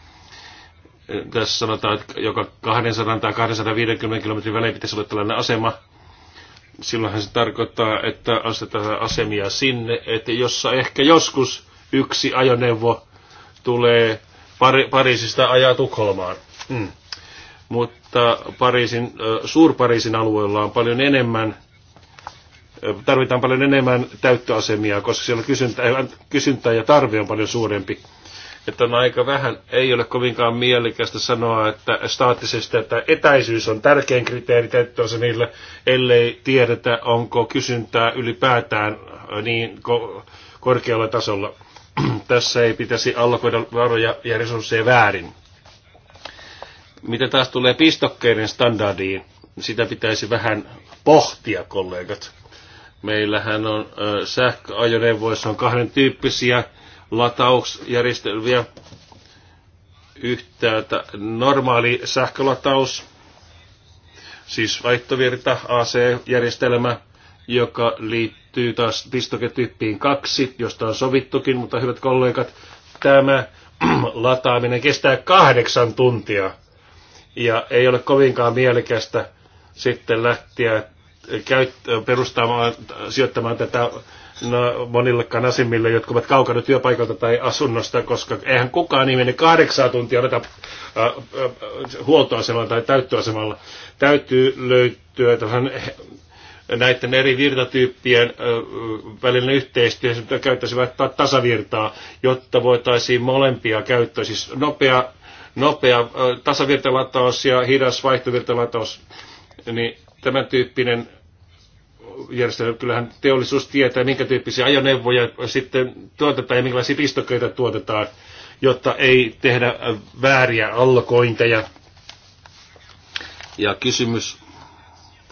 tässä sanotaan, että joka 200 tai 250 kilometrin välein pitäisi olla tällainen asema. Silloinhan se tarkoittaa, että asetetaan asemia sinne, että jossa ehkä joskus yksi ajoneuvo tulee Pari- Pariisista ajaa Tukholmaan. Mm. Mutta Pariisin, Suur-Pariisin alueella on paljon enemmän tarvitaan paljon enemmän täyttöasemia, koska siellä kysyntä, kysyntä ja tarve on paljon suurempi että on aika vähän, ei ole kovinkaan mielekästä sanoa, että staattisesti, että etäisyys on tärkein kriteeri käyttöönsä niille, ellei tiedetä, onko kysyntää ylipäätään äh, niin ko- korkealla tasolla. Tässä ei pitäisi allokoida varoja ja resursseja väärin. Mitä taas tulee pistokkeiden standardiin, sitä pitäisi vähän pohtia, kollegat. Meillähän on äh, sähköajoneuvoissa on kahden tyyppisiä latausjärjestelmiä. Yhtäältä normaali sähkölataus, siis vaihtovirta AC-järjestelmä, joka liittyy taas pistoketyyppiin 2, josta on sovittukin, mutta hyvät kollegat, tämä lataaminen kestää kahdeksan tuntia. Ja ei ole kovinkaan mielekästä sitten lähteä käyt, perustamaan, sijoittamaan tätä no, monille kanasimmille, jotka ovat kaukana työpaikalta tai asunnosta, koska eihän kukaan niin mene kahdeksaa tuntia odota äh, äh, huoltoasemalla tai täyttöasemalla. Täytyy löytyä tähän näiden eri virtatyyppien äh, välinen yhteistyö, käyttäisi käyttäisivät tasavirtaa, jotta voitaisiin molempia käyttää, siis nopea, nopea tasavirtalataus ja hidas vaihtovirtalataus, niin tämän tyyppinen järjestelmä. Kyllähän teollisuus tietää, minkä tyyppisiä ajoneuvoja sitten tuotetaan ja minkälaisia pistokkeita tuotetaan, jotta ei tehdä vääriä allokointeja. Ja kysymys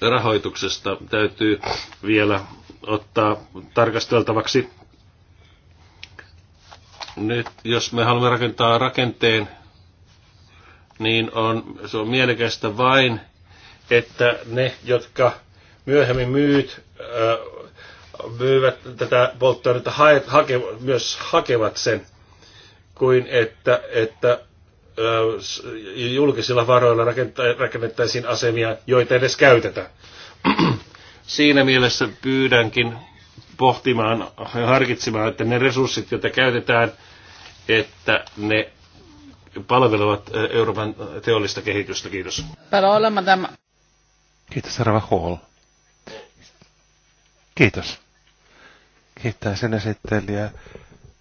rahoituksesta täytyy vielä ottaa tarkasteltavaksi. Nyt jos me haluamme rakentaa rakenteen, niin on, se on mielekästä vain, että ne, jotka Myöhemmin myyt myyvät tätä polttoainetta, hake, myös hakevat sen, kuin että, että julkisilla varoilla rakennettaisiin asemia, joita edes käytetä. Siinä mielessä pyydänkin pohtimaan ja harkitsemaan, että ne resurssit, joita käytetään, että ne palvelevat Euroopan teollista kehitystä. Kiitos. Kiitos, Rava Hall. Kiitos. Kiittää sen esittelijää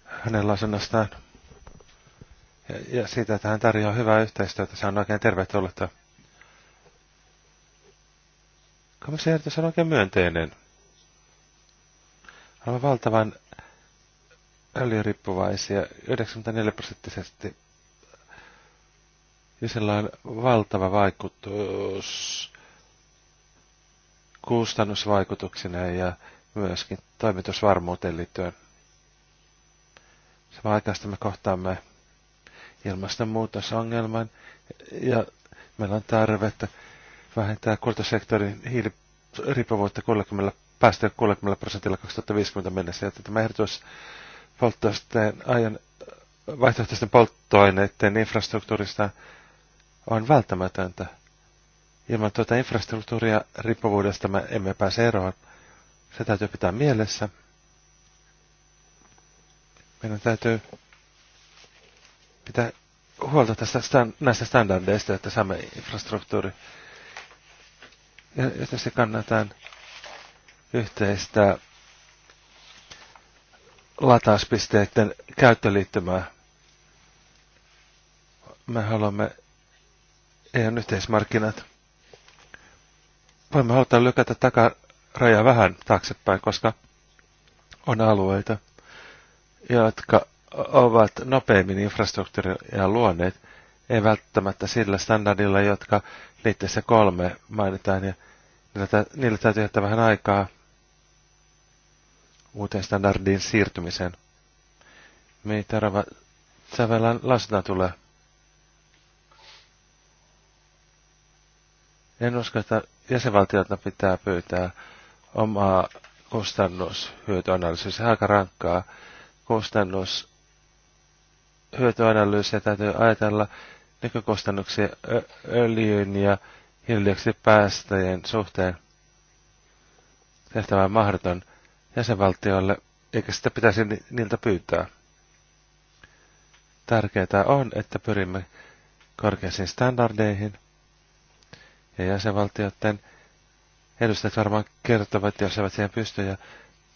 hänen lausunnastaan ja, ja siitä, että hän tarjoaa hyvää yhteistyötä. Se on oikein tervetullutta. Komission ehdotus on oikein myönteinen. Olemme valtavan öljyriippuvaisia 94 prosenttisesti. Ja sillä on valtava vaikutus kustannusvaikutuksineen ja myöskin toimitusvarmuuteen liittyen. Samaan aikaan me kohtaamme ilmastonmuutosongelman ja meillä on tarvetta vähentää kultasektorin hiiliriippuvuutta 30, päästöjä 60 prosentilla 2050 mennessä. Ja tämä ehdotus polttoasteen ajan vaihtoehtoisten polttoaineiden infrastruktuurista on välttämätöntä. Ilman tuota infrastruktuuria riippuvuudesta me emme pääse eroon. Se täytyy pitää mielessä. Meidän täytyy pitää huolta tästä stand, näistä standardeista, että saamme infrastruktuuri. Ja, ja tässä kannataan yhteistä latauspisteiden käyttöliittymää. Me haluamme EUn yhteismarkkinat voimme haluta lykätä takaraja vähän taaksepäin, koska on alueita, jotka ovat nopeimmin infrastruktuuria luoneet, ei välttämättä sillä standardilla, jotka liitteessä kolme mainitaan, ja niillä, täytyy jättää vähän aikaa uuteen standardiin siirtymiseen. Mitä Rava Sävelän lausutaan tulee? En usko, että jäsenvaltiolta pitää pyytää omaa kustannushyötyanalyysiä. Se on aika rankkaa. Kustannushyötyanalyysiä täytyy ajatella nykykustannuksia öljyn ja hiilidioksidipäästöjen suhteen. tehtävän mahdoton jäsenvaltiolle, eikä sitä pitäisi niiltä pyytää. Tärkeää on, että pyrimme korkeisiin standardeihin – ja jäsenvaltioiden edustajat varmaan kertovat, jos eivät siihen pysty. Ja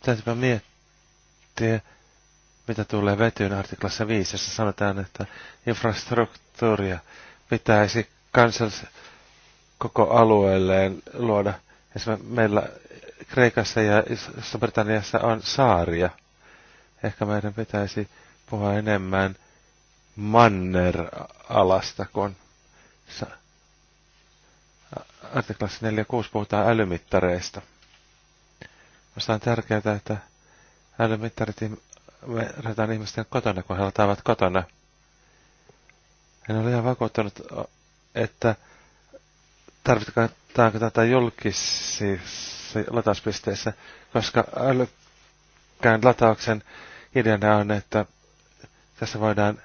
täytyypä miettiä, mitä tulee vetyyn artiklassa 5, jossa sanotaan, että infrastruktuuria pitäisi kansallis koko alueelleen luoda. Esimerkiksi meillä Kreikassa ja Iso-Britanniassa on saaria. Ehkä meidän pitäisi puhua enemmän manner-alasta kuin sa- artiklassa 4.6 puhutaan älymittareista. Minusta on tärkeää, että älymittarit verrataan ihmisten kotona, kun he lataavat kotona. En ole ihan vakuuttunut, että tarvitaanko tätä julkisissa latauspisteissä, koska älykkään latauksen ideana on, että tässä voidaan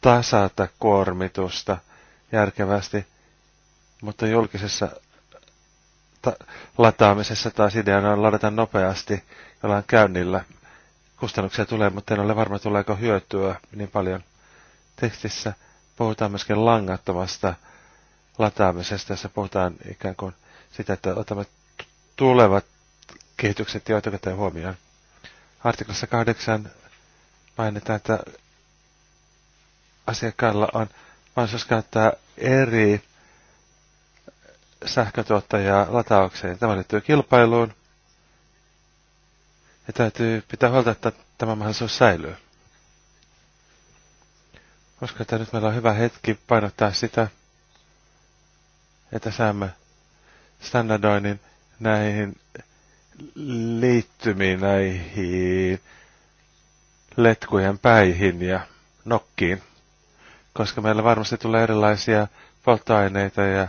tasata kuormitusta järkevästi – mutta julkisessa ta- lataamisessa taas ideana on ladata nopeasti jollain käynnillä. Kustannuksia tulee, mutta en ole varma tuleeko hyötyä niin paljon. Tekstissä puhutaan myöskin langattomasta lataamisesta, jossa puhutaan ikään kuin sitä, että otamme tulevat kehitykset jo etukäteen huomioon. Artiklassa 8 mainitaan, että asiakkailla on mahdollisuus käyttää eri sähkötuottajaa lataukseen. Tämä liittyy kilpailuun. Ja täytyy pitää huolta, että tämä mahdollisuus säilyy. Koska että nyt meillä on hyvä hetki painottaa sitä, että saamme standardoinnin näihin liittymiin näihin letkujen päihin ja nokkiin, koska meillä varmasti tulee erilaisia polttoaineita ja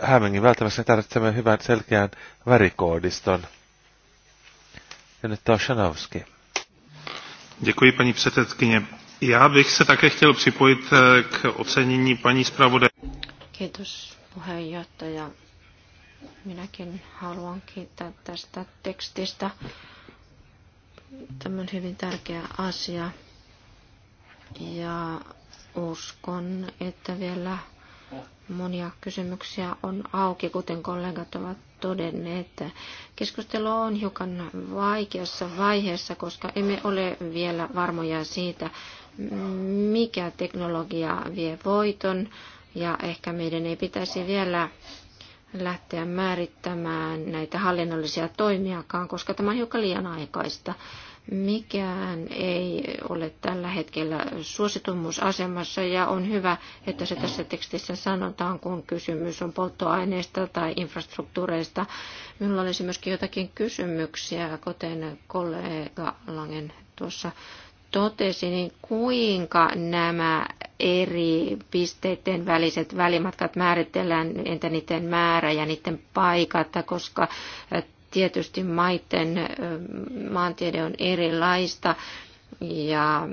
hämmingin välttämässä tarvitsemme hyvän selkeän värikoodiston. Ja nyt on Shanovski. Děkuji, paní předsedkyně. Já bych se také chtěl připojit k ocenění paní zpravodaj. Kiitos puheenjohtaja. Minäkin haluan kiittää tästä tekstistä. Tämä on hyvin tärkeä asia. Ja uskon, että vielä Monia kysymyksiä on auki, kuten kollegat ovat todenneet. Keskustelu on hiukan vaikeassa vaiheessa, koska emme ole vielä varmoja siitä, mikä teknologia vie voiton, ja ehkä meidän ei pitäisi vielä lähteä määrittämään näitä hallinnollisia toimiakaan, koska tämä on hiukan liian aikaista. Mikään ei ole tällä hetkellä suositummuusasemassa ja on hyvä, että se tässä tekstissä sanotaan, kun kysymys on polttoaineista tai infrastruktuureista. Minulla olisi myöskin jotakin kysymyksiä, kuten kollega Langen tuossa totesi, niin kuinka nämä eri pisteiden väliset välimatkat määritellään, entä niiden määrä ja niiden paikat, koska Tietysti maiden maantiede on erilaista ja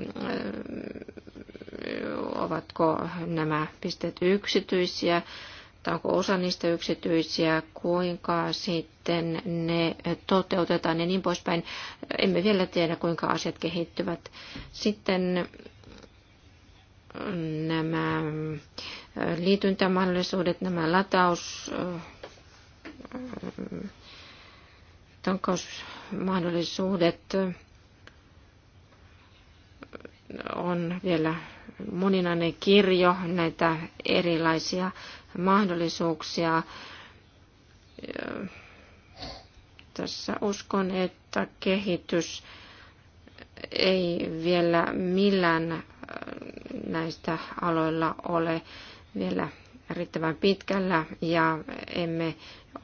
ovatko nämä pisteet yksityisiä tai onko osa niistä yksityisiä, kuinka sitten ne toteutetaan ja niin poispäin. Emme vielä tiedä, kuinka asiat kehittyvät. Sitten nämä liityntämahdollisuudet, nämä lataus mahdollisuudet on vielä moninainen kirjo näitä erilaisia mahdollisuuksia. Tässä uskon, että kehitys ei vielä millään näistä aloilla ole vielä riittävän pitkällä ja emme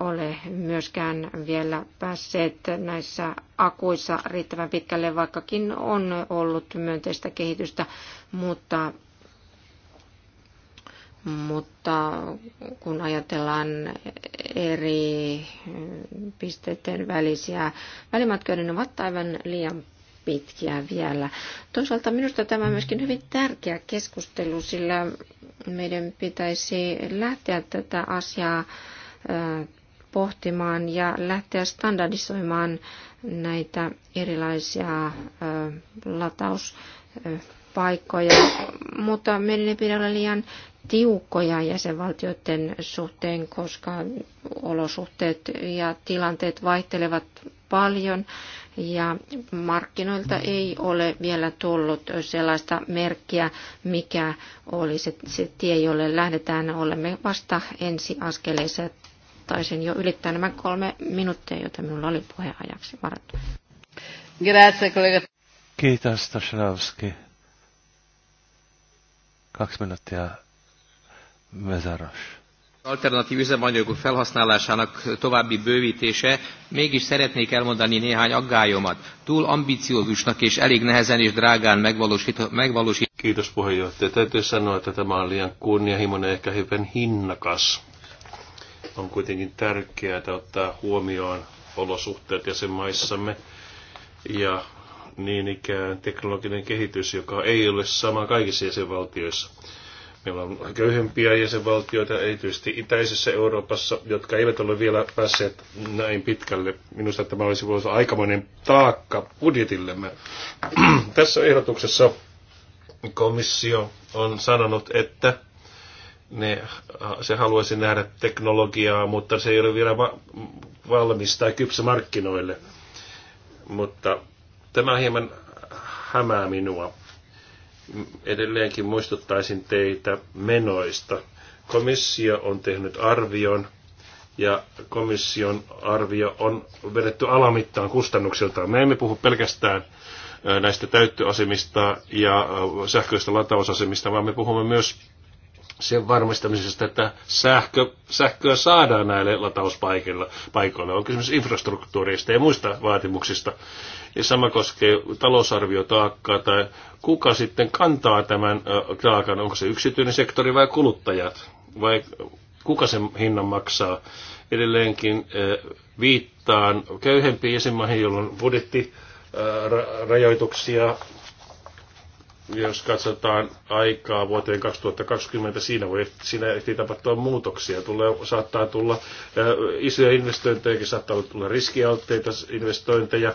ole myöskään vielä päässeet näissä akuissa riittävän pitkälle, vaikkakin on ollut myönteistä kehitystä, mutta mutta kun ajatellaan eri pisteiden välisiä välimatkoja, niin ne ovat aivan liian pitkiä vielä. Toisaalta minusta tämä on myöskin hyvin tärkeä keskustelu, sillä meidän pitäisi lähteä tätä asiaa pohtimaan ja lähteä standardisoimaan näitä erilaisia latauspaikkoja, mutta meidän ei pidä olla liian tiukkoja jäsenvaltioiden suhteen, koska olosuhteet ja tilanteet vaihtelevat paljon ja markkinoilta ei ole vielä tullut sellaista merkkiä, mikä oli se, se tie, jolle lähdetään. Olemme vasta ensiaskeleissa taisin jo ylittää nämä kolme minuuttia, joita minulla oli puheajaksi varattu. Grazie, kollega. Kiitos, Toshlowski. Kaksi minuuttia, Mezarosh alternatív üzemanyagok felhasználásának további bővítése, mégis szeretnék elmondani néhány aggályomat. Túl ambiciózusnak és elég nehezen és drágán megvalósít... megvalósít... Kiitos puheenjohtaja. Täytyy sanoa, että tämä on liian kunnianhimoinen ehkä hyvin hinnakas. On kuitenkin tärkeää ottaa huomioon olosuhteet jäsenmaissamme ja niin ikään teknologinen kehitys, joka ei ole sama kaikissa jäsenvaltioissa Meillä on köyhempiä jäsenvaltioita, erityisesti itäisessä Euroopassa, jotka eivät ole vielä päässeet näin pitkälle. Minusta tämä olisi voisi olla aikamoinen taakka budjetillemme. Tässä ehdotuksessa komissio on sanonut, että ne, se haluaisi nähdä teknologiaa, mutta se ei ole vielä va- valmis tai kypsä markkinoille. Mutta tämä hieman hämää minua. Edelleenkin muistuttaisin teitä menoista. Komissio on tehnyt arvion ja komission arvio on vedetty alamittaan kustannuksiltaan. Me emme puhu pelkästään äh, näistä täyttöasemista ja äh, sähköistä latausasemista, vaan me puhumme myös sen varmistamisesta, että sähkö, sähköä saadaan näille latauspaikoille. On kysymys infrastruktuurista ja muista vaatimuksista. Ja sama koskee talousarviotaakkaa tai kuka sitten kantaa tämän taakan, onko se yksityinen sektori vai kuluttajat, vai kuka sen hinnan maksaa. Edelleenkin viittaan köyhempiin jäsenmaihin, jolloin budjetti rajoituksia jos katsotaan aikaa vuoteen 2020, siinä, voi, siinä ehtii tapahtua muutoksia. Tulee, saattaa tulla isoja investointeja, saattaa tulla riskialtteita investointeja.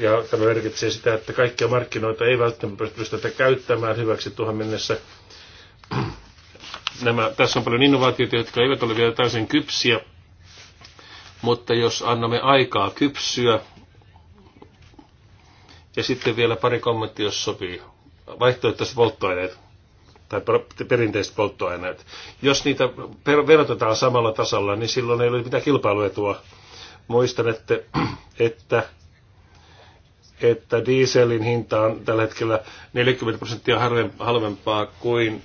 Ja tämä merkitsee sitä, että kaikkia markkinoita ei välttämättä pystytä käyttämään hyväksi tuohon mennessä. Nämä, tässä on paljon innovaatioita, jotka eivät ole vielä täysin kypsiä, mutta jos annamme aikaa kypsyä, ja sitten vielä pari kommenttia, jos sopii. Vaihtoehtoiset polttoaineet tai perinteiset polttoaineet. Jos niitä verotetaan samalla tasolla, niin silloin ei ole mitään kilpailuetua. Muistan, että, että, että dieselin hinta on tällä hetkellä 40 prosenttia halvempaa kuin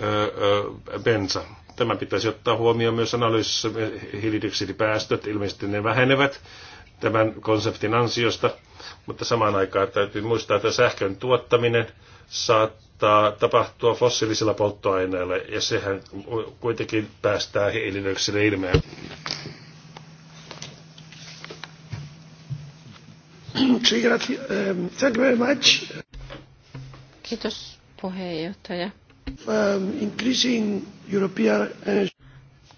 öö, ö, bensa. Tämä pitäisi ottaa huomioon myös analyysissä hiilidioksidipäästöt, ilmeisesti ne vähenevät tämän konseptin ansiosta, mutta samaan aikaan täytyy muistaa, että sähkön tuottaminen saattaa tapahtua fossiilisilla polttoaineilla, ja sehän kuitenkin päästää hiilidioksidia ilmeen. Thank you very much. Kiitos puheenjohtaja. Um, increasing European energy.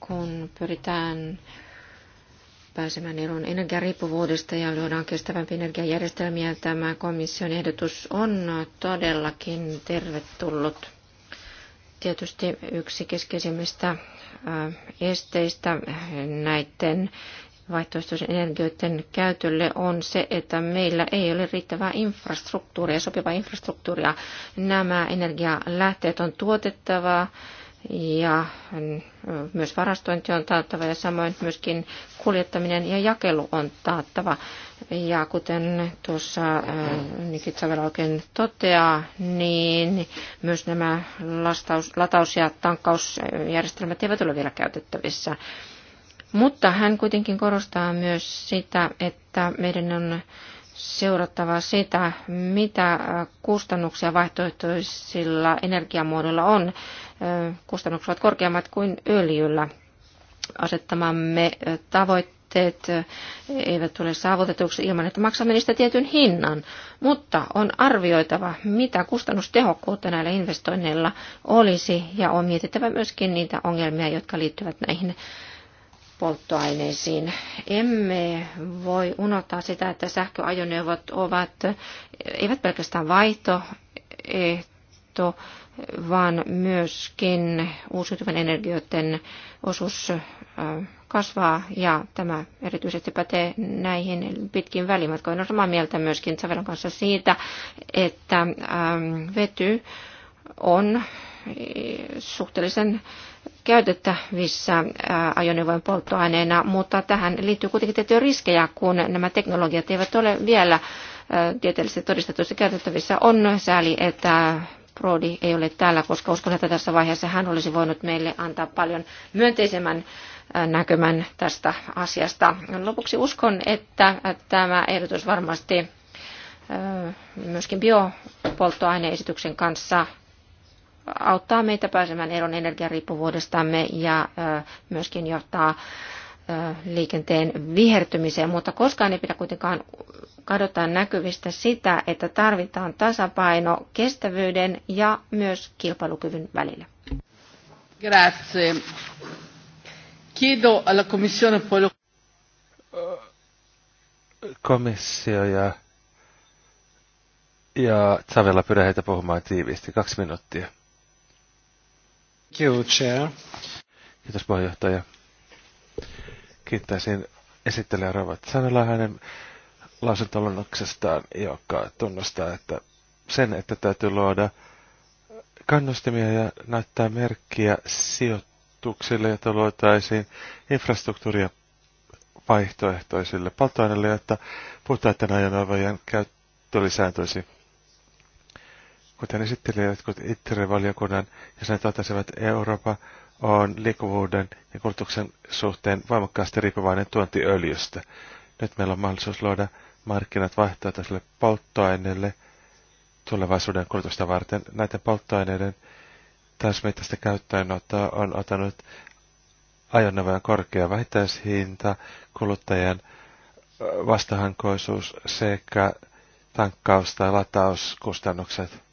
Kun pyritään pääsemään eroon energiariippuvuudesta ja luodaan kestävämpi energiajärjestelmiä. Tämä komission ehdotus on todellakin tervetullut. Tietysti yksi keskeisimmistä äh, esteistä näiden vaihtoehtoisen energioiden käytölle on se, että meillä ei ole riittävää infrastruktuuria, sopivaa infrastruktuuria. Nämä energialähteet on tuotettava ja myös varastointi on taattava ja samoin myöskin kuljettaminen ja jakelu on taattava. Ja kuten tuossa Nikitsavela Savela oikein toteaa, niin myös nämä lastaus, lataus- ja tankkausjärjestelmät eivät ole vielä käytettävissä. Mutta hän kuitenkin korostaa myös sitä, että meidän on seurattava sitä, mitä äh, kustannuksia vaihtoehtoisilla energiamuodoilla on. Äh, kustannukset ovat korkeammat kuin öljyllä. Asettamamme äh, tavoitteet eivät tule saavutetuksi ilman, että maksamme niistä tietyn hinnan, mutta on arvioitava, mitä kustannustehokkuutta näillä investoinneilla olisi, ja on mietittävä myöskin niitä ongelmia, jotka liittyvät näihin polttoaineisiin. Emme voi unohtaa sitä, että sähköajoneuvot ovat, eivät pelkästään vaihtoehto, vaan myöskin uusiutuvan energioiden osuus kasvaa ja tämä erityisesti pätee näihin pitkin välimatkoihin. Olen samaa mieltä myöskin Savelan kanssa siitä, että vety on e, suhteellisen käytettävissä ajoneuvojen polttoaineena, mutta tähän liittyy kuitenkin tiettyjä riskejä, kun nämä teknologiat eivät ole vielä tieteellisesti todistetuissa käytettävissä. On sääli, että Brody ei ole täällä, koska uskon, että tässä vaiheessa hän olisi voinut meille antaa paljon myönteisemmän näkymän tästä asiasta. Lopuksi uskon, että tämä ehdotus varmasti myöskin biopolttoaineesityksen kanssa auttaa meitä pääsemään eron energiariippuvuudestamme ja myöskin johtaa liikenteen vihertymiseen, mutta koskaan ei pidä kuitenkaan kadota näkyvistä sitä, että tarvitaan tasapaino kestävyyden ja myös kilpailukyvyn välillä. Grazie. Chiedo alla Commissione poi Komissio ja, ja Savella pyydän heitä puhumaan tiiviisti. Kaksi minuuttia. Chair. Kiitos puheenjohtaja. Kiittäisin esittelijä Ravat Sanella hänen lausuntolonnoksestaan, joka tunnustaa että sen, että täytyy luoda kannustimia ja näyttää merkkiä sijoituksille, jotta luotaisiin infrastruktuuria vaihtoehtoisille polttoaineille, jotta puhtaiden ajoneuvojen käyttö lisääntyisi. Kuten esittelee jotkut ITRE-valiokunnan sen totesivat, Eurooppa on liikkuvuuden ja kulutuksen suhteen voimakkaasti riippuvainen tuontiöljystä. Nyt meillä on mahdollisuus luoda markkinat vaihtoehtoiselle polttoaineelle tulevaisuuden kulutusta varten. Näiden polttoaineiden täysmittaista käyttöönottoa on ottanut ajoneuvojen korkea vähittäishinta, kuluttajien vastahankoisuus sekä tankkaus- tai latauskustannukset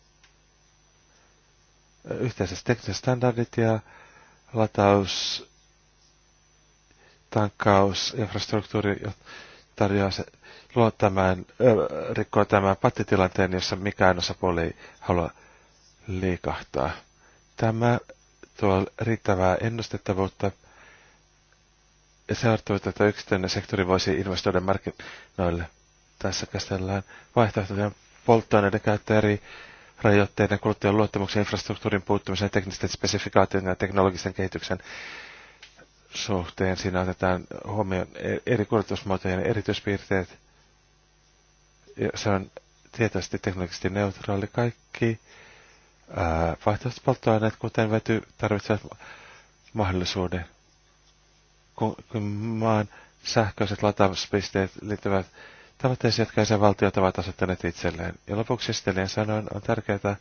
yhteiset tekniset standardit ja lataus, tankkaus, infrastruktuuri tarjoaa se, luo tämän, rikkoa tämän pattitilanteen, jossa mikään osapuoli ei halua liikahtaa. Tämä tuo riittävää ennustettavuutta ja seurattavuutta, että yksityinen sektori voisi investoida markkinoille. Tässä käsitellään vaihtoehtoja polttoaineiden käyttöä eri rajoitteiden, kuluttajan luottamuksen, infrastruktuurin puuttumisen, teknisten spesifikaatioiden ja teknologisen kehityksen suhteen. Siinä otetaan huomioon e- eri kulutusmuotojen erityispiirteet. Ja se on tietoisesti teknologisesti neutraali. Kaikki vaihtoehtoiset polttoaineet, kuten vety, tarvitsevat mahdollisuuden. kun maan sähköiset latauspisteet liittyvät tavoitteisiin, jotka jäsenvaltiot ovat asettaneet itselleen. Ja lopuksi Stelien sanoin, on tärkeää,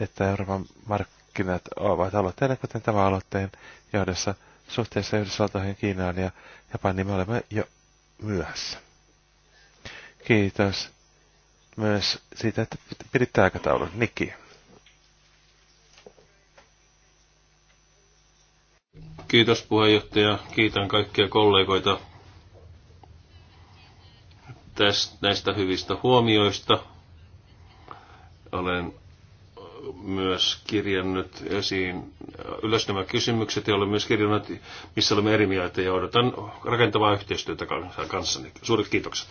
että Euroopan markkinat ovat aloitteena, kuten tämä aloitteen johdossa suhteessa Yhdysvaltoihin, Kiinaan ja Japaniin me olemme jo myöhässä. Kiitos myös siitä, että piditte aikataulun. Niki. Kiitos puheenjohtaja. Kiitän kaikkia kollegoita tästä, näistä hyvistä huomioista. Olen myös kirjannut esiin ylös nämä kysymykset ja olen myös kirjannut, missä olemme eri mieltä ja odotan rakentavaa yhteistyötä kanssani. Suuret kiitokset.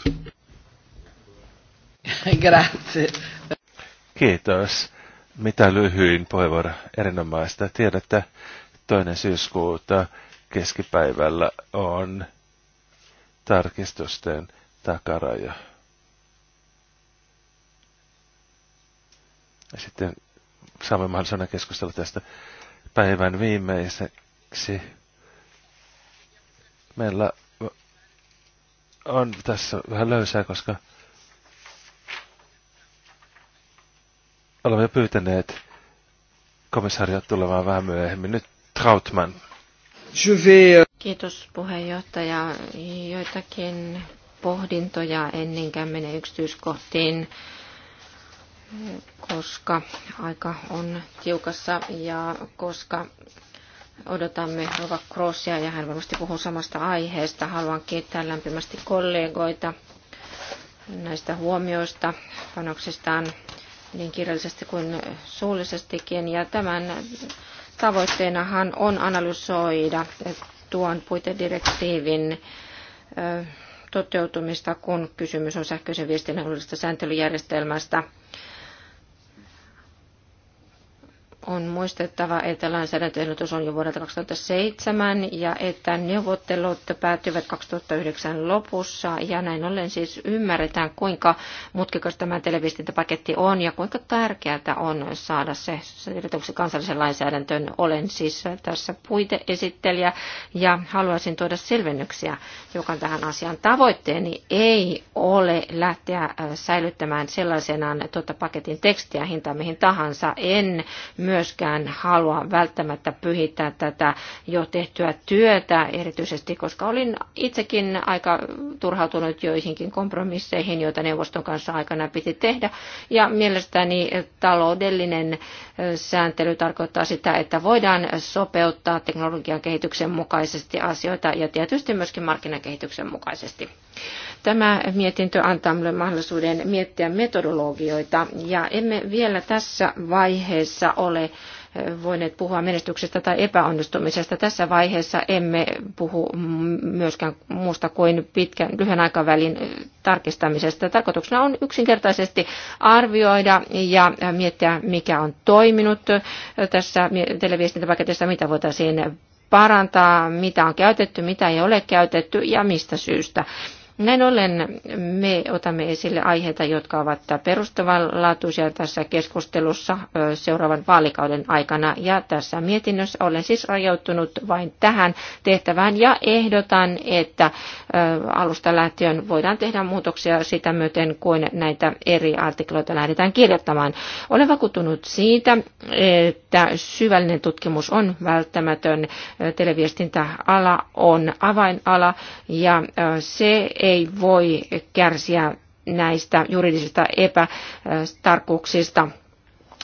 Grazie. Kiitos. Mitä lyhyin puheenvuoro erinomaista. Tiedätte, toinen syyskuuta keskipäivällä on tarkistusten takaraja. Ja sitten saamme mahdollisuuden keskustella tästä päivän viimeiseksi. Meillä on tässä vähän löysää, koska olemme pyytäneet komissaariot tulemaan vähän myöhemmin. Nyt Trautman. Euh, Kiitos puheenjohtaja. Joitakin pohdintoja ennenkään mene yksityiskohtiin, koska aika on tiukassa ja koska odotamme Rova Crossia ja hän varmasti puhuu samasta aiheesta. Haluan kiittää lämpimästi kollegoita näistä huomioista, panoksistaan niin kirjallisesti kuin suullisestikin. Ja tämän tavoitteenahan on analysoida tuon puitedirektiivin toteutumista, kun kysymys on sähköisen viestinnän uudesta sääntelyjärjestelmästä. On muistettava, että lainsäädäntöehdotus on jo vuodelta 2007 ja että neuvottelut päättyvät 2009 lopussa. Ja näin ollen siis ymmärretään, kuinka mutkikas tämä televistintäpaketti on ja kuinka tärkeää on saada se siirretyksi kansallisen lainsäädäntöön. Olen siis tässä puiteesittelijä ja haluaisin tuoda selvennyksiä, joka on tähän asiaan. Tavoitteeni ei ole lähteä äh, säilyttämään sellaisenaan tuota paketin tekstiä hintaan mihin tahansa. En myöskään halua välttämättä pyhittää tätä jo tehtyä työtä erityisesti, koska olin itsekin aika turhautunut joihinkin kompromisseihin, joita neuvoston kanssa aikana piti tehdä. Ja mielestäni taloudellinen sääntely tarkoittaa sitä, että voidaan sopeuttaa teknologian kehityksen mukaisesti asioita ja tietysti myöskin markkinakehityksen mukaisesti. Tämä mietintö antaa minulle mahdollisuuden miettiä metodologioita ja emme vielä tässä vaiheessa ole voineet puhua menestyksestä tai epäonnistumisesta. Tässä vaiheessa emme puhu myöskään muusta kuin pitkän, lyhyen aikavälin tarkistamisesta. Tarkoituksena on yksinkertaisesti arvioida ja miettiä, mikä on toiminut tässä televiestintäpaketissa, mitä voitaisiin parantaa, mitä on käytetty, mitä ei ole käytetty ja mistä syystä. Näin ollen me otamme esille aiheita, jotka ovat perustavanlaatuisia tässä keskustelussa seuraavan vaalikauden aikana. Ja tässä mietinnössä olen siis rajoittunut vain tähän tehtävään ja ehdotan, että alusta lähtien voidaan tehdä muutoksia sitä myöten, kuin näitä eri artikloita lähdetään kirjoittamaan. Olen vakuuttunut siitä, että syvällinen tutkimus on välttämätön. Televiestintäala on avainala ja se, ei voi kärsiä näistä juridisista epätarkkuuksista.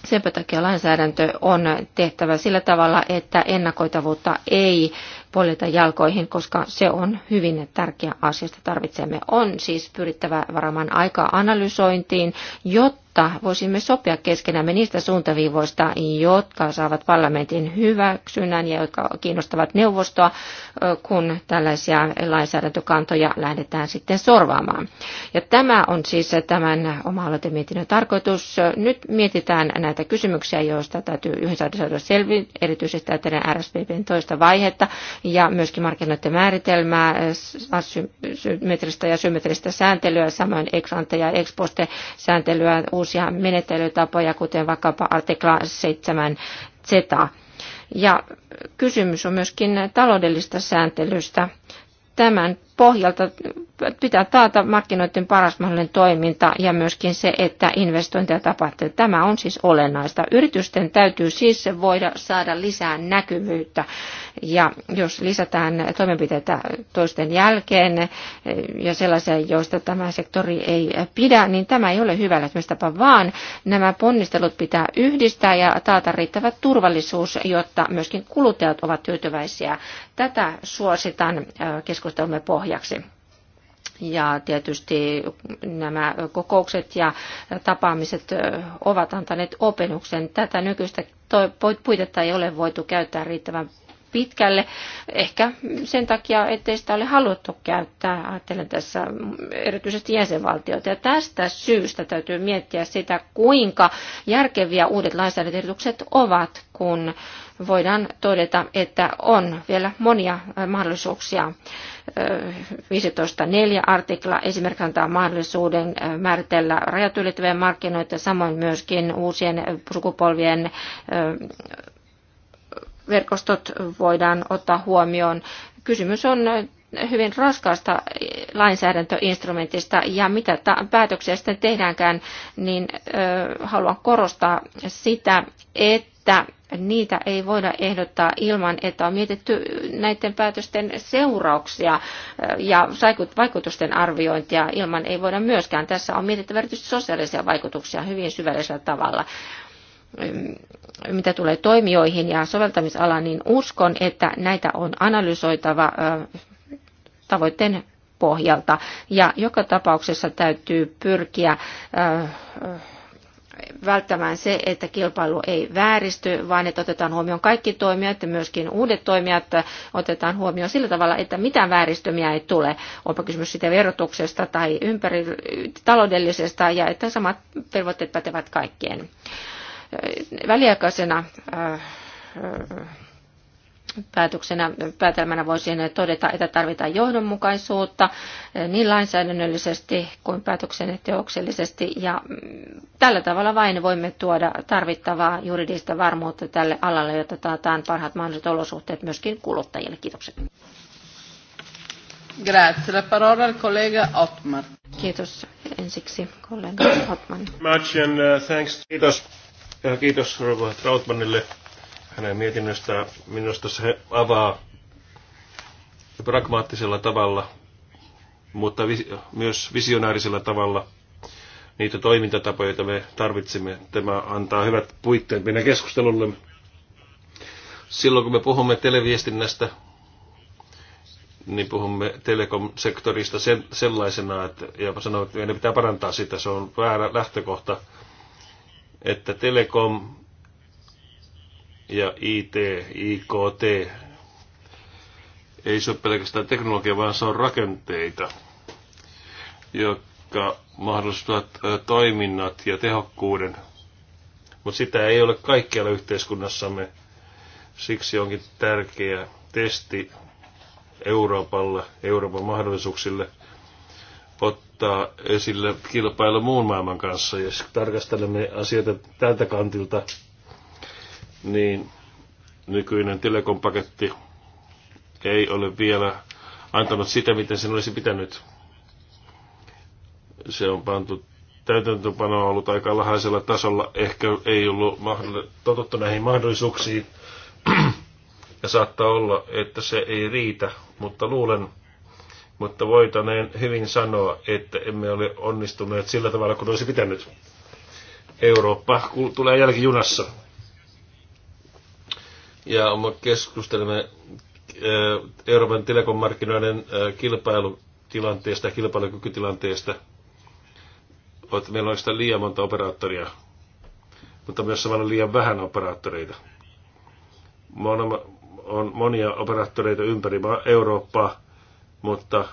Senpä takia lainsäädäntö on tehtävä sillä tavalla, että ennakoitavuutta ei poljeta jalkoihin, koska se on hyvin tärkeä asia, sitä tarvitsemme. On siis pyrittävä varamaan aikaa analysointiin, jotta voisimme sopia keskenämme niistä suuntaviivoista, jotka saavat parlamentin hyväksynnän ja jotka kiinnostavat neuvostoa, kun tällaisia lainsäädäntökantoja lähdetään sitten sorvaamaan. Ja tämä on siis tämän oma aloitemietinnön tarkoitus. Nyt mietitään näitä kysymyksiä, joista täytyy yhdessä saada selvi, erityisesti tätä RSVPn toista vaihetta, ja myöskin markkinoiden määritelmää, asymmetristä ja symmetristä sääntelyä, samoin ex ante ja ex poste sääntelyä, uusia menettelytapoja, kuten vaikkapa artikla 7 Z. Ja kysymys on myöskin taloudellista sääntelystä. Tämän pohjalta pitää taata markkinoiden paras mahdollinen toiminta ja myöskin se, että investointeja tapahtuu. Tämä on siis olennaista. Yritysten täytyy siis voida saada lisää näkyvyyttä ja jos lisätään toimenpiteitä toisten jälkeen ja sellaisia, joista tämä sektori ei pidä, niin tämä ei ole hyvä tapa, vaan nämä ponnistelut pitää yhdistää ja taata riittävä turvallisuus, jotta myöskin kuluttajat ovat tyytyväisiä. Tätä suositan äh, keskustelumme pohjalta pohjaksi. Ja tietysti nämä kokoukset ja tapaamiset ovat antaneet opennuksen. Tätä nykyistä puitetta ei ole voitu käyttää riittävän pitkälle. Ehkä sen takia, ettei sitä ole haluttu käyttää, ajattelen tässä erityisesti jäsenvaltioita. Ja tästä syystä täytyy miettiä sitä, kuinka järkeviä uudet lainsäädäntöehdotukset ovat, kun voidaan todeta, että on vielä monia mahdollisuuksia. 15.4 artikla esimerkiksi antaa mahdollisuuden määritellä rajat ylittäviä markkinoita, samoin myöskin uusien sukupolvien verkostot voidaan ottaa huomioon. Kysymys on hyvin raskaasta lainsäädäntöinstrumentista ja mitä ta- päätöksiä sitten tehdäänkään, niin ö, haluan korostaa sitä, että että niitä ei voida ehdottaa ilman, että on mietitty näiden päätösten seurauksia ja vaikutusten arviointia. Ilman ei voida myöskään. Tässä on mietittävä erityisesti sosiaalisia vaikutuksia hyvin syvällisellä tavalla mitä tulee toimijoihin ja soveltamisalaan, niin uskon, että näitä on analysoitava tavoitteen pohjalta. Ja joka tapauksessa täytyy pyrkiä välttämään se, että kilpailu ei vääristy, vaan että otetaan huomioon kaikki toimijat ja myöskin uudet toimijat otetaan huomioon sillä tavalla, että mitään vääristymiä ei tule. Onpa kysymys sitten verotuksesta tai ympäri, taloudellisesta ja että samat velvoitteet pätevät kaikkien. Väliaikaisena päätöksenä, päätelmänä voisin todeta, että tarvitaan johdonmukaisuutta niin lainsäädännöllisesti kuin päätöksenteoksellisesti. Ja mm, tällä tavalla vain voimme tuoda tarvittavaa juridista varmuutta tälle alalle, jotta taataan parhaat mahdolliset olosuhteet myöskin kuluttajille. Kiitokset. Grazie. La parola al collega Ottmar. Kiitos ensiksi kollega Ottman. Much and, uh, thanks. Kiitos. Ja kiitos Rova Trautmanille hänen mietinnöstään. Minusta se avaa pragmaattisella tavalla, mutta vis- myös visionaarisella tavalla niitä toimintatapoja, joita me tarvitsemme. Tämä antaa hyvät puitteet meidän keskustelulle. Silloin kun me puhumme televiestinnästä, niin puhumme telekom-sektorista sen, sellaisena, että, ja sanoin, että meidän pitää parantaa sitä, se on väärä lähtökohta, että telekom ja IT, IKT. Ei se ole pelkästään teknologia, vaan se on rakenteita, jotka mahdollistavat toiminnat ja tehokkuuden. Mutta sitä ei ole kaikkialla yhteiskunnassamme. Siksi onkin tärkeä testi Euroopalla, Euroopan mahdollisuuksille ottaa esille kilpailu muun maailman kanssa. Jos tarkastelemme asioita tältä kantilta, niin nykyinen telekompaketti ei ole vielä antanut sitä, miten sen olisi pitänyt. Se on pantu täytäntöpano on ollut aika alhaisella tasolla, ehkä ei ollut totuttu näihin mahdollisuuksiin. ja saattaa olla, että se ei riitä, mutta luulen, mutta voitaneen hyvin sanoa, että emme ole onnistuneet sillä tavalla kuin olisi pitänyt. Eurooppa tulee jälkijunassa ja me keskustelemme Euroopan telekomarkkinoiden kilpailutilanteesta ja kilpailukykytilanteesta. Meillä on sitä liian monta operaattoria, mutta myös samalla liian vähän operaattoreita. On monia operaattoreita ympäri Eurooppaa, mutta,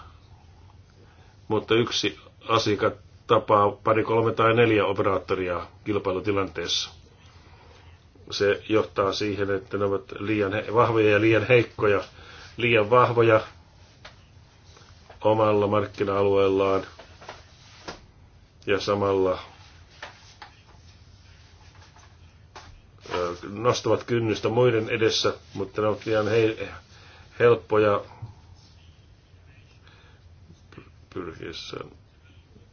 mutta yksi asiakas tapaa pari, kolme tai neljä operaattoria kilpailutilanteessa se johtaa siihen, että ne ovat liian vahvoja ja liian heikkoja, liian vahvoja omalla markkina-alueellaan ja samalla nostavat kynnystä muiden edessä, mutta ne ovat liian he- helppoja pyrkiessään,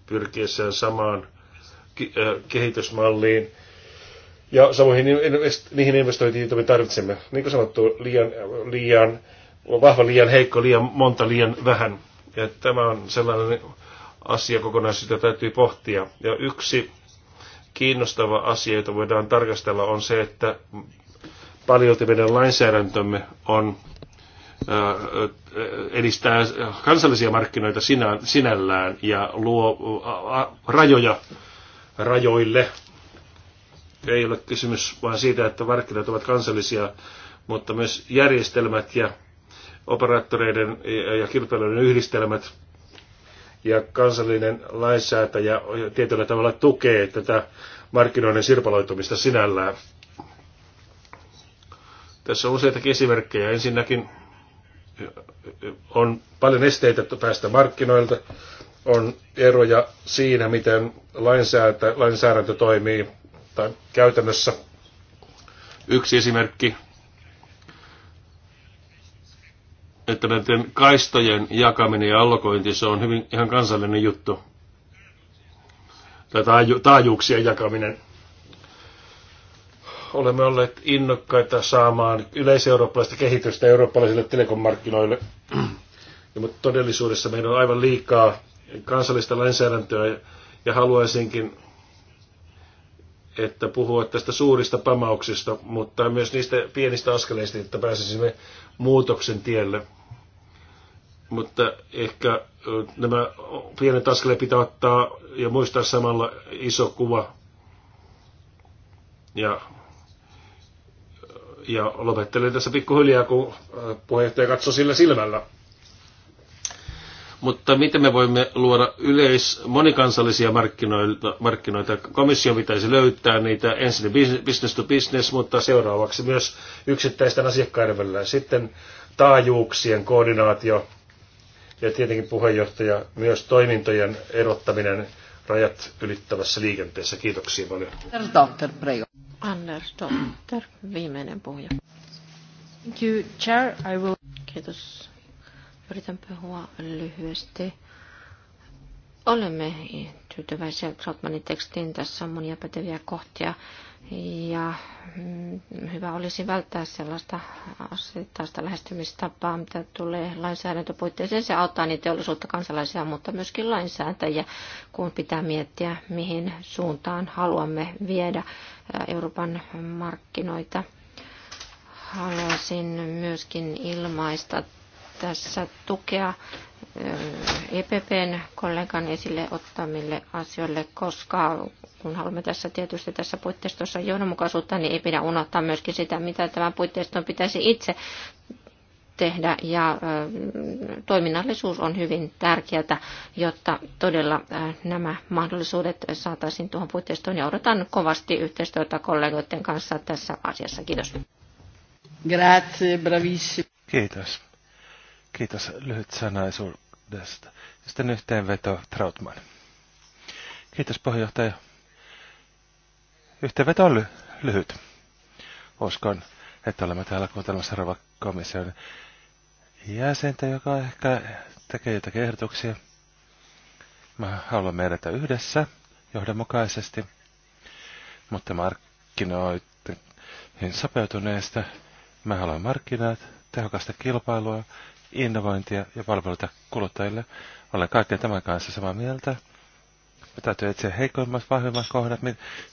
pyrkiessään samaan kehitysmalliin ja samoihin niihin investointiin, joita me tarvitsemme. Niin kuin sanottu, liian, liian, vahva liian heikko, liian monta, liian vähän. Ja tämä on sellainen asia, kokonaisuus, jota täytyy pohtia. Ja yksi kiinnostava asia, jota voidaan tarkastella, on se, että paljolti meidän lainsäädäntömme on edistää kansallisia markkinoita sinä, sinällään ja luo rajoja rajoille ei ole kysymys vain siitä, että markkinat ovat kansallisia, mutta myös järjestelmät ja operaattoreiden ja kilpailujen yhdistelmät ja kansallinen lainsäätäjä tietyllä tavalla tukee tätä markkinoiden sirpaloitumista sinällään. Tässä on useitakin esimerkkejä. Ensinnäkin on paljon esteitä päästä markkinoilta. On eroja siinä, miten lainsäätä, lainsäädäntö toimii tai käytännössä. Yksi esimerkki, että näiden kaistojen jakaminen ja allokointi, se on hyvin ihan kansallinen juttu. Tai taaju, taajuuksien jakaminen. Olemme olleet innokkaita saamaan yleiseurooppalaista kehitystä eurooppalaisille telekomarkkinoille. Ja, mutta todellisuudessa meillä on aivan liikaa kansallista lainsäädäntöä ja haluaisinkin että puhua tästä suurista pamauksista, mutta myös niistä pienistä askeleista, että pääsisimme muutoksen tielle. Mutta ehkä nämä pienet askeleet pitää ottaa ja muistaa samalla iso kuva. Ja, ja lopettelen tässä pikkuhiljaa, kun puheenjohtaja katsoo sillä silmällä. Mutta miten me voimme luoda yleis monikansallisia markkinoita, markkinoita? Komissio pitäisi löytää niitä ensin business to business, mutta seuraavaksi myös yksittäisten asiakkaiden välillä. Sitten taajuuksien koordinaatio ja tietenkin puheenjohtaja myös toimintojen erottaminen rajat ylittävässä liikenteessä. Kiitoksia paljon. Anders Dotter, viimeinen puhuja. Thank you, Chair. I will... Kiitos Yritän puhua lyhyesti. Olemme tyytyväisiä Trotmanin tekstiin. Tässä on monia päteviä kohtia. Ja mm, hyvä olisi välttää sellaista asettaista lähestymistapaa, mitä tulee lainsäädäntöpuitteeseen. Se auttaa niin teollisuutta, kansalaisia, mutta myöskin lainsäätäjiä, kun pitää miettiä, mihin suuntaan haluamme viedä Euroopan markkinoita. Haluaisin myöskin ilmaista tässä tukea EPPn kollegan esille ottamille asioille, koska kun haluamme tässä tietysti tässä puitteistossa johdonmukaisuutta, niin ei pidä unohtaa myöskin sitä, mitä tämän puitteiston pitäisi itse tehdä ja toiminnallisuus on hyvin tärkeää, jotta todella nämä mahdollisuudet saataisiin tuohon puitteistoon ja odotan kovasti yhteistyötä kollegoiden kanssa tässä asiassa. Kiitos. Grazie, bravissimo. Kiitos. Kiitos lyhyt sanaisuudesta. Sitten yhteenveto Trautman. Kiitos puheenjohtaja. Yhteenveto on ly- lyhyt. Uskon, että olemme täällä kuuntelemassa seuraava komission jäsentä, joka ehkä tekee jotakin ehdotuksia. Mä haluan meidätä yhdessä johdonmukaisesti, mutta markkinoiden sopeutuneesta. Mä haluan markkinat, tehokasta kilpailua innovointia ja palveluita kuluttajille. Olen kaiken tämän kanssa samaa mieltä. Me täytyy etsiä heikoimmat, vahvimmat kohdat,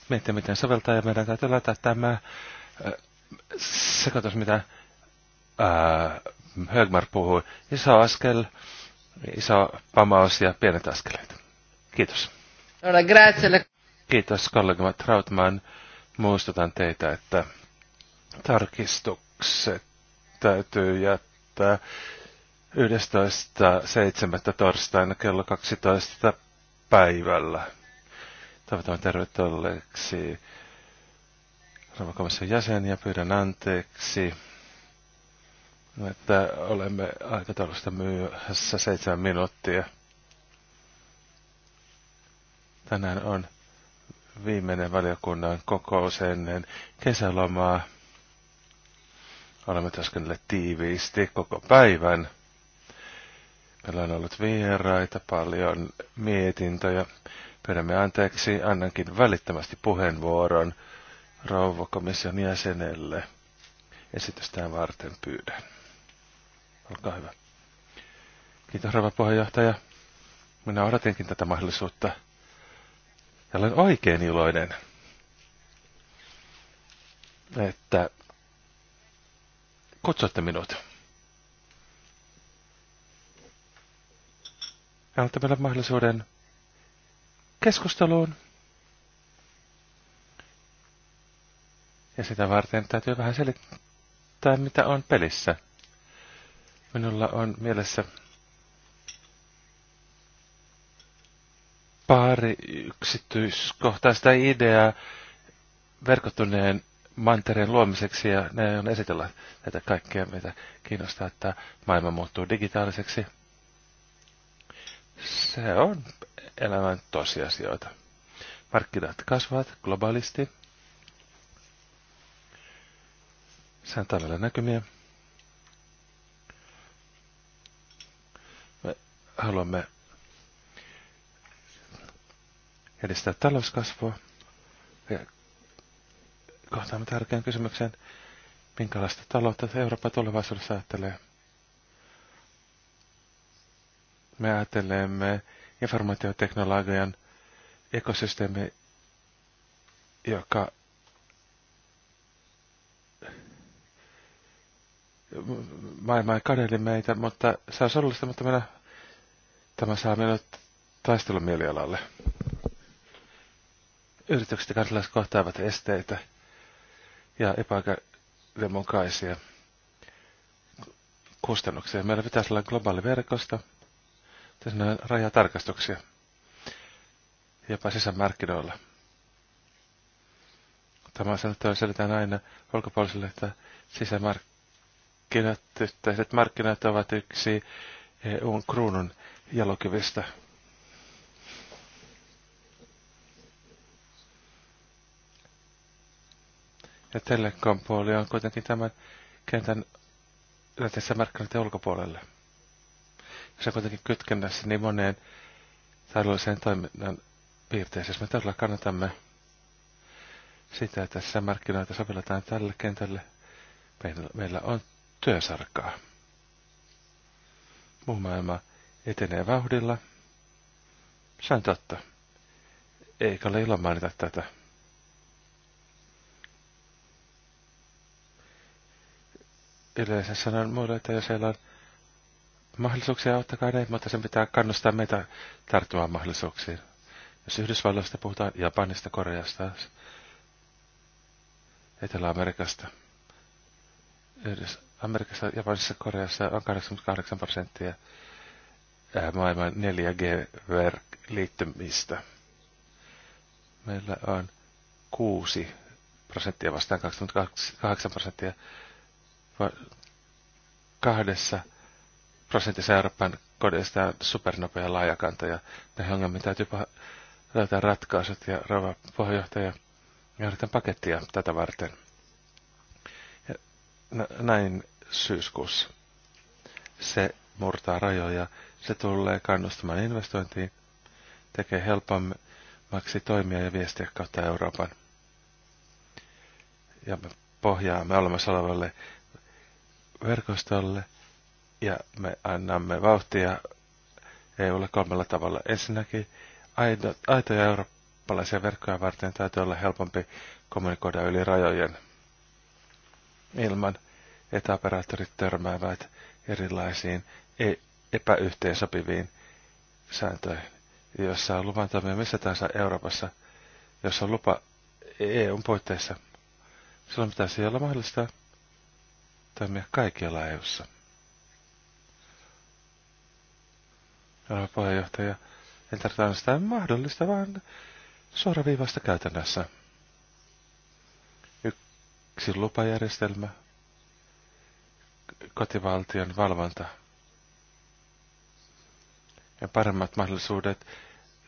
miettiä miten soveltaa ja meidän täytyy laittaa tämä sekoitus, mitä Högmar puhui. Iso askel, iso pamaus ja pienet askeleet. Kiitos. Kiitos kollega Trautman. Muistutan teitä, että tarkistukset täytyy jättää 11.7. torstaina kello 12 päivällä. Toivotan tervetulleeksi Ravakomission jäseniä. Pyydän anteeksi, että olemme aikataulusta myöhässä seitsemän minuuttia. Tänään on viimeinen valiokunnan kokous ennen kesälomaa. Olemme työskennelleet tiiviisti koko päivän. Meillä on ollut vieraita, paljon mietintöjä. Pyydämme anteeksi, annankin välittömästi puheenvuoron rouvokomission jäsenelle. Esitystään varten pyydän. Olkaa hyvä. Kiitos rouva puheenjohtaja. Minä odotinkin tätä mahdollisuutta. Ja olen oikein iloinen, että kutsutte minut. ja antaa meille mahdollisuuden keskusteluun. Ja sitä varten täytyy vähän selittää, mitä on pelissä. Minulla on mielessä pari yksityiskohtaista ideaa verkottuneen mantereen luomiseksi ja ne on esitellä näitä kaikkea, mitä kiinnostaa, että maailma muuttuu digitaaliseksi – se on elämän tosiasioita. Markkinat kasvavat globaalisti. on talouden näkymiä. Me haluamme edistää talouskasvua. Ja kohtaamme tärkeän kysymyksen, minkälaista taloutta Eurooppa tulevaisuudessa ajattelee. me ajattelemme informaatioteknologian ekosysteemi, joka maailma ei kadeli meitä, mutta se on surullista, mutta minä, tämä saa minut mielialalle. Yritykset ja kansalaiset kohtaavat esteitä ja epäoikeudenmukaisia kustannuksia. Meillä pitäisi olla globaali verkosto, tässä on rajatarkastuksia jopa sisämarkkinoilla. Tämä on sanotaan, selitään aina ulkopuolisille, että sisämarkkinat, yhteiset markkinat ovat yksi EUn kruunun jalokivistä. Ja telekompuoli on kuitenkin tämän kentän lähteessä markkinoiden ulkopuolelle se kuitenkin kytkennässä niin moneen taidolliseen toiminnan piirteeseen. Jos me todella kannatamme sitä, että tässä markkinoita sovelletaan tälle kentälle, meillä on työsarkaa. Muu maailma etenee vauhdilla. Se on totta. Eikä ole ilo mainita tätä. Yleensä sanon muille, että jos heillä on Mahdollisuuksia ottakaa ne, mutta sen pitää kannustaa meitä tarttumaan mahdollisuuksiin. Jos Yhdysvalloista puhutaan, Japanista, Koreasta, Etelä-Amerikasta. Yhdys, Amerikassa, Japanissa, Koreassa on 88 prosenttia maailman 4G-liittymistä. Meillä on 6 prosenttia vastaan 28 prosenttia kahdessa prosentissa Euroopan kodeista on supernopea laajakanta ja näihin ongelmiin täytyy löytää ratkaisut ja rouva puheenjohtaja johdetaan pakettia tätä varten. Ja näin syyskuussa. Se murtaa rajoja, se tulee kannustamaan investointiin, tekee helpommaksi toimia ja viestiä kautta Euroopan. Ja me pohjaamme olemassa olevalle verkostolle – ja me annamme vauhtia EUlle kolmella tavalla. Ensinnäkin aito, aitoja eurooppalaisia verkkoja varten täytyy olla helpompi kommunikoida yli rajojen ilman, että operaattorit törmäävät erilaisiin e-, epäyhteensopiviin sääntöihin, jossa on luvan toimia missä tahansa Euroopassa, jossa on lupa EUn puitteissa. Silloin pitäisi olla mahdollista toimia kaikkialla EUssa. rouva puheenjohtaja. En tarvitse sitä mahdollista, vaan suoraviivasta käytännössä. Yksi lupajärjestelmä, kotivaltion valvonta ja paremmat mahdollisuudet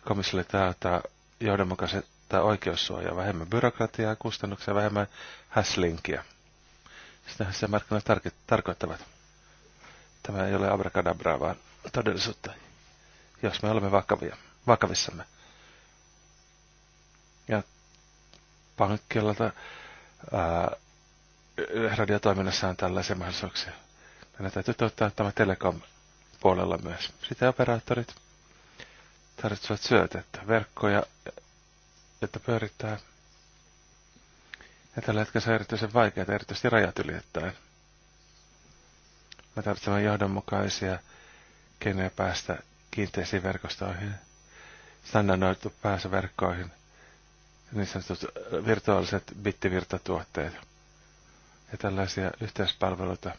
komissiolle taata johdonmukaiset tai oikeussuojaa, vähemmän byrokratiaa, kustannuksia, vähemmän häslinkiä. Sitähän se markkinat tarkoittavat. Tämä ei ole abracadabraa, vaan todellisuutta jos me olemme vakavia, vakavissamme. Ja pankkialla tai radiotoiminnassa on tällaisia mahdollisuuksia. Meidän täytyy tuottaa tämä telekom-puolella myös. Sitä operaattorit tarvitsevat syötettä, verkkoja, että pyörittää. Ja tällä hetkellä se on erityisen vaikeaa, erityisesti rajat ylittäen. Me tarvitsemme johdonmukaisia keinoja päästä kiinteisiin verkostoihin, standardoitu pääsy verkkoihin, niin sanotut äh, virtuaaliset bittivirtatuotteet ja tällaisia yhteispalveluita,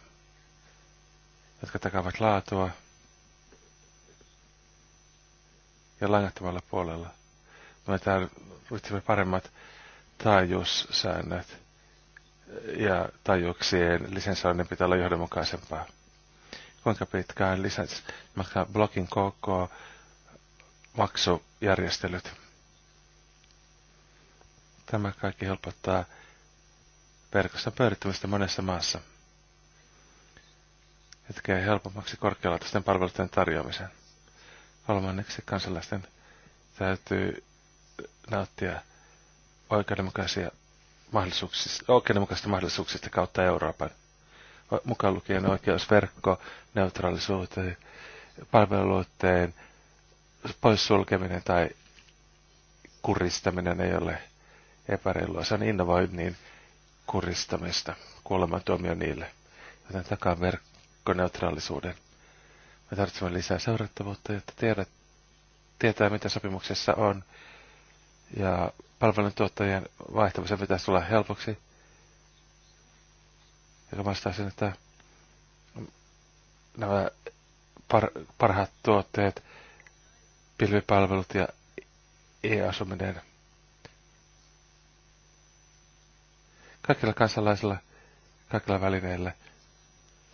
jotka takavat laatua ja langattomalla puolella. Me tarvitsemme paremmat taajuussäännöt ja taajuuksien lisensoinnin pitää olla johdonmukaisempaa kuinka pitkään lisäsi vaikka blogin koko maksujärjestelyt. Tämä kaikki helpottaa verkosta pyörittämistä monessa maassa ja tekee helpommaksi korkealaatuisten palveluiden tarjoamisen. Kolmanneksi kansalaisten täytyy nauttia oikeudenmukaisia mahdollisuuksista, oikeudenmukaisista mahdollisuuksista kautta Euroopan mukaan lukien oikeusverkko, neutraalisuuteen, palveluiden poissulkeminen tai kuristaminen ei ole epäreilua. Se on innovoinnin kuristamista, kuolemantuomio niille. Joten takaa verkkoneutraalisuuden. Me tarvitsemme lisää seurattavuutta, jotta tiedät, tietää, mitä sopimuksessa on. Ja palveluntuottajien vaihtamisen pitäisi tulla helpoksi joka vastaa sen, että nämä par, parhaat tuotteet, pilvipalvelut ja e-asuminen. Kaikilla kansalaisilla, kaikilla välineillä,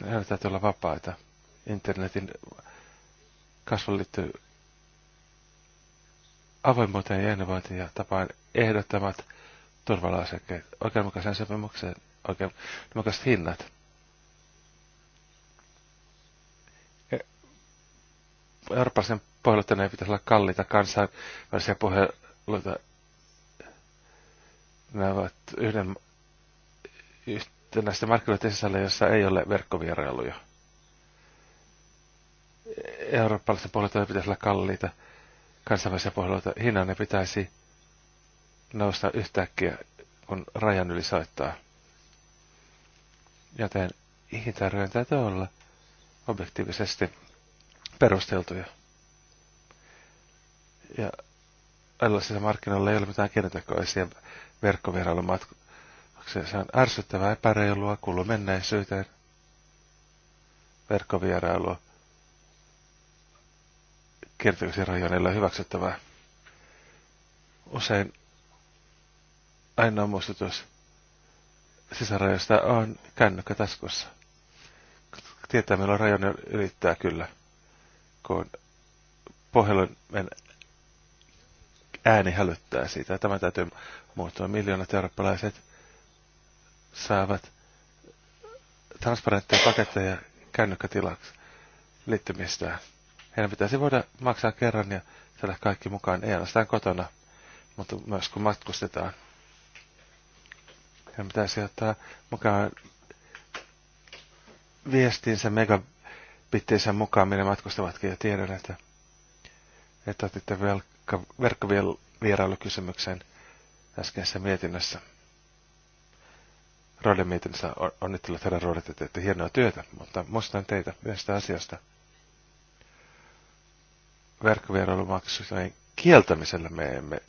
ne täytyy olla vapaita. Internetin kasvun liittyy avoimuuteen ja innovointiin ja tapaan ehdottamat turvalaisekkeet oikeudenmukaisen sopimukseen oikein demokraattiset hinnat. Eurooppalaisen puheluiden ei pitäisi olla kalliita kansainvälisiä puheluita. Nämä ovat yhden, näistä markkinoiden sisällä, jossa ei ole verkkovierailuja. Eurooppalaisten puheluiden pitäisi olla kalliita kansainvälisiä puheluita. Hinnan ne pitäisi nousta yhtäkkiä, kun rajan yli soittaa. Joten hintaarvojen täytyy olla objektiivisesti perusteltuja. Ja erilaisilla markkinoilla ei ole mitään keinotekoisia verkkovierailumatkoja. Se on ärsyttävää, epäreilua, kuuluu menneisyyteen, verkkovierailua. Kiertymisen rajoilla hyväksyttävää. Usein ainoa muistutus sisärajoista on kännykkä taskussa. Tietää, milloin rajan ylittää kyllä, kun pohjelun ääni hälyttää siitä. Tämä täytyy muuttua. Miljoonat eurooppalaiset saavat transparentteja paketteja kännykkätilaksi liittymistään. Heidän pitäisi voida maksaa kerran ja saada kaikki mukaan, ei ainoastaan kotona, mutta myös kun matkustetaan. Ja pitäisi ottaa mukaan viestinsä megabitteissä mukaan, millä matkustavatkin. Ja tiedän, että, että otitte verkkovierailukysymyksen äskeisessä mietinnössä. Roden mietinnössä onnittelut herran Rodet, että teette hienoa työtä, mutta muistan teitä sitä asiasta. Verkkovierailumaksujen kieltämisellä me emme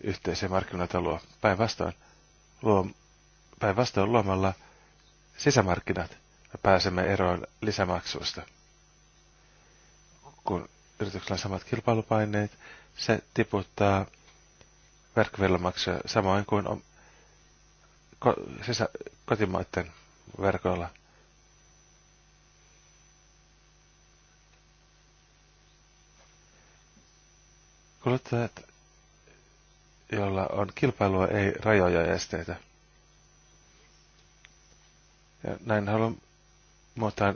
yhteisiä markkinoita luo. Päinvastoin luo, päinvastoin luomalla sisämarkkinat me pääsemme eroon lisämaksuista. Kun yrityksellä on samat kilpailupaineet, se tiputtaa verkkovillamaksuja samoin kuin on ko, sisä, kotimaiden verkoilla. Kuluttajat jolla on kilpailua, ei rajoja ja esteitä. Ja näin haluan muuttaa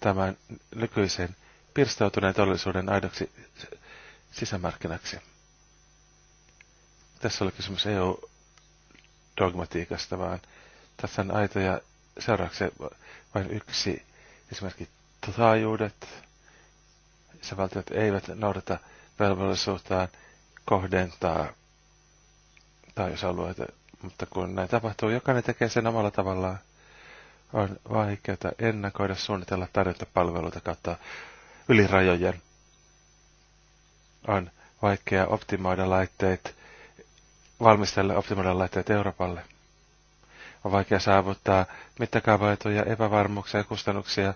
tämän nykyisen pirstautuneen todellisuuden aidoksi sisämarkkinaksi. Tässä oli kysymys EU-dogmatiikasta, vaan tässä on aitoja seurauksia vain yksi. Esimerkiksi taajuudet, valtiot eivät noudata velvollisuuttaan kohdentaa tai jos alueita, mutta kun näin tapahtuu, jokainen tekee sen omalla tavallaan, on vaikeaa ennakoida, suunnitella, tarjota palveluita kautta yli rajojen. On vaikea optimoida laitteet, valmistella optimoida laitteet Euroopalle. On vaikea saavuttaa mittakaavaetuja, epävarmuuksia ja kustannuksia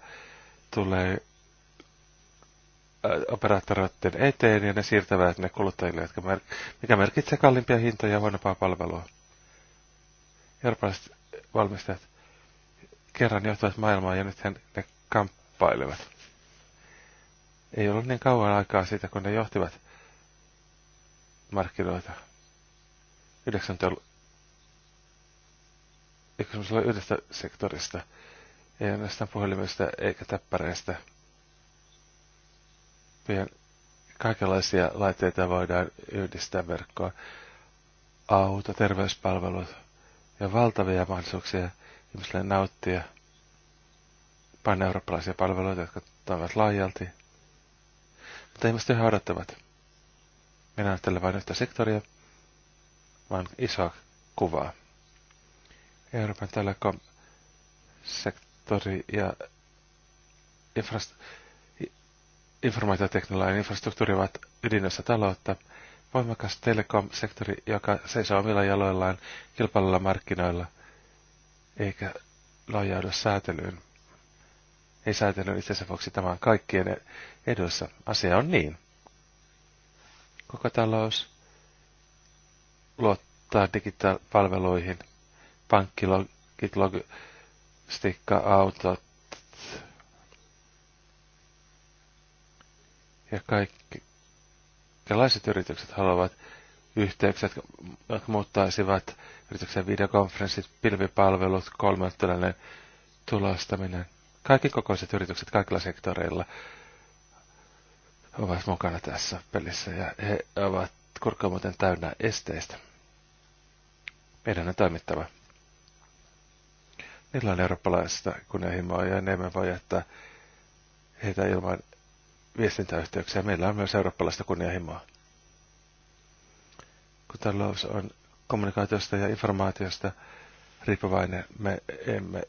tulee operaattoreiden eteen ja ne siirtävät ne kuluttajille, jotka mer- mikä merkitsee kalliimpia hintoja ja huonompaa palvelua. Eurooppalaiset valmistajat kerran johtavat maailmaa ja nyt ne kamppailevat. Ei ollut niin kauan aikaa siitä, kun ne johtivat markkinoita. 90-luvulla yhdestä sektorista, ei ainoastaan puhelimista eikä täppäreistä kaikenlaisia laitteita voidaan yhdistää verkkoon. Auto, terveyspalvelut ja valtavia mahdollisuuksia ihmisille nauttia paneurooppalaisia palveluita, jotka toimivat laajalti. Mutta ihmiset yhä odottavat. Minä ajattelen vain yhtä sektoria, vaan isoa kuvaa. Euroopan telekom-sektori ja infrastruktuuri informaatioteknologian infrastruktuuri ovat ydinössä taloutta. Voimakas telekom-sektori, joka seisoo omilla jaloillaan kilpailulla markkinoilla, eikä lojaudu säätelyyn. Ei säätelyn itsensä vuoksi tämä on kaikkien edussa. Asia on niin. Koko talous luottaa digitaalipalveluihin. Pankkilogit, logistiikka, autot, Ja kaikki, kaikenlaiset yritykset haluavat yhteyksiä, jotka muuttaisivat yrityksen videokonferenssit, pilvipalvelut, kolmeottelujen tulostaminen. Kaikki kokoiset yritykset kaikilla sektoreilla ovat mukana tässä pelissä ja he ovat kurkkaamuuten täynnä esteistä. Meidän on toimittava. Niillä on eurooppalaista kunnianhimoa ja ne emme voi jättää heitä ilman viestintäyhteyksiä. Meillä on myös eurooppalaista kunnianhimoa. Kun talous on kommunikaatiosta ja informaatiosta riippuvainen, me emme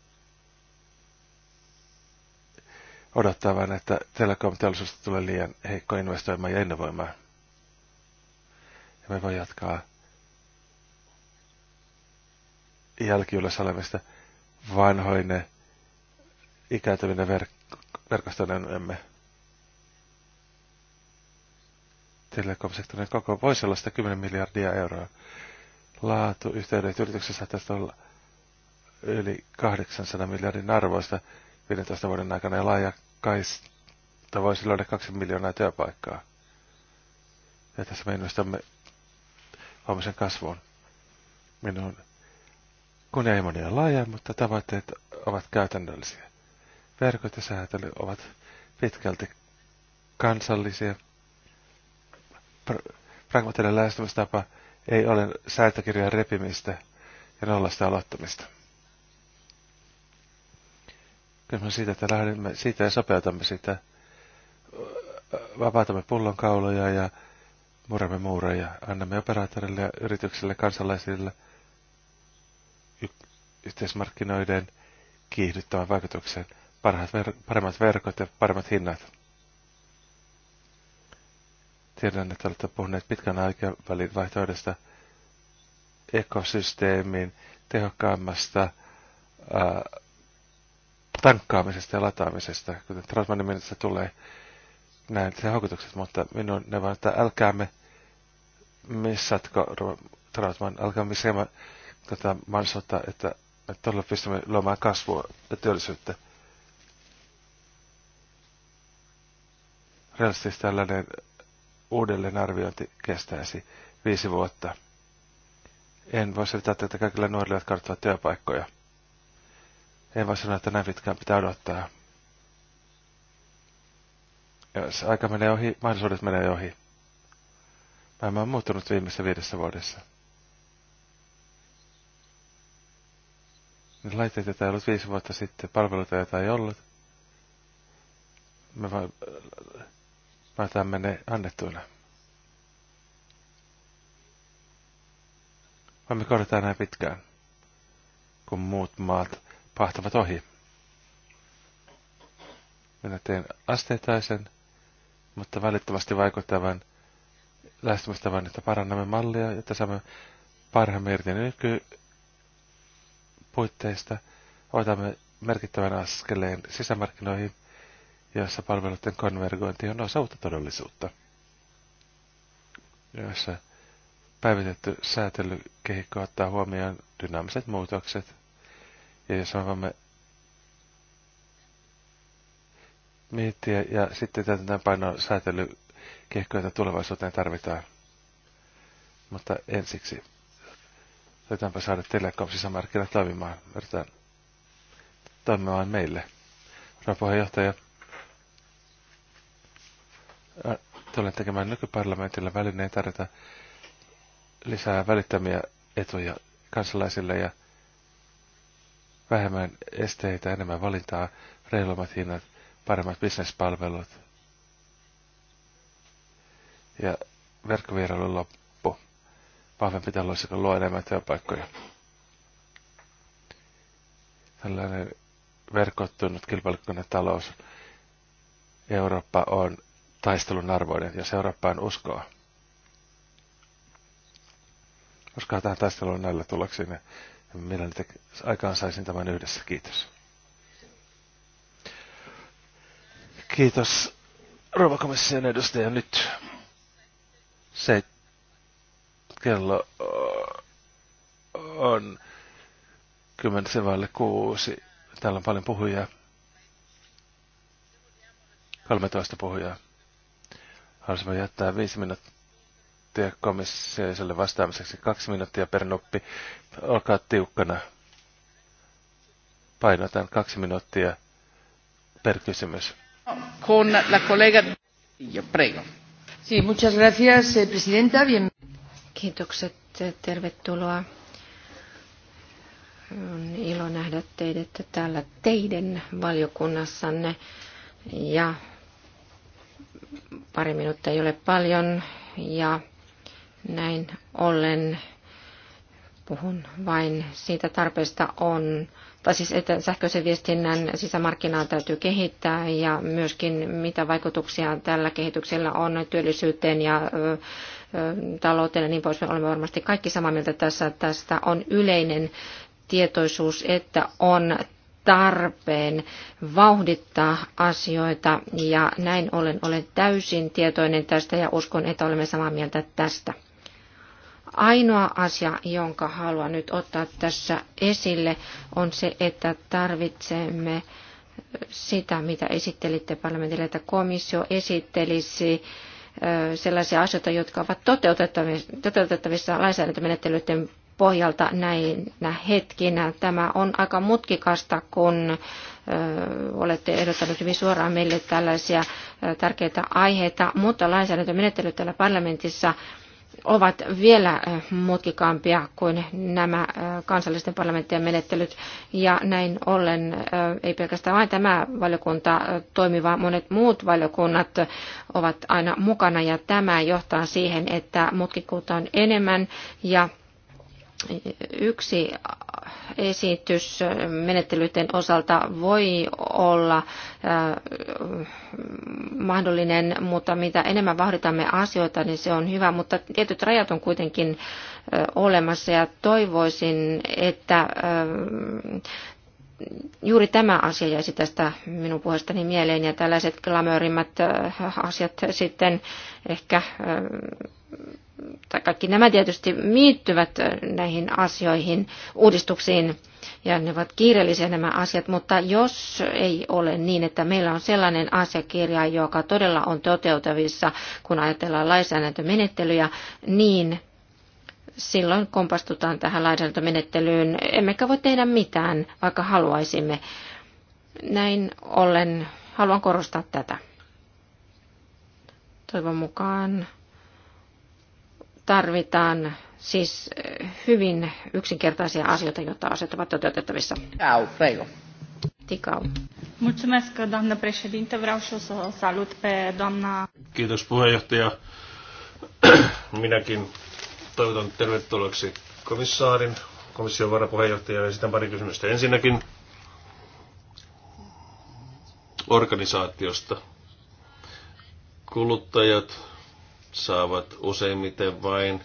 odottaa vain, että telekom-teollisuus tulee liian heikko investoimaan ja innovoimaan. Ja me voi jatkaa jälkijuudessa olemista vanhoinen ikääntyvinen verk- verkostoinen emme. telekomsektorin koko voisi olla 10 miljardia euroa. Laatu, yhteydet yrityksessä saattaisi olla yli 800 miljardin arvoista 15 vuoden aikana ja kaista voisi löydä 2 miljoonaa työpaikkaa. Ja tässä me investoimme huomisen kasvuun. Minun kunnianhimoni on laaja, mutta tavoitteet ovat käytännöllisiä. Verkot ja säätely ovat pitkälti kansallisia – pragmatinen lähestymistapa ei ole sääntökirjan repimistä ja nollasta aloittamista. Kysymys siitä, että lähdemme siitä ja sopeutamme sitä, vapautamme pullonkauloja ja muremme muureja, annamme operaattorille ja yrityksille, kansalaisille y- yhteismarkkinoiden kiihdyttävän vaikutuksen, parhaat ver- paremmat verkot ja paremmat hinnat. Tiedän, että olette puhuneet pitkän aikavälin vaihtoehdosta ekosysteemin tehokkaammasta ää, äh, tankkaamisesta ja lataamisesta, kuten Transmanin tulee näin se houkutukset, mutta minun ne vaan, että älkäämme missatko Transman, älkäämme missaamaan tota mansota, että me todella pystymme luomaan kasvua ja työllisyyttä. Realistisesti tällainen uudelleenarviointi kestäisi viisi vuotta. En voi selittää tätä kaikille nuorille, jotka odottavat työpaikkoja. En voi sanoa, että näin pitkään pitää odottaa. Jos aika menee ohi, mahdollisuudet menee ohi. Maailma on muuttunut viimeisessä viidessä vuodessa. Niin laitteet, ei ollut viisi vuotta sitten, palveluita, ei ollut. Me vain me otamme ne annettuina. Voimme korjata näin pitkään, kun muut maat pahtavat ohi. Minä teen asteetaisen, mutta välittömästi vaikuttavan lähestymistavan, että parannamme mallia, jotta saamme parhaamme irti nykypuitteista. Otamme merkittävän askeleen sisämarkkinoihin – jossa palveluiden konvergointi on osa uutta todellisuutta, jossa päivitetty säätelykehikko ottaa huomioon dynaamiset muutokset, ja jos me voimme miettiä ja sitten täytetään painoa säätelykehikkoja, jota tulevaisuuteen tarvitaan. Mutta ensiksi yritetäänpä saada telekom sisämarkkinat toimimaan. Yritetään toimimaan meille. Rouva puheenjohtaja, tulen tekemään nykyparlamentilla välineen tarjota lisää välittämiä etuja kansalaisille ja vähemmän esteitä, enemmän valintaa, reilummat hinnat, paremmat bisnespalvelut ja verkkovierailun loppu. Vahvempi talous, joka luo enemmän työpaikkoja. Tällainen verkottunut kilpailukunnan talous. Eurooppa on taistelun arvoinen, ja seurappaan uskoa. Uskoa tähän taisteluun näillä tuloksiin, ja millä aikaan saisin tämän yhdessä. Kiitos. Kiitos ruokakomission edustaja nyt. Se kello on kymmenisen vaille kuusi. Täällä on paljon puhujia. 13 puhujaa. Haluaisimme jättää viisi minuuttia komissiolle vastaamiseksi. Kaksi minuuttia per nuppi. Olkaa tiukkana. Painotan kaksi minuuttia per kysymys. Con la collega... Yo prego. Sí, muchas gracias, eh, presidenta. Bien... Kiitokset, eh, tervetuloa. On ilo nähdä teidät täällä teidän valiokunnassanne ja Pari minuuttia ei ole paljon ja näin ollen puhun vain siitä tarpeesta on, tai siis että sähköisen viestinnän sisämarkkinaa täytyy kehittää ja myöskin mitä vaikutuksia tällä kehityksellä on työllisyyteen ja ö, talouteen ja niin pois. Me olemme varmasti kaikki samaa mieltä tässä. Tästä on yleinen tietoisuus, että on tarpeen vauhdittaa asioita ja näin ollen olen täysin tietoinen tästä ja uskon, että olemme samaa mieltä tästä. Ainoa asia, jonka haluan nyt ottaa tässä esille, on se, että tarvitsemme sitä, mitä esittelitte parlamentille, että komissio esittelisi sellaisia asioita, jotka ovat toteutettavissa lainsäädäntömenettelyiden pohjalta näinä hetkinä. Tämä on aika mutkikasta, kun olette ehdottaneet hyvin suoraan meille tällaisia tärkeitä aiheita, mutta lainsäädäntömenettelyt täällä parlamentissa ovat vielä mutkikaampia kuin nämä kansallisten parlamenttien menettelyt. Ja näin ollen ei pelkästään vain tämä valiokunta toimi, vaan monet muut valiokunnat ovat aina mukana. Ja tämä johtaa siihen, että mutkikkuutta on enemmän ja yksi esitys menettelyiden osalta voi olla mahdollinen, mutta mitä enemmän vahditamme asioita, niin se on hyvä, mutta tietyt rajat on kuitenkin olemassa ja toivoisin, että juuri tämä asia jäisi tästä minun puheestani mieleen ja tällaiset glamöörimmät asiat sitten ehkä tai kaikki nämä tietysti miittyvät näihin asioihin, uudistuksiin, ja ne ovat kiireellisiä nämä asiat, mutta jos ei ole niin, että meillä on sellainen asiakirja, joka todella on toteutavissa, kun ajatellaan lainsäädäntömenettelyjä, niin silloin kompastutaan tähän lainsäädäntömenettelyyn, emmekä voi tehdä mitään, vaikka haluaisimme. Näin ollen haluan korostaa tätä. Toivon mukaan tarvitaan siis eh, hyvin yksinkertaisia asioita, jotta asiat ovat toteutettavissa. Au, prego. Tikau. Mulțumesc, doamnă președinte. Vreau și să salut pe doamna... Kiitos puheenjohtaja. Minäkin toivotan tervetulleeksi komissaarin, komission varapuheenjohtaja, ja sitten pari kysymystä. Ensinnäkin organisaatiosta. Kuluttajat saavat useimmiten vain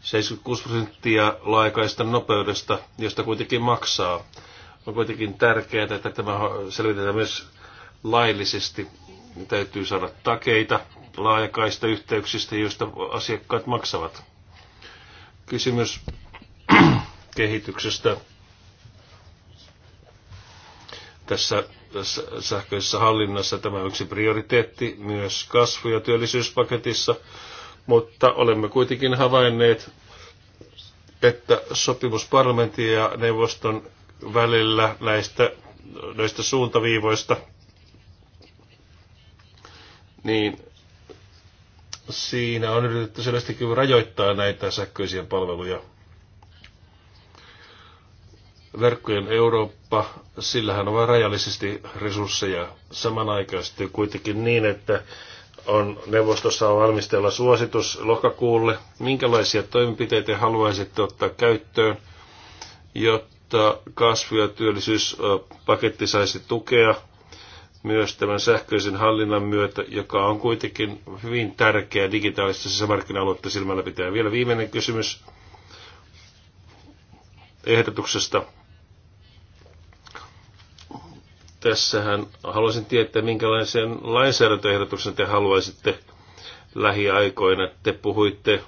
76 prosenttia laajakaista nopeudesta, josta kuitenkin maksaa. On kuitenkin tärkeää, että tämä selvitetään myös laillisesti. Täytyy saada takeita laajakaista yhteyksistä, joista asiakkaat maksavat. Kysymys kehityksestä tässä sähköisessä hallinnassa. Tämä on yksi prioriteetti myös kasvu- ja työllisyyspaketissa, mutta olemme kuitenkin havainneet, että sopimus parlamentin ja neuvoston välillä näistä, näistä suuntaviivoista, niin siinä on yritetty selvästikin rajoittaa näitä sähköisiä palveluja – verkkojen Eurooppa, sillähän on vain rajallisesti resursseja samanaikaisesti kuitenkin niin, että on, neuvostossa on valmistella suositus lokakuulle. Minkälaisia toimenpiteitä haluaisitte ottaa käyttöön, jotta kasvu- ja työllisyyspaketti saisi tukea myös tämän sähköisen hallinnan myötä, joka on kuitenkin hyvin tärkeä digitaalista sisämarkkina-aluetta silmällä pitää. Vielä viimeinen kysymys ehdotuksesta Tässähän haluaisin tietää, minkälaisen lainsäädäntöehdotuksen te haluaisitte lähiaikoina. Te puhuitte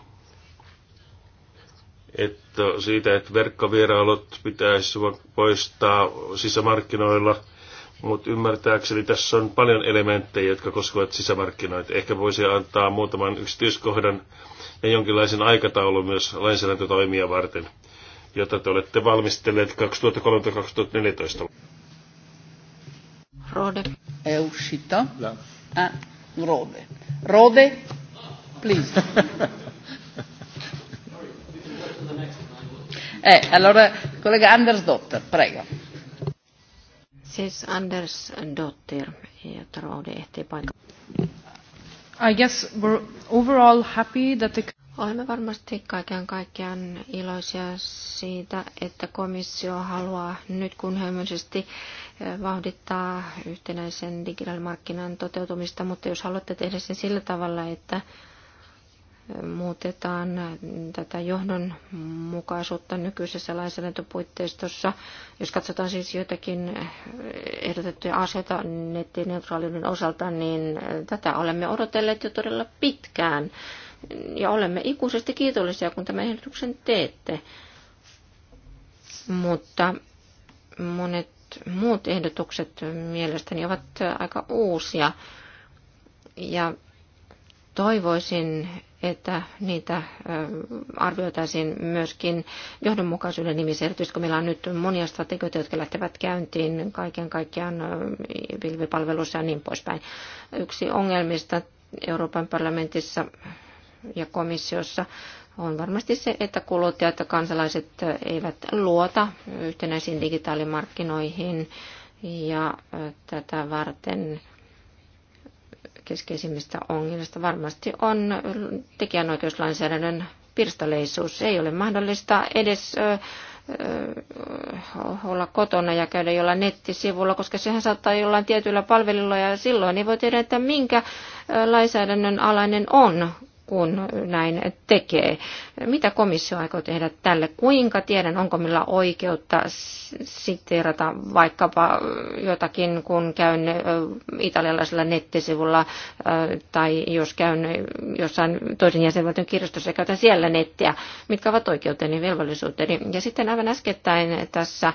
että siitä, että verkkovierailut pitäisi poistaa sisämarkkinoilla, mutta ymmärtääkseni tässä on paljon elementtejä, jotka koskevat sisämarkkinoita. Ehkä voisi antaa muutaman yksityiskohdan ja jonkinlaisen aikataulun myös lainsäädäntötoimia varten, jota te olette valmistelleet 2013-2014. Rode. È uscita? No. Ah, Rode. Rode, please. eh, allora, collega Anders Dotter, prego. Siis Anders Dotter, Rode ehtii paikalle. I guess we're overall happy that the Olemme varmasti kaiken kaikkiaan iloisia siitä, että komissio haluaa nyt kunnianhimoisesti eh, vauhdittaa yhtenäisen digitaalimarkkinan toteutumista, mutta jos haluatte tehdä sen sillä tavalla, että eh, muutetaan eh, tätä johdonmukaisuutta nykyisessä lainsäädäntöpuitteistossa. Jos katsotaan siis joitakin ehdotettuja asioita nettineutraaliuden osalta, niin tätä olemme odotelleet jo todella pitkään ja olemme ikuisesti kiitollisia, kun tämän ehdotuksen teette. Mutta monet muut ehdotukset mielestäni ovat aika uusia. Ja toivoisin, että niitä arvioitaisiin myöskin johdonmukaisuuden nimissä, erityisesti kun meillä on nyt monia strategioita, jotka lähtevät käyntiin kaiken kaikkiaan pilvipalveluissa ja niin poispäin. Yksi ongelmista Euroopan parlamentissa ja komissiossa on varmasti se, että kuluttajat ja kansalaiset eivät luota yhtenäisiin digitaalimarkkinoihin ja tätä varten keskeisimmistä ongelmista varmasti on tekijänoikeuslainsäädännön pirstaleisuus. Ei ole mahdollista edes olla kotona ja käydä jollain nettisivulla, koska sehän saattaa jollain tietyillä palvelilla ja silloin ei voi tiedä, että minkä lainsäädännön alainen on, kun näin tekee. Mitä komissio aikoo tehdä tälle? Kuinka tiedän, onko millä oikeutta siteerata vaikkapa jotakin, kun käyn italialaisella nettisivulla tai jos käyn jossain toisen jäsenvaltion kirjastossa ja käytän siellä nettiä, mitkä ovat oikeuteni ja velvollisuuteni. Ja sitten aivan äskettäin tässä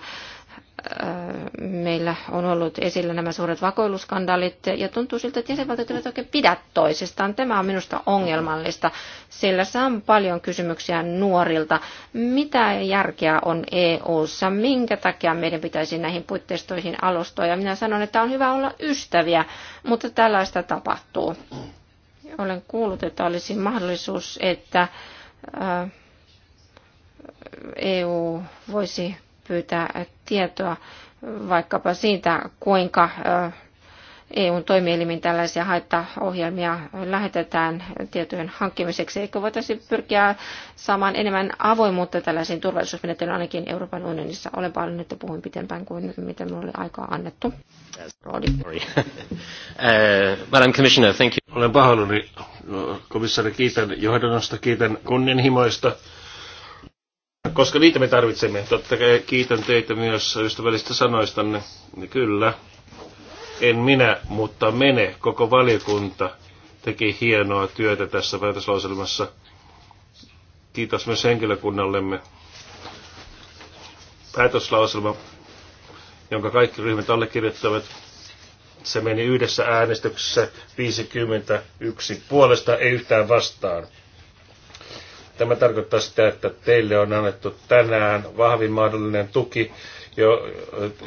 meillä on ollut esillä nämä suuret vakoiluskandaalit ja tuntuu siltä, että jäsenvaltiot eivät oikein pidä toisistaan. Tämä on minusta ongelmallista, sillä saan paljon kysymyksiä nuorilta. Mitä järkeä on EU-ssa? Minkä takia meidän pitäisi näihin puitteistoihin alustua? Ja minä sanon, että on hyvä olla ystäviä, mutta tällaista tapahtuu. Olen kuullut, että olisi mahdollisuus, että EU voisi pyytää tietoa vaikkapa siitä, kuinka eu toimielimin tällaisia haittaohjelmia lähetetään tietojen hankkimiseksi. Eikö voitaisiin pyrkiä saamaan enemmän avoimuutta tällaisiin turvallisuusmenettelyyn ainakin Euroopan unionissa? Olen paljon nyt puhuin pitempään kuin mitä minulle oli aikaa annettu. Uh, Madam Commissioner, thank you. Olen pahoillani, no, komissaari, kiitän johdannosta, kiitän kunnianhimoista koska niitä me tarvitsemme. Totta kai kiitän teitä myös ystävällistä sanoistanne. Kyllä. En minä, mutta mene. Koko valiokunta teki hienoa työtä tässä päätöslauselmassa. Kiitos myös henkilökunnallemme. Päätöslauselma, jonka kaikki ryhmät allekirjoittavat, se meni yhdessä äänestyksessä 51 puolesta, ei yhtään vastaan. Tämä tarkoittaa sitä, että teille on annettu tänään vahvin mahdollinen tuki, jo,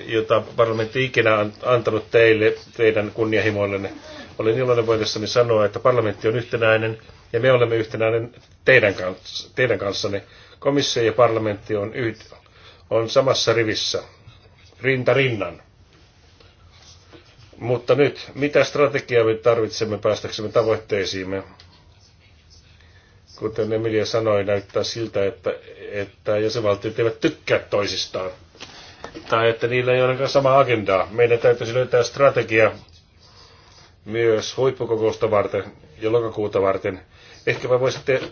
jota parlamentti ikinä on antanut teille, teidän kunnianhimoillenne. Olen iloinen voidessani sanoa, että parlamentti on yhtenäinen ja me olemme yhtenäinen teidän, kans, teidän kanssanne. Komissio ja parlamentti on, yht, on samassa rivissä, rinta rinnan. Mutta nyt, mitä strategiaa me tarvitsemme päästäksemme tavoitteisiimme? kuten Emilia sanoi, näyttää siltä, että, että jäsenvaltiot eivät tykkää toisistaan. Tai että niillä ei ole samaa agendaa. Meidän täytyisi löytää strategia myös huippukokousta varten ja lokakuuta varten. Ehkä mä voisitte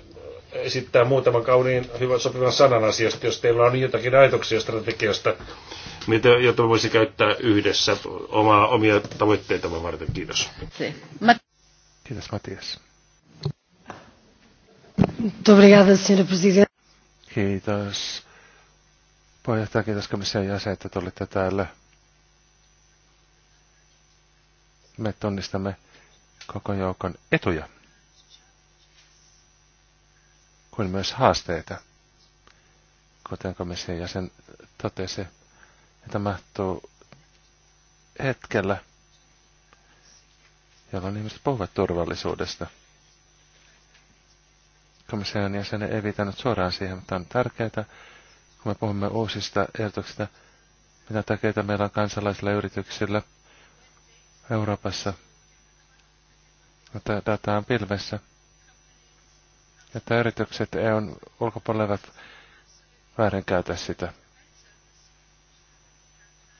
esittää muutaman kauniin hyvän sopivan sanan asiasta, jos teillä on jotakin ajatuksia strategiasta, mitä, jota voisi käyttää yhdessä omaa, omia tavoitteita varten. Kiitos. Kiitos Matias. Kiitos. Puheenjohtaja, kiitos komission jäsen, että tulitte täällä. Me tunnistamme koko joukon etuja, kuin myös haasteita, kuten komission jäsen totesi. että niin mahtuu hetkellä, jolloin ihmiset puhuvat turvallisuudesta – ja sen ei viitannut suoraan siihen, mutta on tärkeää, kun me puhumme uusista ehdotuksista, mitä takeita meillä on kansalaisilla yrityksillä Euroopassa, mutta data on pilvessä. Että yritykset EUn ulkopuolella eivät väärinkäytä sitä.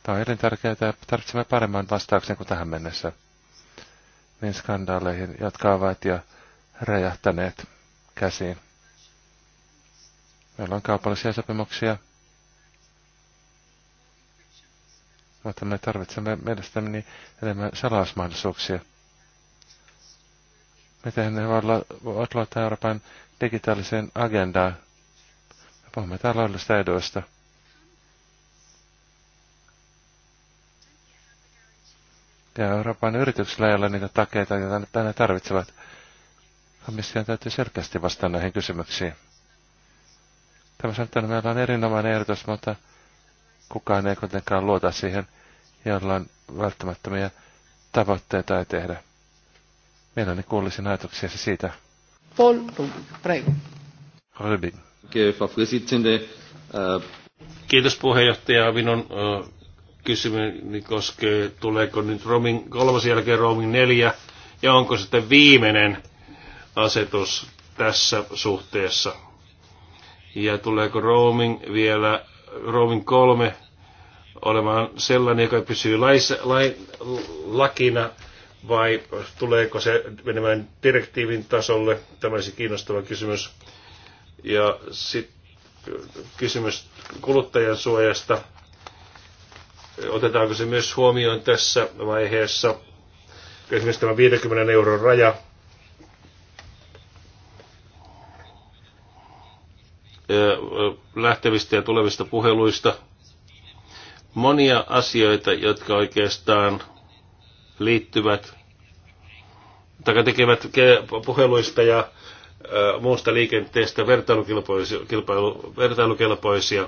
Tämä on elintärkeää ja tarvitsemme paremman vastauksen kuin tähän mennessä niin skandaaleihin, jotka ovat jo räjähtäneet käsiin. Meillä on kaupallisia sopimuksia, mutta me tarvitsemme mielestäni enemmän salausmahdollisuuksia. Miten ne voivat luottaa Euroopan digitaaliseen agendaan? Me puhumme taloudellisista eduista. Ja Euroopan yrityksillä ei ole niitä takeita, joita ne tarvitsevat. Missään täytyy selkeästi vastata näihin kysymyksiin. Tämä sanotaan, meillä on erinomainen ehdotus, mutta kukaan ei kuitenkaan luota siihen, on välttämättömiä tavoitteita ei tehdä. Mielelläni kuulisin ajatuksia siitä. Paul Rubin, prego. Rubin. Kiitos äh, puheenjohtaja. Minun äh, kysymykseni koskee, tuleeko nyt Roomin kolmas jälkeen Roomin neljä ja onko sitten viimeinen asetus tässä suhteessa. Ja tuleeko roaming vielä, roaming kolme olemaan sellainen, joka pysyy laissa, lain, lakina, vai tuleeko se menemään direktiivin tasolle? Tämä olisi kiinnostava kysymys. Ja sitten kysymys kuluttajan suojasta. Otetaanko se myös huomioon tässä vaiheessa? Esimerkiksi tämä 50 euron raja lähtevistä ja tulevista puheluista. Monia asioita, jotka oikeastaan liittyvät tai tekevät puheluista ja muusta liikenteestä vertailukelpoisia,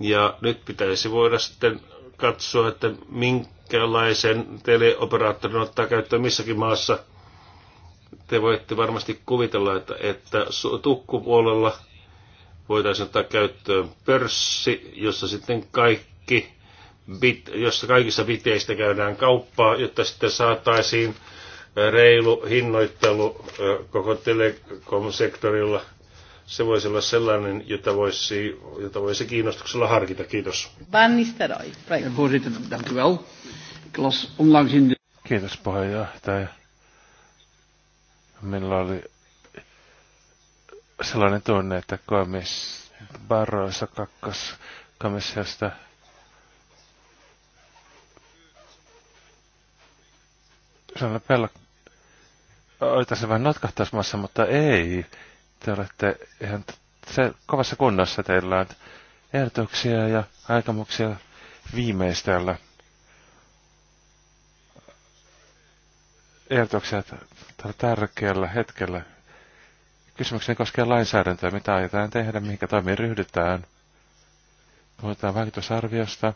Ja nyt pitäisi voida sitten katsoa, että minkälaisen teleoperaattorin ottaa käyttöön missäkin maassa – te voitte varmasti kuvitella, että, että tukkupuolella voitaisiin ottaa käyttöön pörssi, jossa sitten kaikki, bit, jossa kaikissa biteistä käydään kauppaa, jotta sitten saataisiin reilu hinnoittelu koko telekom-sektorilla. Se voisi olla sellainen, jota voisi, jota voisi kiinnostuksella harkita. Kiitos. Van Nistelrooy. Voorzitter, dank u wel. Kiitos puheenjohtaja Minulla oli sellainen tunne, että komis Barroissa kakkoskomissiosta sellainen pelko, että vähän notkahtaisi mutta ei. Te olette ihan se, kovassa kunnossa teillä on ehdotuksia ja aikamuksia viimeistellä. ehdotuksia tällä tärkeällä hetkellä. Kysymykseni koskee lainsäädäntöä, mitä aiotaan tehdä, mihinkä toimiin ryhdytään. Puhutaan vaikutusarviosta.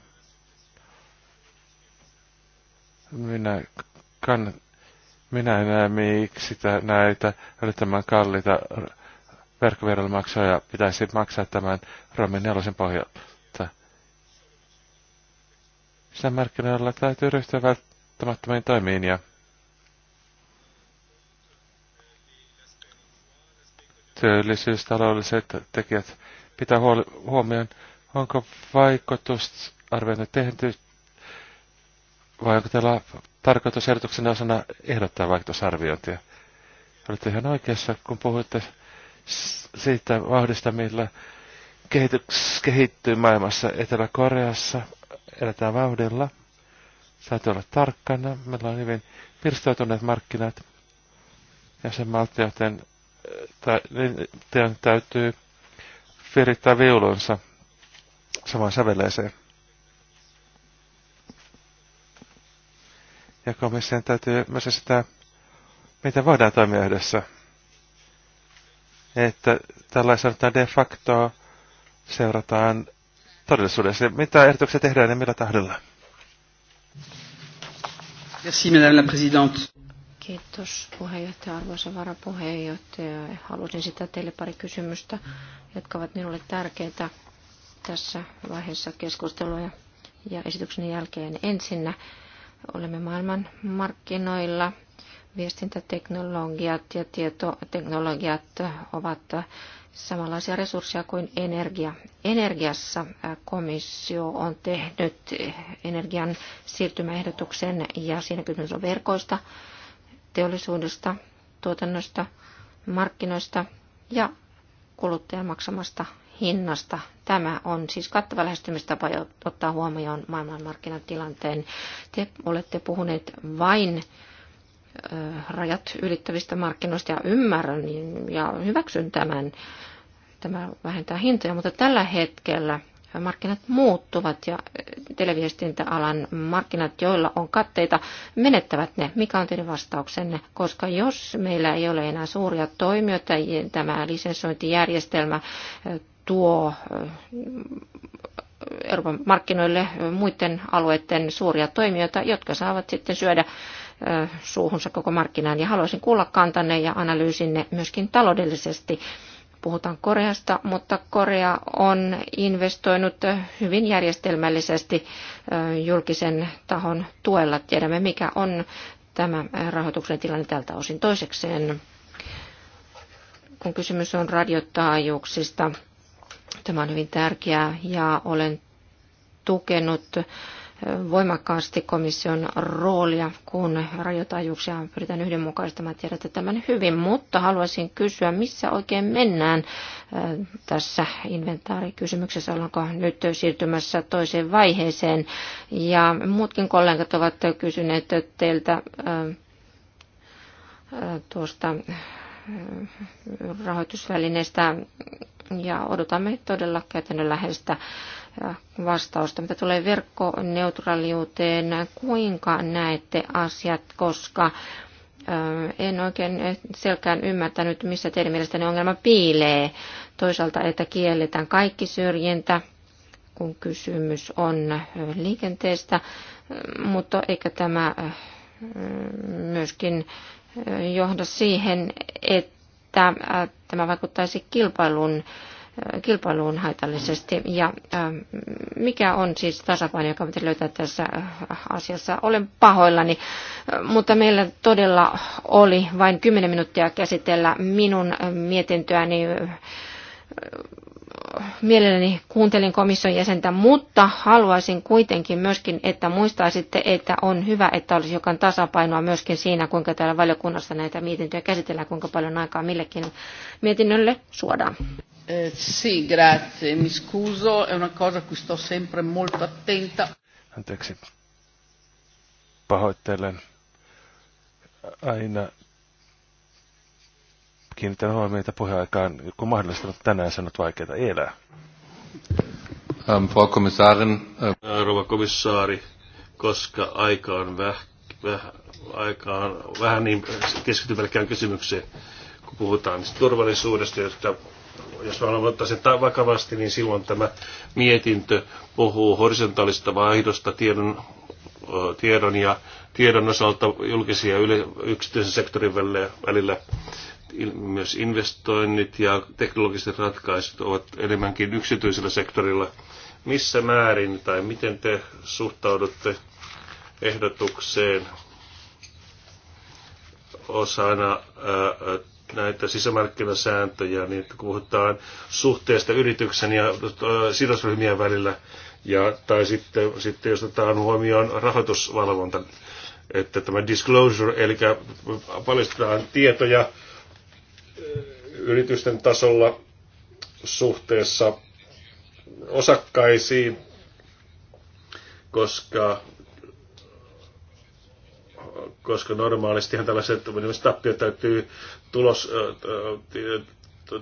Minä, kann, minä en näe, miksi näitä älyttömän kalliita verkkoviralmaksuja pitäisi maksaa tämän Romin nelosen pohjalta. markkinoilla täytyy ryhtyä välttämättömiin toimiin ja työllisyys, taloudelliset tekijät pitää huoli, huomioon, onko vaikutusarviointi tehty vai onko täällä tarkoitus ehdotuksena osana ehdottaa vaikutusarviointia? Olette ihan oikeassa, kun puhuitte siitä vauhdista, millä kehittyy maailmassa. Etelä-Koreassa eletään vauhdilla. Saat olla tarkkana. Meillä on hyvin pirstoutuneet markkinat. joten. Niin teidän täytyy virittää viulunsa samaan säveleeseen. Ja komission täytyy myös sitä, mitä voidaan toimia yhdessä. Että tällaisena de facto seurataan todellisuudessa. Mitä ehdotuksia tehdään ja millä tahdilla? Merci, madame la présidente. Kiitos puheenjohtaja, arvoisa varapuheenjohtaja. Haluaisin sitä teille pari kysymystä, jotka ovat minulle tärkeitä tässä vaiheessa keskustelua ja esityksen jälkeen. Ensinnä olemme maailman markkinoilla. Viestintäteknologiat ja tietoteknologiat ovat samanlaisia resursseja kuin energia. Energiassa komissio on tehnyt energian siirtymäehdotuksen ja siinä kysymys on verkoista teollisuudesta, tuotannosta, markkinoista ja kuluttajan maksamasta hinnasta. Tämä on siis kattava lähestymistapa ja ottaa huomioon maailmanmarkkinatilanteen. Te olette puhuneet vain rajat ylittävistä markkinoista ja ymmärrän ja hyväksyn tämän. Tämä vähentää hintoja, mutta tällä hetkellä – markkinat muuttuvat ja televiestintäalan markkinat, joilla on katteita, menettävät ne. Mikä on teidän vastauksenne? Koska jos meillä ei ole enää suuria toimijoita, tämä lisensointijärjestelmä tuo Euroopan markkinoille muiden alueiden suuria toimijoita, jotka saavat sitten syödä suuhunsa koko markkinaan. Ja haluaisin kuulla kantanne ja analyysinne myöskin taloudellisesti puhutaan Koreasta, mutta Korea on investoinut hyvin järjestelmällisesti julkisen tahon tuella. Tiedämme, mikä on tämä rahoituksen tilanne tältä osin. Toisekseen, kun kysymys on radiotaajuuksista, tämä on hyvin tärkeää ja olen tukenut äh, voimakkaasti komission roolia, kun rajotaajuuksia pyritään yhdenmukaistamaan. Tiedätte tämän hyvin, mutta haluaisin kysyä, missä oikein mennään äh, tässä inventaarikysymyksessä? Ollaanko nyt siirtymässä toiseen vaiheeseen? Ja muutkin kollegat ovat kysyneet teiltä äh, äh, tuosta rahoitusvälineestä ja odotamme todella käytännönläheistä läheistä vastausta. Mitä tulee verkkoneutraaliuteen, kuinka näette asiat, koska en oikein selkään ymmärtänyt, missä teidän mielestänne ongelma piilee. Toisaalta, että kielletään kaikki syrjintä, kun kysymys on liikenteestä, mutta eikä tämä myöskin johda siihen, että tämä vaikuttaisi kilpailun kilpailuun haitallisesti. Ja ähm, mikä on siis tasapaino, joka pitäisi löytää tässä äh, asiassa? Olen pahoillani, äh, mutta meillä todella oli vain 10 minuuttia käsitellä minun äh, mietintöäni mielelläni kuuntelin komission jäsentä, mutta haluaisin kuitenkin myöskin, että muistaisitte, että on hyvä, että olisi jokan tasapainoa myöskin siinä, kuinka täällä valiokunnassa näitä mietintöjä käsitellään, kuinka paljon aikaa millekin mietinnölle suodaan. Eh, sì, grazie, mi scuso, è una cosa a cui sto sempre molto attenta. Anteeksi, pahoittelen. Aina kiinnitän huomiota puheaikaan, kun mahdollista, on tänään sanot vaikeita elää. Ähm, Frau Kommissarin. Äh, äh, rouva komissaari, koska aika on, väh, väh, aika on vähän niin keskity kysymykseen, kun puhutaan niin turvallisuudesta, josta jos me haluamme ottaa sen vakavasti, niin silloin tämä mietintö puhuu horisontaalista vaihdosta tiedon, tiedon ja tiedon osalta julkisen ja yksityisen sektorin välillä. Myös investoinnit ja teknologiset ratkaisut ovat enemmänkin yksityisellä sektorilla. Missä määrin tai miten te suhtaudutte ehdotukseen osana näitä sisämarkkinasääntöjä, niin että kun puhutaan suhteesta yrityksen ja sidosryhmien välillä, ja, tai sitten, sitten jos otetaan huomioon rahoitusvalvonta, että tämä disclosure, eli paljastetaan tietoja yritysten tasolla suhteessa osakkaisiin, koska koska normaalistihan tällaiset tappiot täytyy tulos,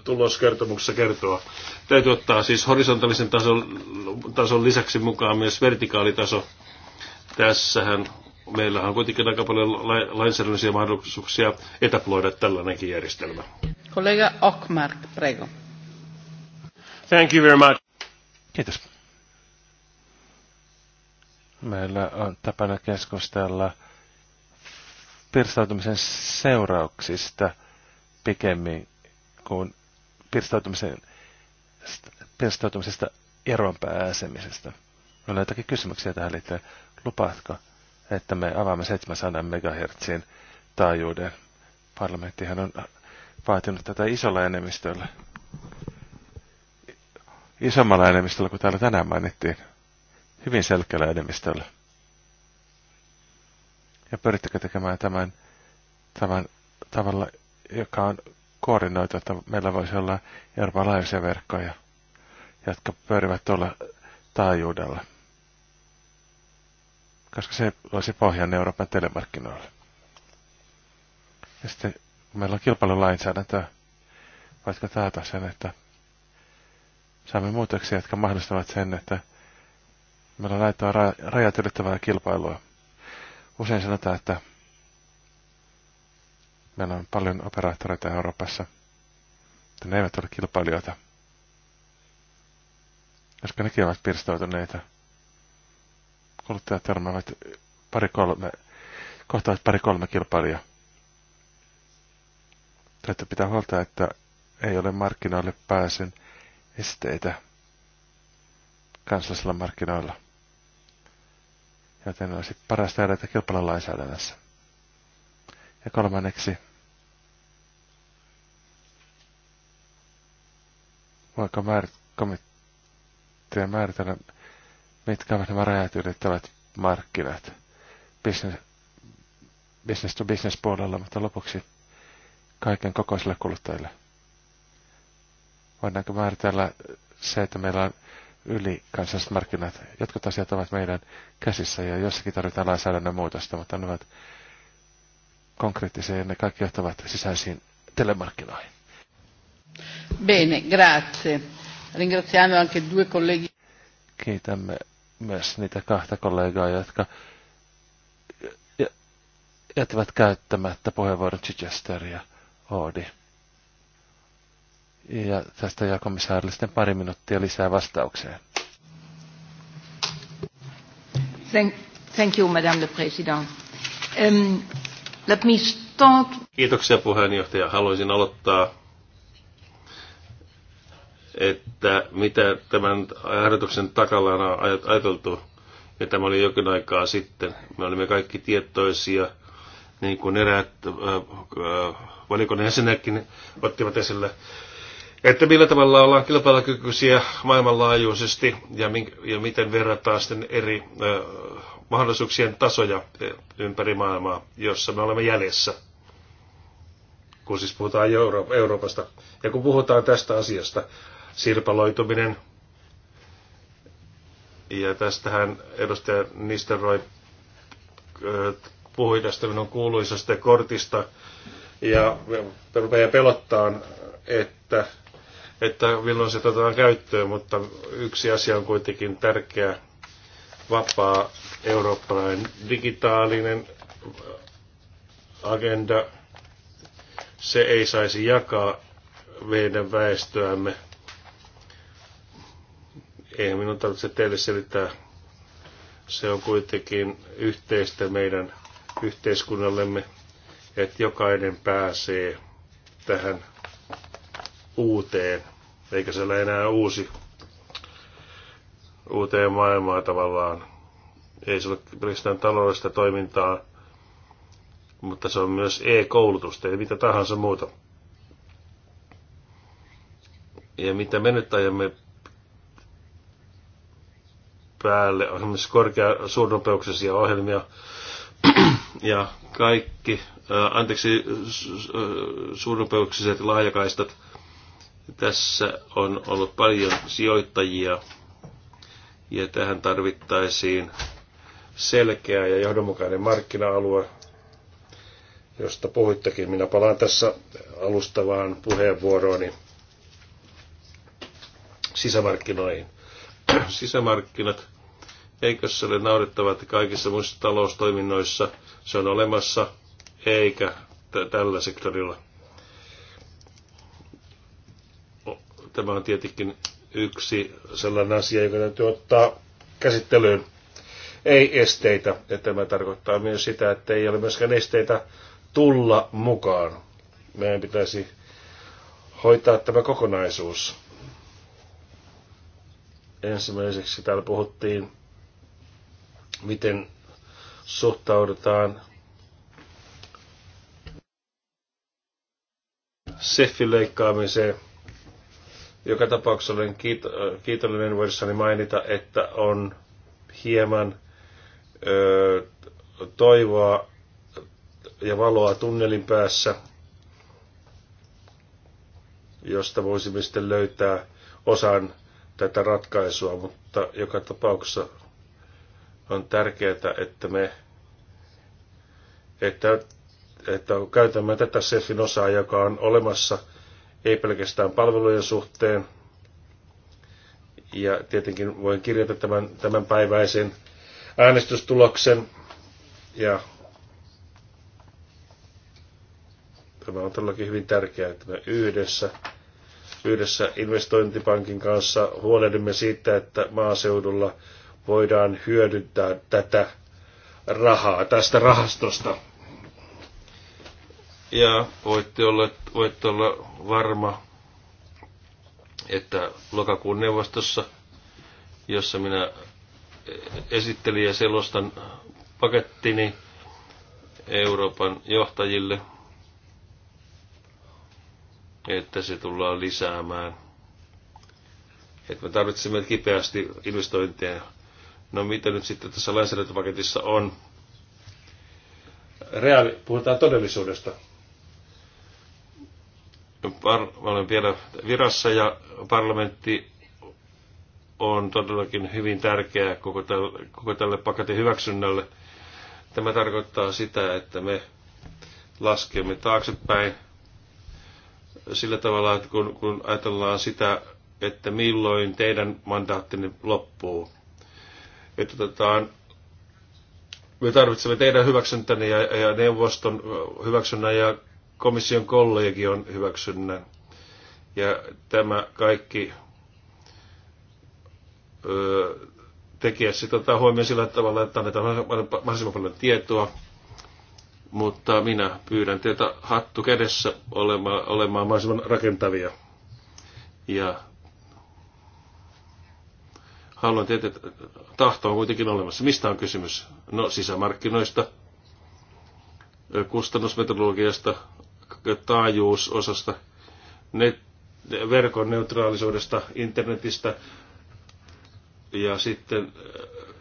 tuloskertomuksessa kertoa. Täytyy ottaa siis horisontaalisen tason, tason lisäksi mukaan myös vertikaalitaso. Tässähän meillähän on kuitenkin aika paljon lainsäädännöllisiä mahdollisuuksia etaploida tällainenkin järjestelmä. Kollega Ockmark, prego. Thank you very much. Kiitos. Meillä on tapana keskustella pirstautumisen seurauksista pikemmin kuin pirstautumisen, pirstautumisesta eron pääsemisestä. on jotakin kysymyksiä tähän liittyen. Lupaatko, että me avaamme 700 MHz taajuuden? Parlamenttihan on vaatinut tätä isolla enemmistöllä. Isommalla enemmistöllä kuin täällä tänään mainittiin. Hyvin selkeällä enemmistöllä. Ja pyrittekö tekemään tämän, tämän tavalla, joka on koordinoitu, että meillä voisi olla Euroopan laajuisia verkkoja, jotka pyörivät tuolla taajuudella. Koska se olisi pohjan Euroopan telemarkkinoille. Ja sitten kun meillä on kilpailulainsäädäntö, voitko taata sen, että saamme muutoksia, jotka mahdollistavat sen, että meillä on aitoa rajat ylittävää kilpailua. Usein sanotaan, että meillä on paljon operaattoreita Euroopassa, mutta ne eivät ole kilpailijoita. Koska nekin ovat pirstoutuneita. Kuluttajat törmäävät pari kolme, kohtaavat pari kolme kilpailijaa. Täytyy pitää huolta, että ei ole markkinoille pääsyn esteitä kansallisilla markkinoilla joten olisi parasta edetä lainsäädännössä. Ja kolmanneksi, voiko määrit, komitea määritellä, mitkä ovat nämä rajat ylittävät markkinat business, business to business puolella, mutta lopuksi kaiken kokoisille kuluttajille. Voidaanko määritellä se, että meillä on yli kansalliset markkinat. Jotkut asiat ovat meidän käsissä ja jossakin tarvitaan lainsäädännön muutosta, mutta ne ovat konkreettisia ja ne kaikki johtavat sisäisiin telemarkkinoihin. Bene, grazie. Ringraziamo anche due colleghi. Kiitämme myös niitä kahta kollegaa, jotka jättävät käyttämättä puheenvuoron Chichester ja Oodi. Ja tästä ja komissaarille sitten pari minuuttia lisää vastaukseen. Thank, thank you, Madame le Président. Um, let me start... Kiitoksia puheenjohtaja. Haluaisin aloittaa että mitä tämän ehdotuksen takalla on ajateltu. Ja tämä oli jokin aikaa sitten. Me olimme kaikki tietoisia, niin kuin eräät valikon jäsenetkin ottivat esille että millä tavalla ollaan kilpailukykyisiä maailmanlaajuisesti ja, mink, ja miten verrataan sitten eri ö, mahdollisuuksien tasoja ympäri maailmaa, jossa me olemme jäljessä, kun siis puhutaan Euro- Euroopasta. Ja kun puhutaan tästä asiasta, sirpaloituminen, ja tästähän edustaja Nisteroi puhui tästä minun kuuluisasta kortista, ja rupeaa pelottaa, että että milloin se otetaan käyttöön, mutta yksi asia on kuitenkin tärkeä, vapaa eurooppalainen digitaalinen agenda. Se ei saisi jakaa meidän väestöämme. Ei minun tarvitse teille selittää. Se on kuitenkin yhteistä meidän yhteiskunnallemme, että jokainen pääsee tähän uuteen eikä se ole enää uusi uuteen maailmaan tavallaan. Ei se ole pelkästään taloudellista toimintaa, mutta se on myös e-koulutusta ja mitä tahansa muuta. Ja mitä me nyt ajamme päälle, on esimerkiksi korkea suurnopeuksisia ohjelmia ja kaikki, anteeksi, su, laajakaistat, tässä on ollut paljon sijoittajia ja tähän tarvittaisiin selkeä ja johdonmukainen markkina-alue, josta puhuittekin. Minä palaan tässä alustavaan puheenvuorooni sisämarkkinoihin. Sisämarkkinat, eikö se ole naurettavaa, että kaikissa muissa taloustoiminnoissa se on olemassa, eikä tällä sektorilla. tämä on tietenkin yksi sellainen asia, joka täytyy ottaa käsittelyyn. Ei esteitä, ja tämä tarkoittaa myös sitä, että ei ole myöskään esteitä tulla mukaan. Meidän pitäisi hoitaa tämä kokonaisuus. Ensimmäiseksi täällä puhuttiin, miten suhtaudutaan SEFin leikkaamiseen – joka tapauksessa olen kiitollinen voidessani mainita, että on hieman ö, toivoa ja valoa tunnelin päässä, josta voisimme sitten löytää osan tätä ratkaisua, mutta joka tapauksessa on tärkeää, että me että, että käytämme tätä SEFin osaa, joka on olemassa – ei pelkästään palvelujen suhteen. Ja tietenkin voin kirjata tämän, tämän päiväisen äänestystuloksen. Ja tämä on todellakin hyvin tärkeää, että me yhdessä, yhdessä investointipankin kanssa huolehdimme siitä, että maaseudulla voidaan hyödyntää tätä rahaa tästä rahastosta. Ja voitte olla, voitte olla varma, että lokakuun neuvostossa, jossa minä esittelin ja selostan pakettini Euroopan johtajille, että se tullaan lisäämään. Että me tarvitsemme kipeästi investointeja. No mitä nyt sitten tässä lainsäädäntöpaketissa on? Reaali, puhutaan todellisuudesta olen vielä virassa ja parlamentti on todellakin hyvin tärkeää koko tälle, koko tälle paketin hyväksynnälle. Tämä tarkoittaa sitä, että me laskemme taaksepäin sillä tavalla, että kun, kun ajatellaan sitä, että milloin teidän mandaattinne loppuu, että otetaan me tarvitsemme teidän hyväksyntäni ja, ja neuvoston hyväksynnän ja komission kollegion hyväksynnän. Ja tämä kaikki öö, tekijä sitten ottaa huomioon sillä tavalla, että annetaan mahdollisimman paljon tietoa, mutta minä pyydän teitä hattu kädessä olemaan, olemaan mahdollisimman rakentavia. Ja haluan tietää, että tahto on kuitenkin olemassa. Mistä on kysymys? No sisämarkkinoista, kustannusmetodologiasta, taajuusosasta, net, verkon neutraalisuudesta, internetistä ja sitten äh,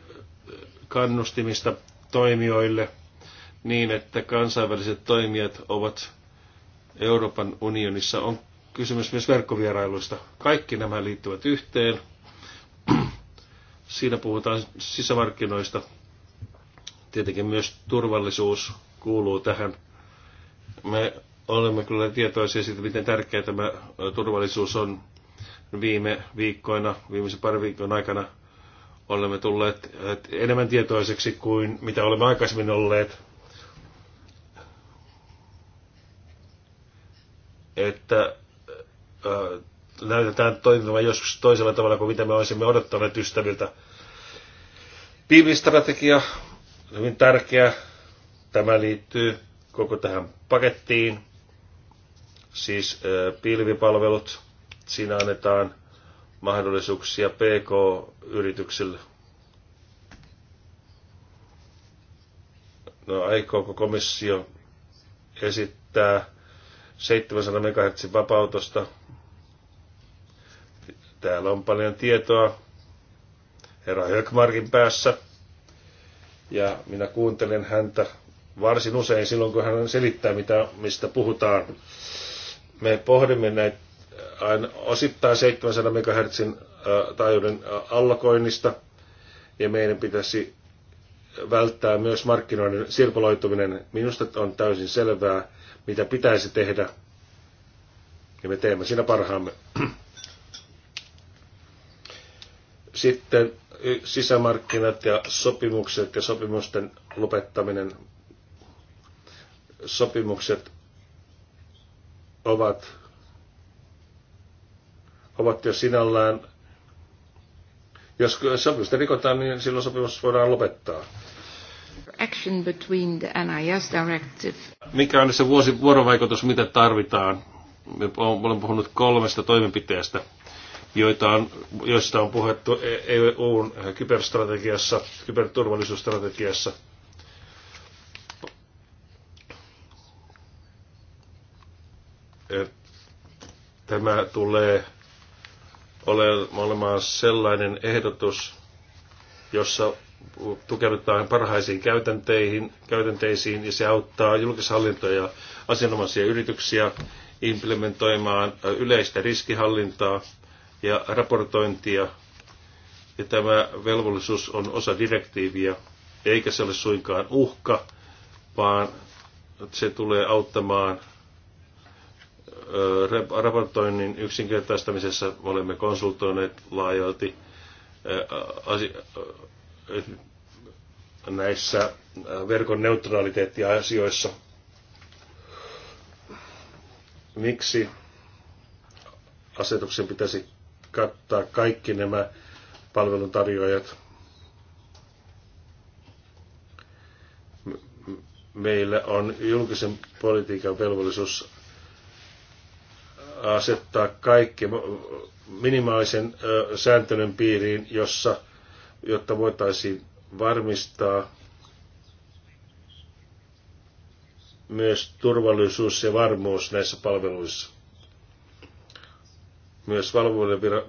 kannustimista toimijoille niin, että kansainväliset toimijat ovat Euroopan unionissa. On kysymys myös verkkovierailuista. Kaikki nämä liittyvät yhteen. Siinä puhutaan sisämarkkinoista. Tietenkin myös turvallisuus kuuluu tähän. Me Olemme kyllä tietoisia siitä, miten tärkeä tämä turvallisuus on viime viikkoina, viimeisen parin viikon aikana olemme tulleet enemmän tietoiseksi kuin mitä olemme aikaisemmin olleet. Että äh, näytetään toimivan joskus toisella tavalla kuin mitä me olisimme odottaneet ystäviltä. Tiimistrategia, hyvin tärkeä. Tämä liittyy koko tähän pakettiin siis pilvipalvelut, siinä annetaan mahdollisuuksia PK-yrityksille. No aikooko komissio esittää 700 MHz vapautosta? Täällä on paljon tietoa herra Hökmarkin päässä. Ja minä kuuntelen häntä varsin usein silloin, kun hän selittää, mitä, mistä puhutaan me pohdimme näitä äh, osittain 700 MHz äh, taajuuden äh, allokoinnista, ja meidän pitäisi välttää myös markkinoiden sirpaloituminen. Minusta on täysin selvää, mitä pitäisi tehdä, ja me teemme siinä parhaamme. Sitten sisämarkkinat ja sopimukset ja sopimusten lopettaminen. Sopimukset ovat, ovat jo sinällään, jos sopimusta rikotaan, niin silloin sopimus voidaan lopettaa. Action between the NIS directive. Mikä on se vuosi vuorovaikutus, mitä tarvitaan? Olen puhunut kolmesta toimenpiteestä, joita on, joista on puhuttu EUn e kyberstrategiassa, kyberturvallisuusstrategiassa – tämä tulee olemaan sellainen ehdotus, jossa tukeudutaan parhaisiin käytänteihin, käytänteisiin ja se auttaa julkishallintoja ja asianomaisia yrityksiä implementoimaan yleistä riskihallintaa ja raportointia. Ja tämä velvollisuus on osa direktiiviä, eikä se ole suinkaan uhka, vaan se tulee auttamaan raportoinnin yksinkertaistamisessa olemme konsultoineet laajalti näissä verkon neutraliteettiasioissa. Miksi asetuksen pitäisi kattaa kaikki nämä palveluntarjoajat? Meillä on julkisen politiikan velvollisuus asettaa kaikki minimaalisen sääntelyn piiriin, jossa, jotta voitaisiin varmistaa myös turvallisuus ja varmuus näissä palveluissa. Myös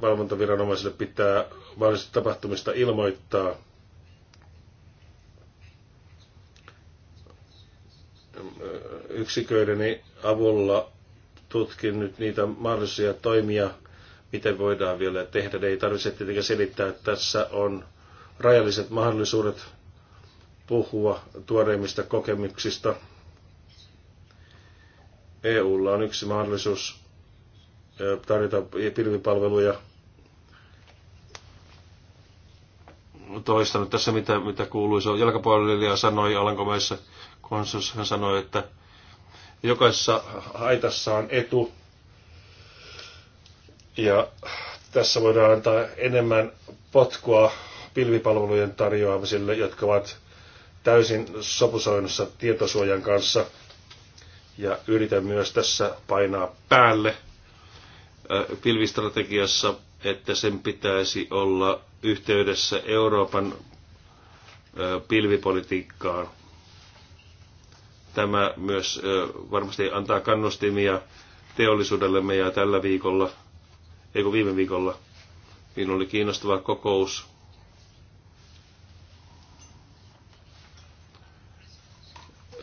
valvontaviranomaisille pitää mahdollisista tapahtumista ilmoittaa. Yksiköiden avulla tutkin nyt niitä mahdollisia toimia, miten voidaan vielä tehdä. Ne ei tarvitse tietenkään selittää, että tässä on rajalliset mahdollisuudet puhua tuoreimmista kokemuksista. EUlla on yksi mahdollisuus tarjota pilvipalveluja. Toistanut tässä, mitä, mitä kuuluisi. jalkapuolelija sanoi Alankomaissa. Konsus hän sanoi, että Jokaisessa haitassa on etu. Ja tässä voidaan antaa enemmän potkua pilvipalvelujen tarjoamisille, jotka ovat täysin sopusoinnussa tietosuojan kanssa. Ja yritän myös tässä painaa päälle pilvistrategiassa, että sen pitäisi olla yhteydessä Euroopan pilvipolitiikkaan. Tämä myös varmasti antaa kannustimia teollisuudellemme ja tällä viikolla, eikö viime viikolla, minulla niin oli kiinnostava kokous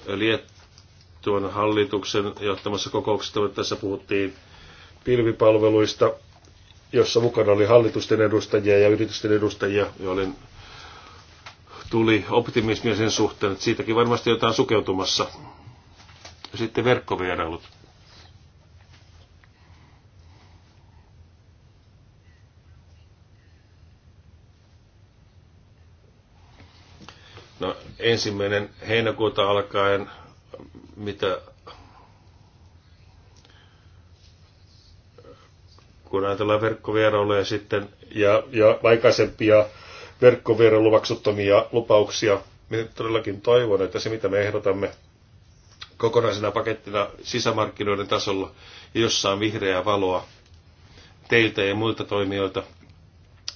Liettuan hallituksen johtamassa kokouksessa, tässä puhuttiin pilvipalveluista, jossa mukana oli hallitusten edustajia ja yritysten edustajia, olin tuli optimismia sen suhteen, että siitäkin varmasti jotain sukeutumassa. Sitten verkkovierailut. No, ensimmäinen heinäkuuta alkaen, mitä kun ajatellaan verkkovierailuja sitten ja, ja aikaisempia luvaksuttomia lupauksia. Minä todellakin toivon, että se mitä me ehdotamme kokonaisena pakettina sisämarkkinoiden tasolla ja jossain vihreää valoa teiltä ja muilta toimijoilta,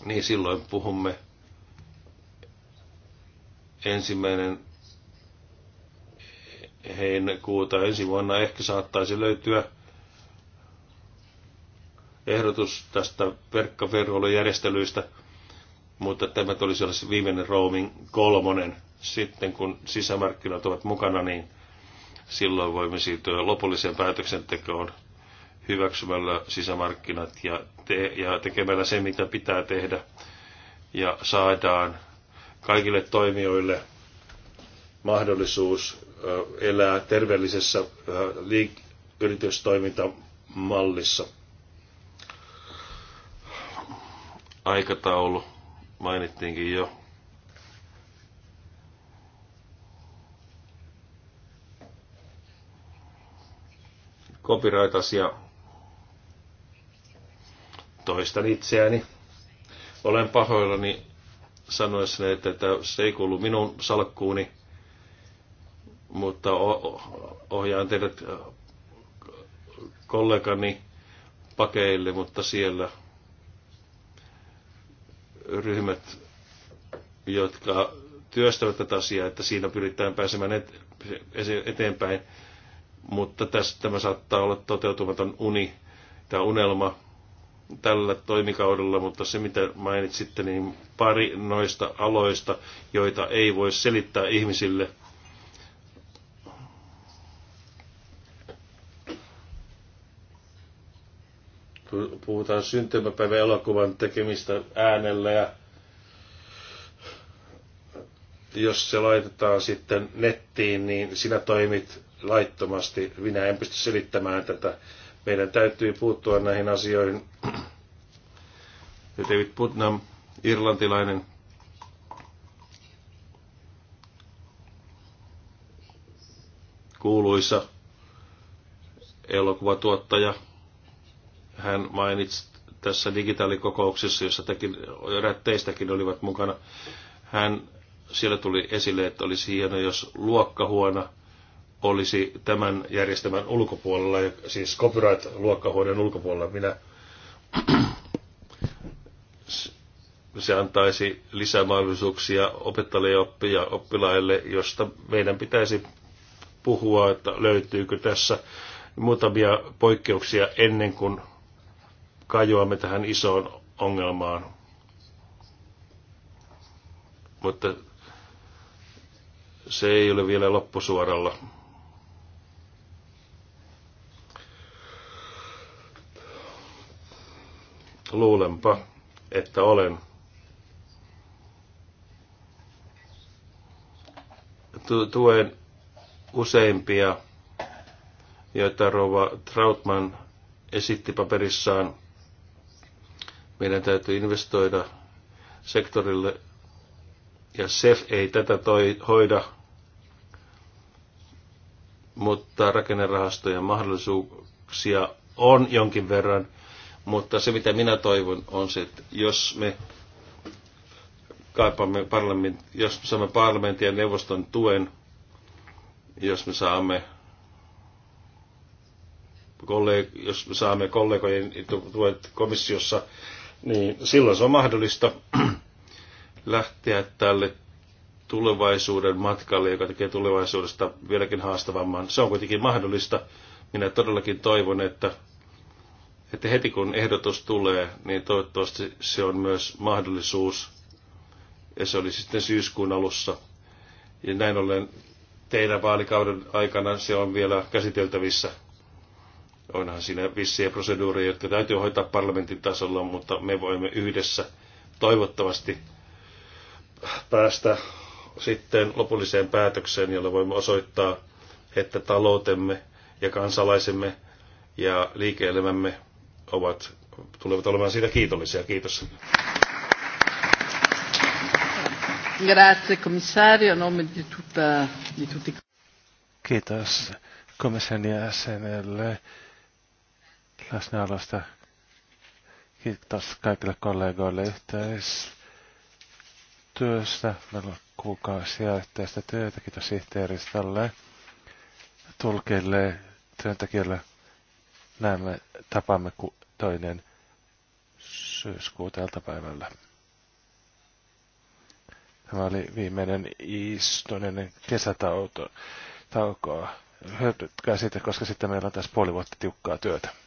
niin silloin puhumme ensimmäinen heinäkuuta ensi vuonna ehkä saattaisi löytyä ehdotus tästä verkkoverkoilujärjestelyistä. järjestelyistä mutta tämä tulisi olla se viimeinen roaming kolmonen. Sitten kun sisämarkkinat ovat mukana, niin silloin voimme siirtyä lopulliseen päätöksentekoon hyväksymällä sisämarkkinat ja, te- ja tekemällä se, mitä pitää tehdä. Ja saadaan kaikille toimijoille mahdollisuus elää terveellisessä liik- yritystoimintamallissa. Aikataulu mainittiinkin jo. Copyright-asia. Toistan itseäni. Olen pahoillani sanoessani, että se ei kuulu minun salkkuuni, mutta ohjaan teidät kollegani pakeille, mutta siellä – ryhmät, jotka työstävät tätä asiaa, että siinä pyritään pääsemään eteenpäin, mutta tässä tämä saattaa olla toteutumaton uni tai unelma tällä toimikaudella, mutta se mitä mainitsitte, niin pari noista aloista, joita ei voi selittää ihmisille – puhutaan syntymäpäivä elokuvan tekemistä äänellä ja jos se laitetaan sitten nettiin, niin sinä toimit laittomasti. Minä en pysty selittämään tätä. Meidän täytyy puuttua näihin asioihin. David Putnam, irlantilainen kuuluisa elokuvatuottaja, hän mainitsi tässä digitaalikokouksessa, jossa tekin, eräät teistäkin olivat mukana. Hän, siellä tuli esille, että olisi hieno, jos luokkahuona olisi tämän järjestelmän ulkopuolella, siis copyright-luokkahuoneen ulkopuolella. Minä se antaisi lisämahdollisuuksia opettajille ja oppilaille, josta meidän pitäisi puhua, että löytyykö tässä muutamia poikkeuksia ennen kuin kajoamme tähän isoon ongelmaan. Mutta se ei ole vielä loppusuoralla. Luulenpa, että olen. Tuen useimpia, joita Rova Trautman esitti paperissaan. Meidän täytyy investoida sektorille, ja SEF ei tätä toi, hoida, mutta rakennerahastojen mahdollisuuksia on jonkin verran. Mutta se, mitä minä toivon, on se, että jos me kaipaamme parlament, jos me saamme parlamentin ja neuvoston tuen, jos me saamme jos me saamme kollegojen tuet komissiossa, niin silloin se on mahdollista lähteä tälle tulevaisuuden matkalle, joka tekee tulevaisuudesta vieläkin haastavamman. Se on kuitenkin mahdollista. Minä todellakin toivon, että, että heti kun ehdotus tulee, niin toivottavasti se on myös mahdollisuus. Ja se oli sitten syyskuun alussa. Ja näin ollen teidän vaalikauden aikana se on vielä käsiteltävissä Onhan siinä vissiä proseduureja, jotka täytyy hoitaa parlamentin tasolla, mutta me voimme yhdessä toivottavasti päästä sitten lopulliseen päätökseen, jolla voimme osoittaa, että taloutemme ja kansalaisemme ja liike-elämämme ovat, tulevat olemaan siitä kiitollisia. Kiitos. Grazie commissario, nome di tutta, di tutti. Kiitos komission jäsenelle läsnäolosta. Kiitos kaikille kollegoille yhteistyöstä. Meillä on kuukausia yhteistä työtä. Kiitos sihteeristölle, tulkille, työntekijöille. Näemme, tapaamme toinen syyskuuta päivällä. Tämä oli viimeinen istuinen ennen kesätaukoa. Hyödytkää siitä, koska sitten meillä on tässä puoli vuotta tiukkaa työtä.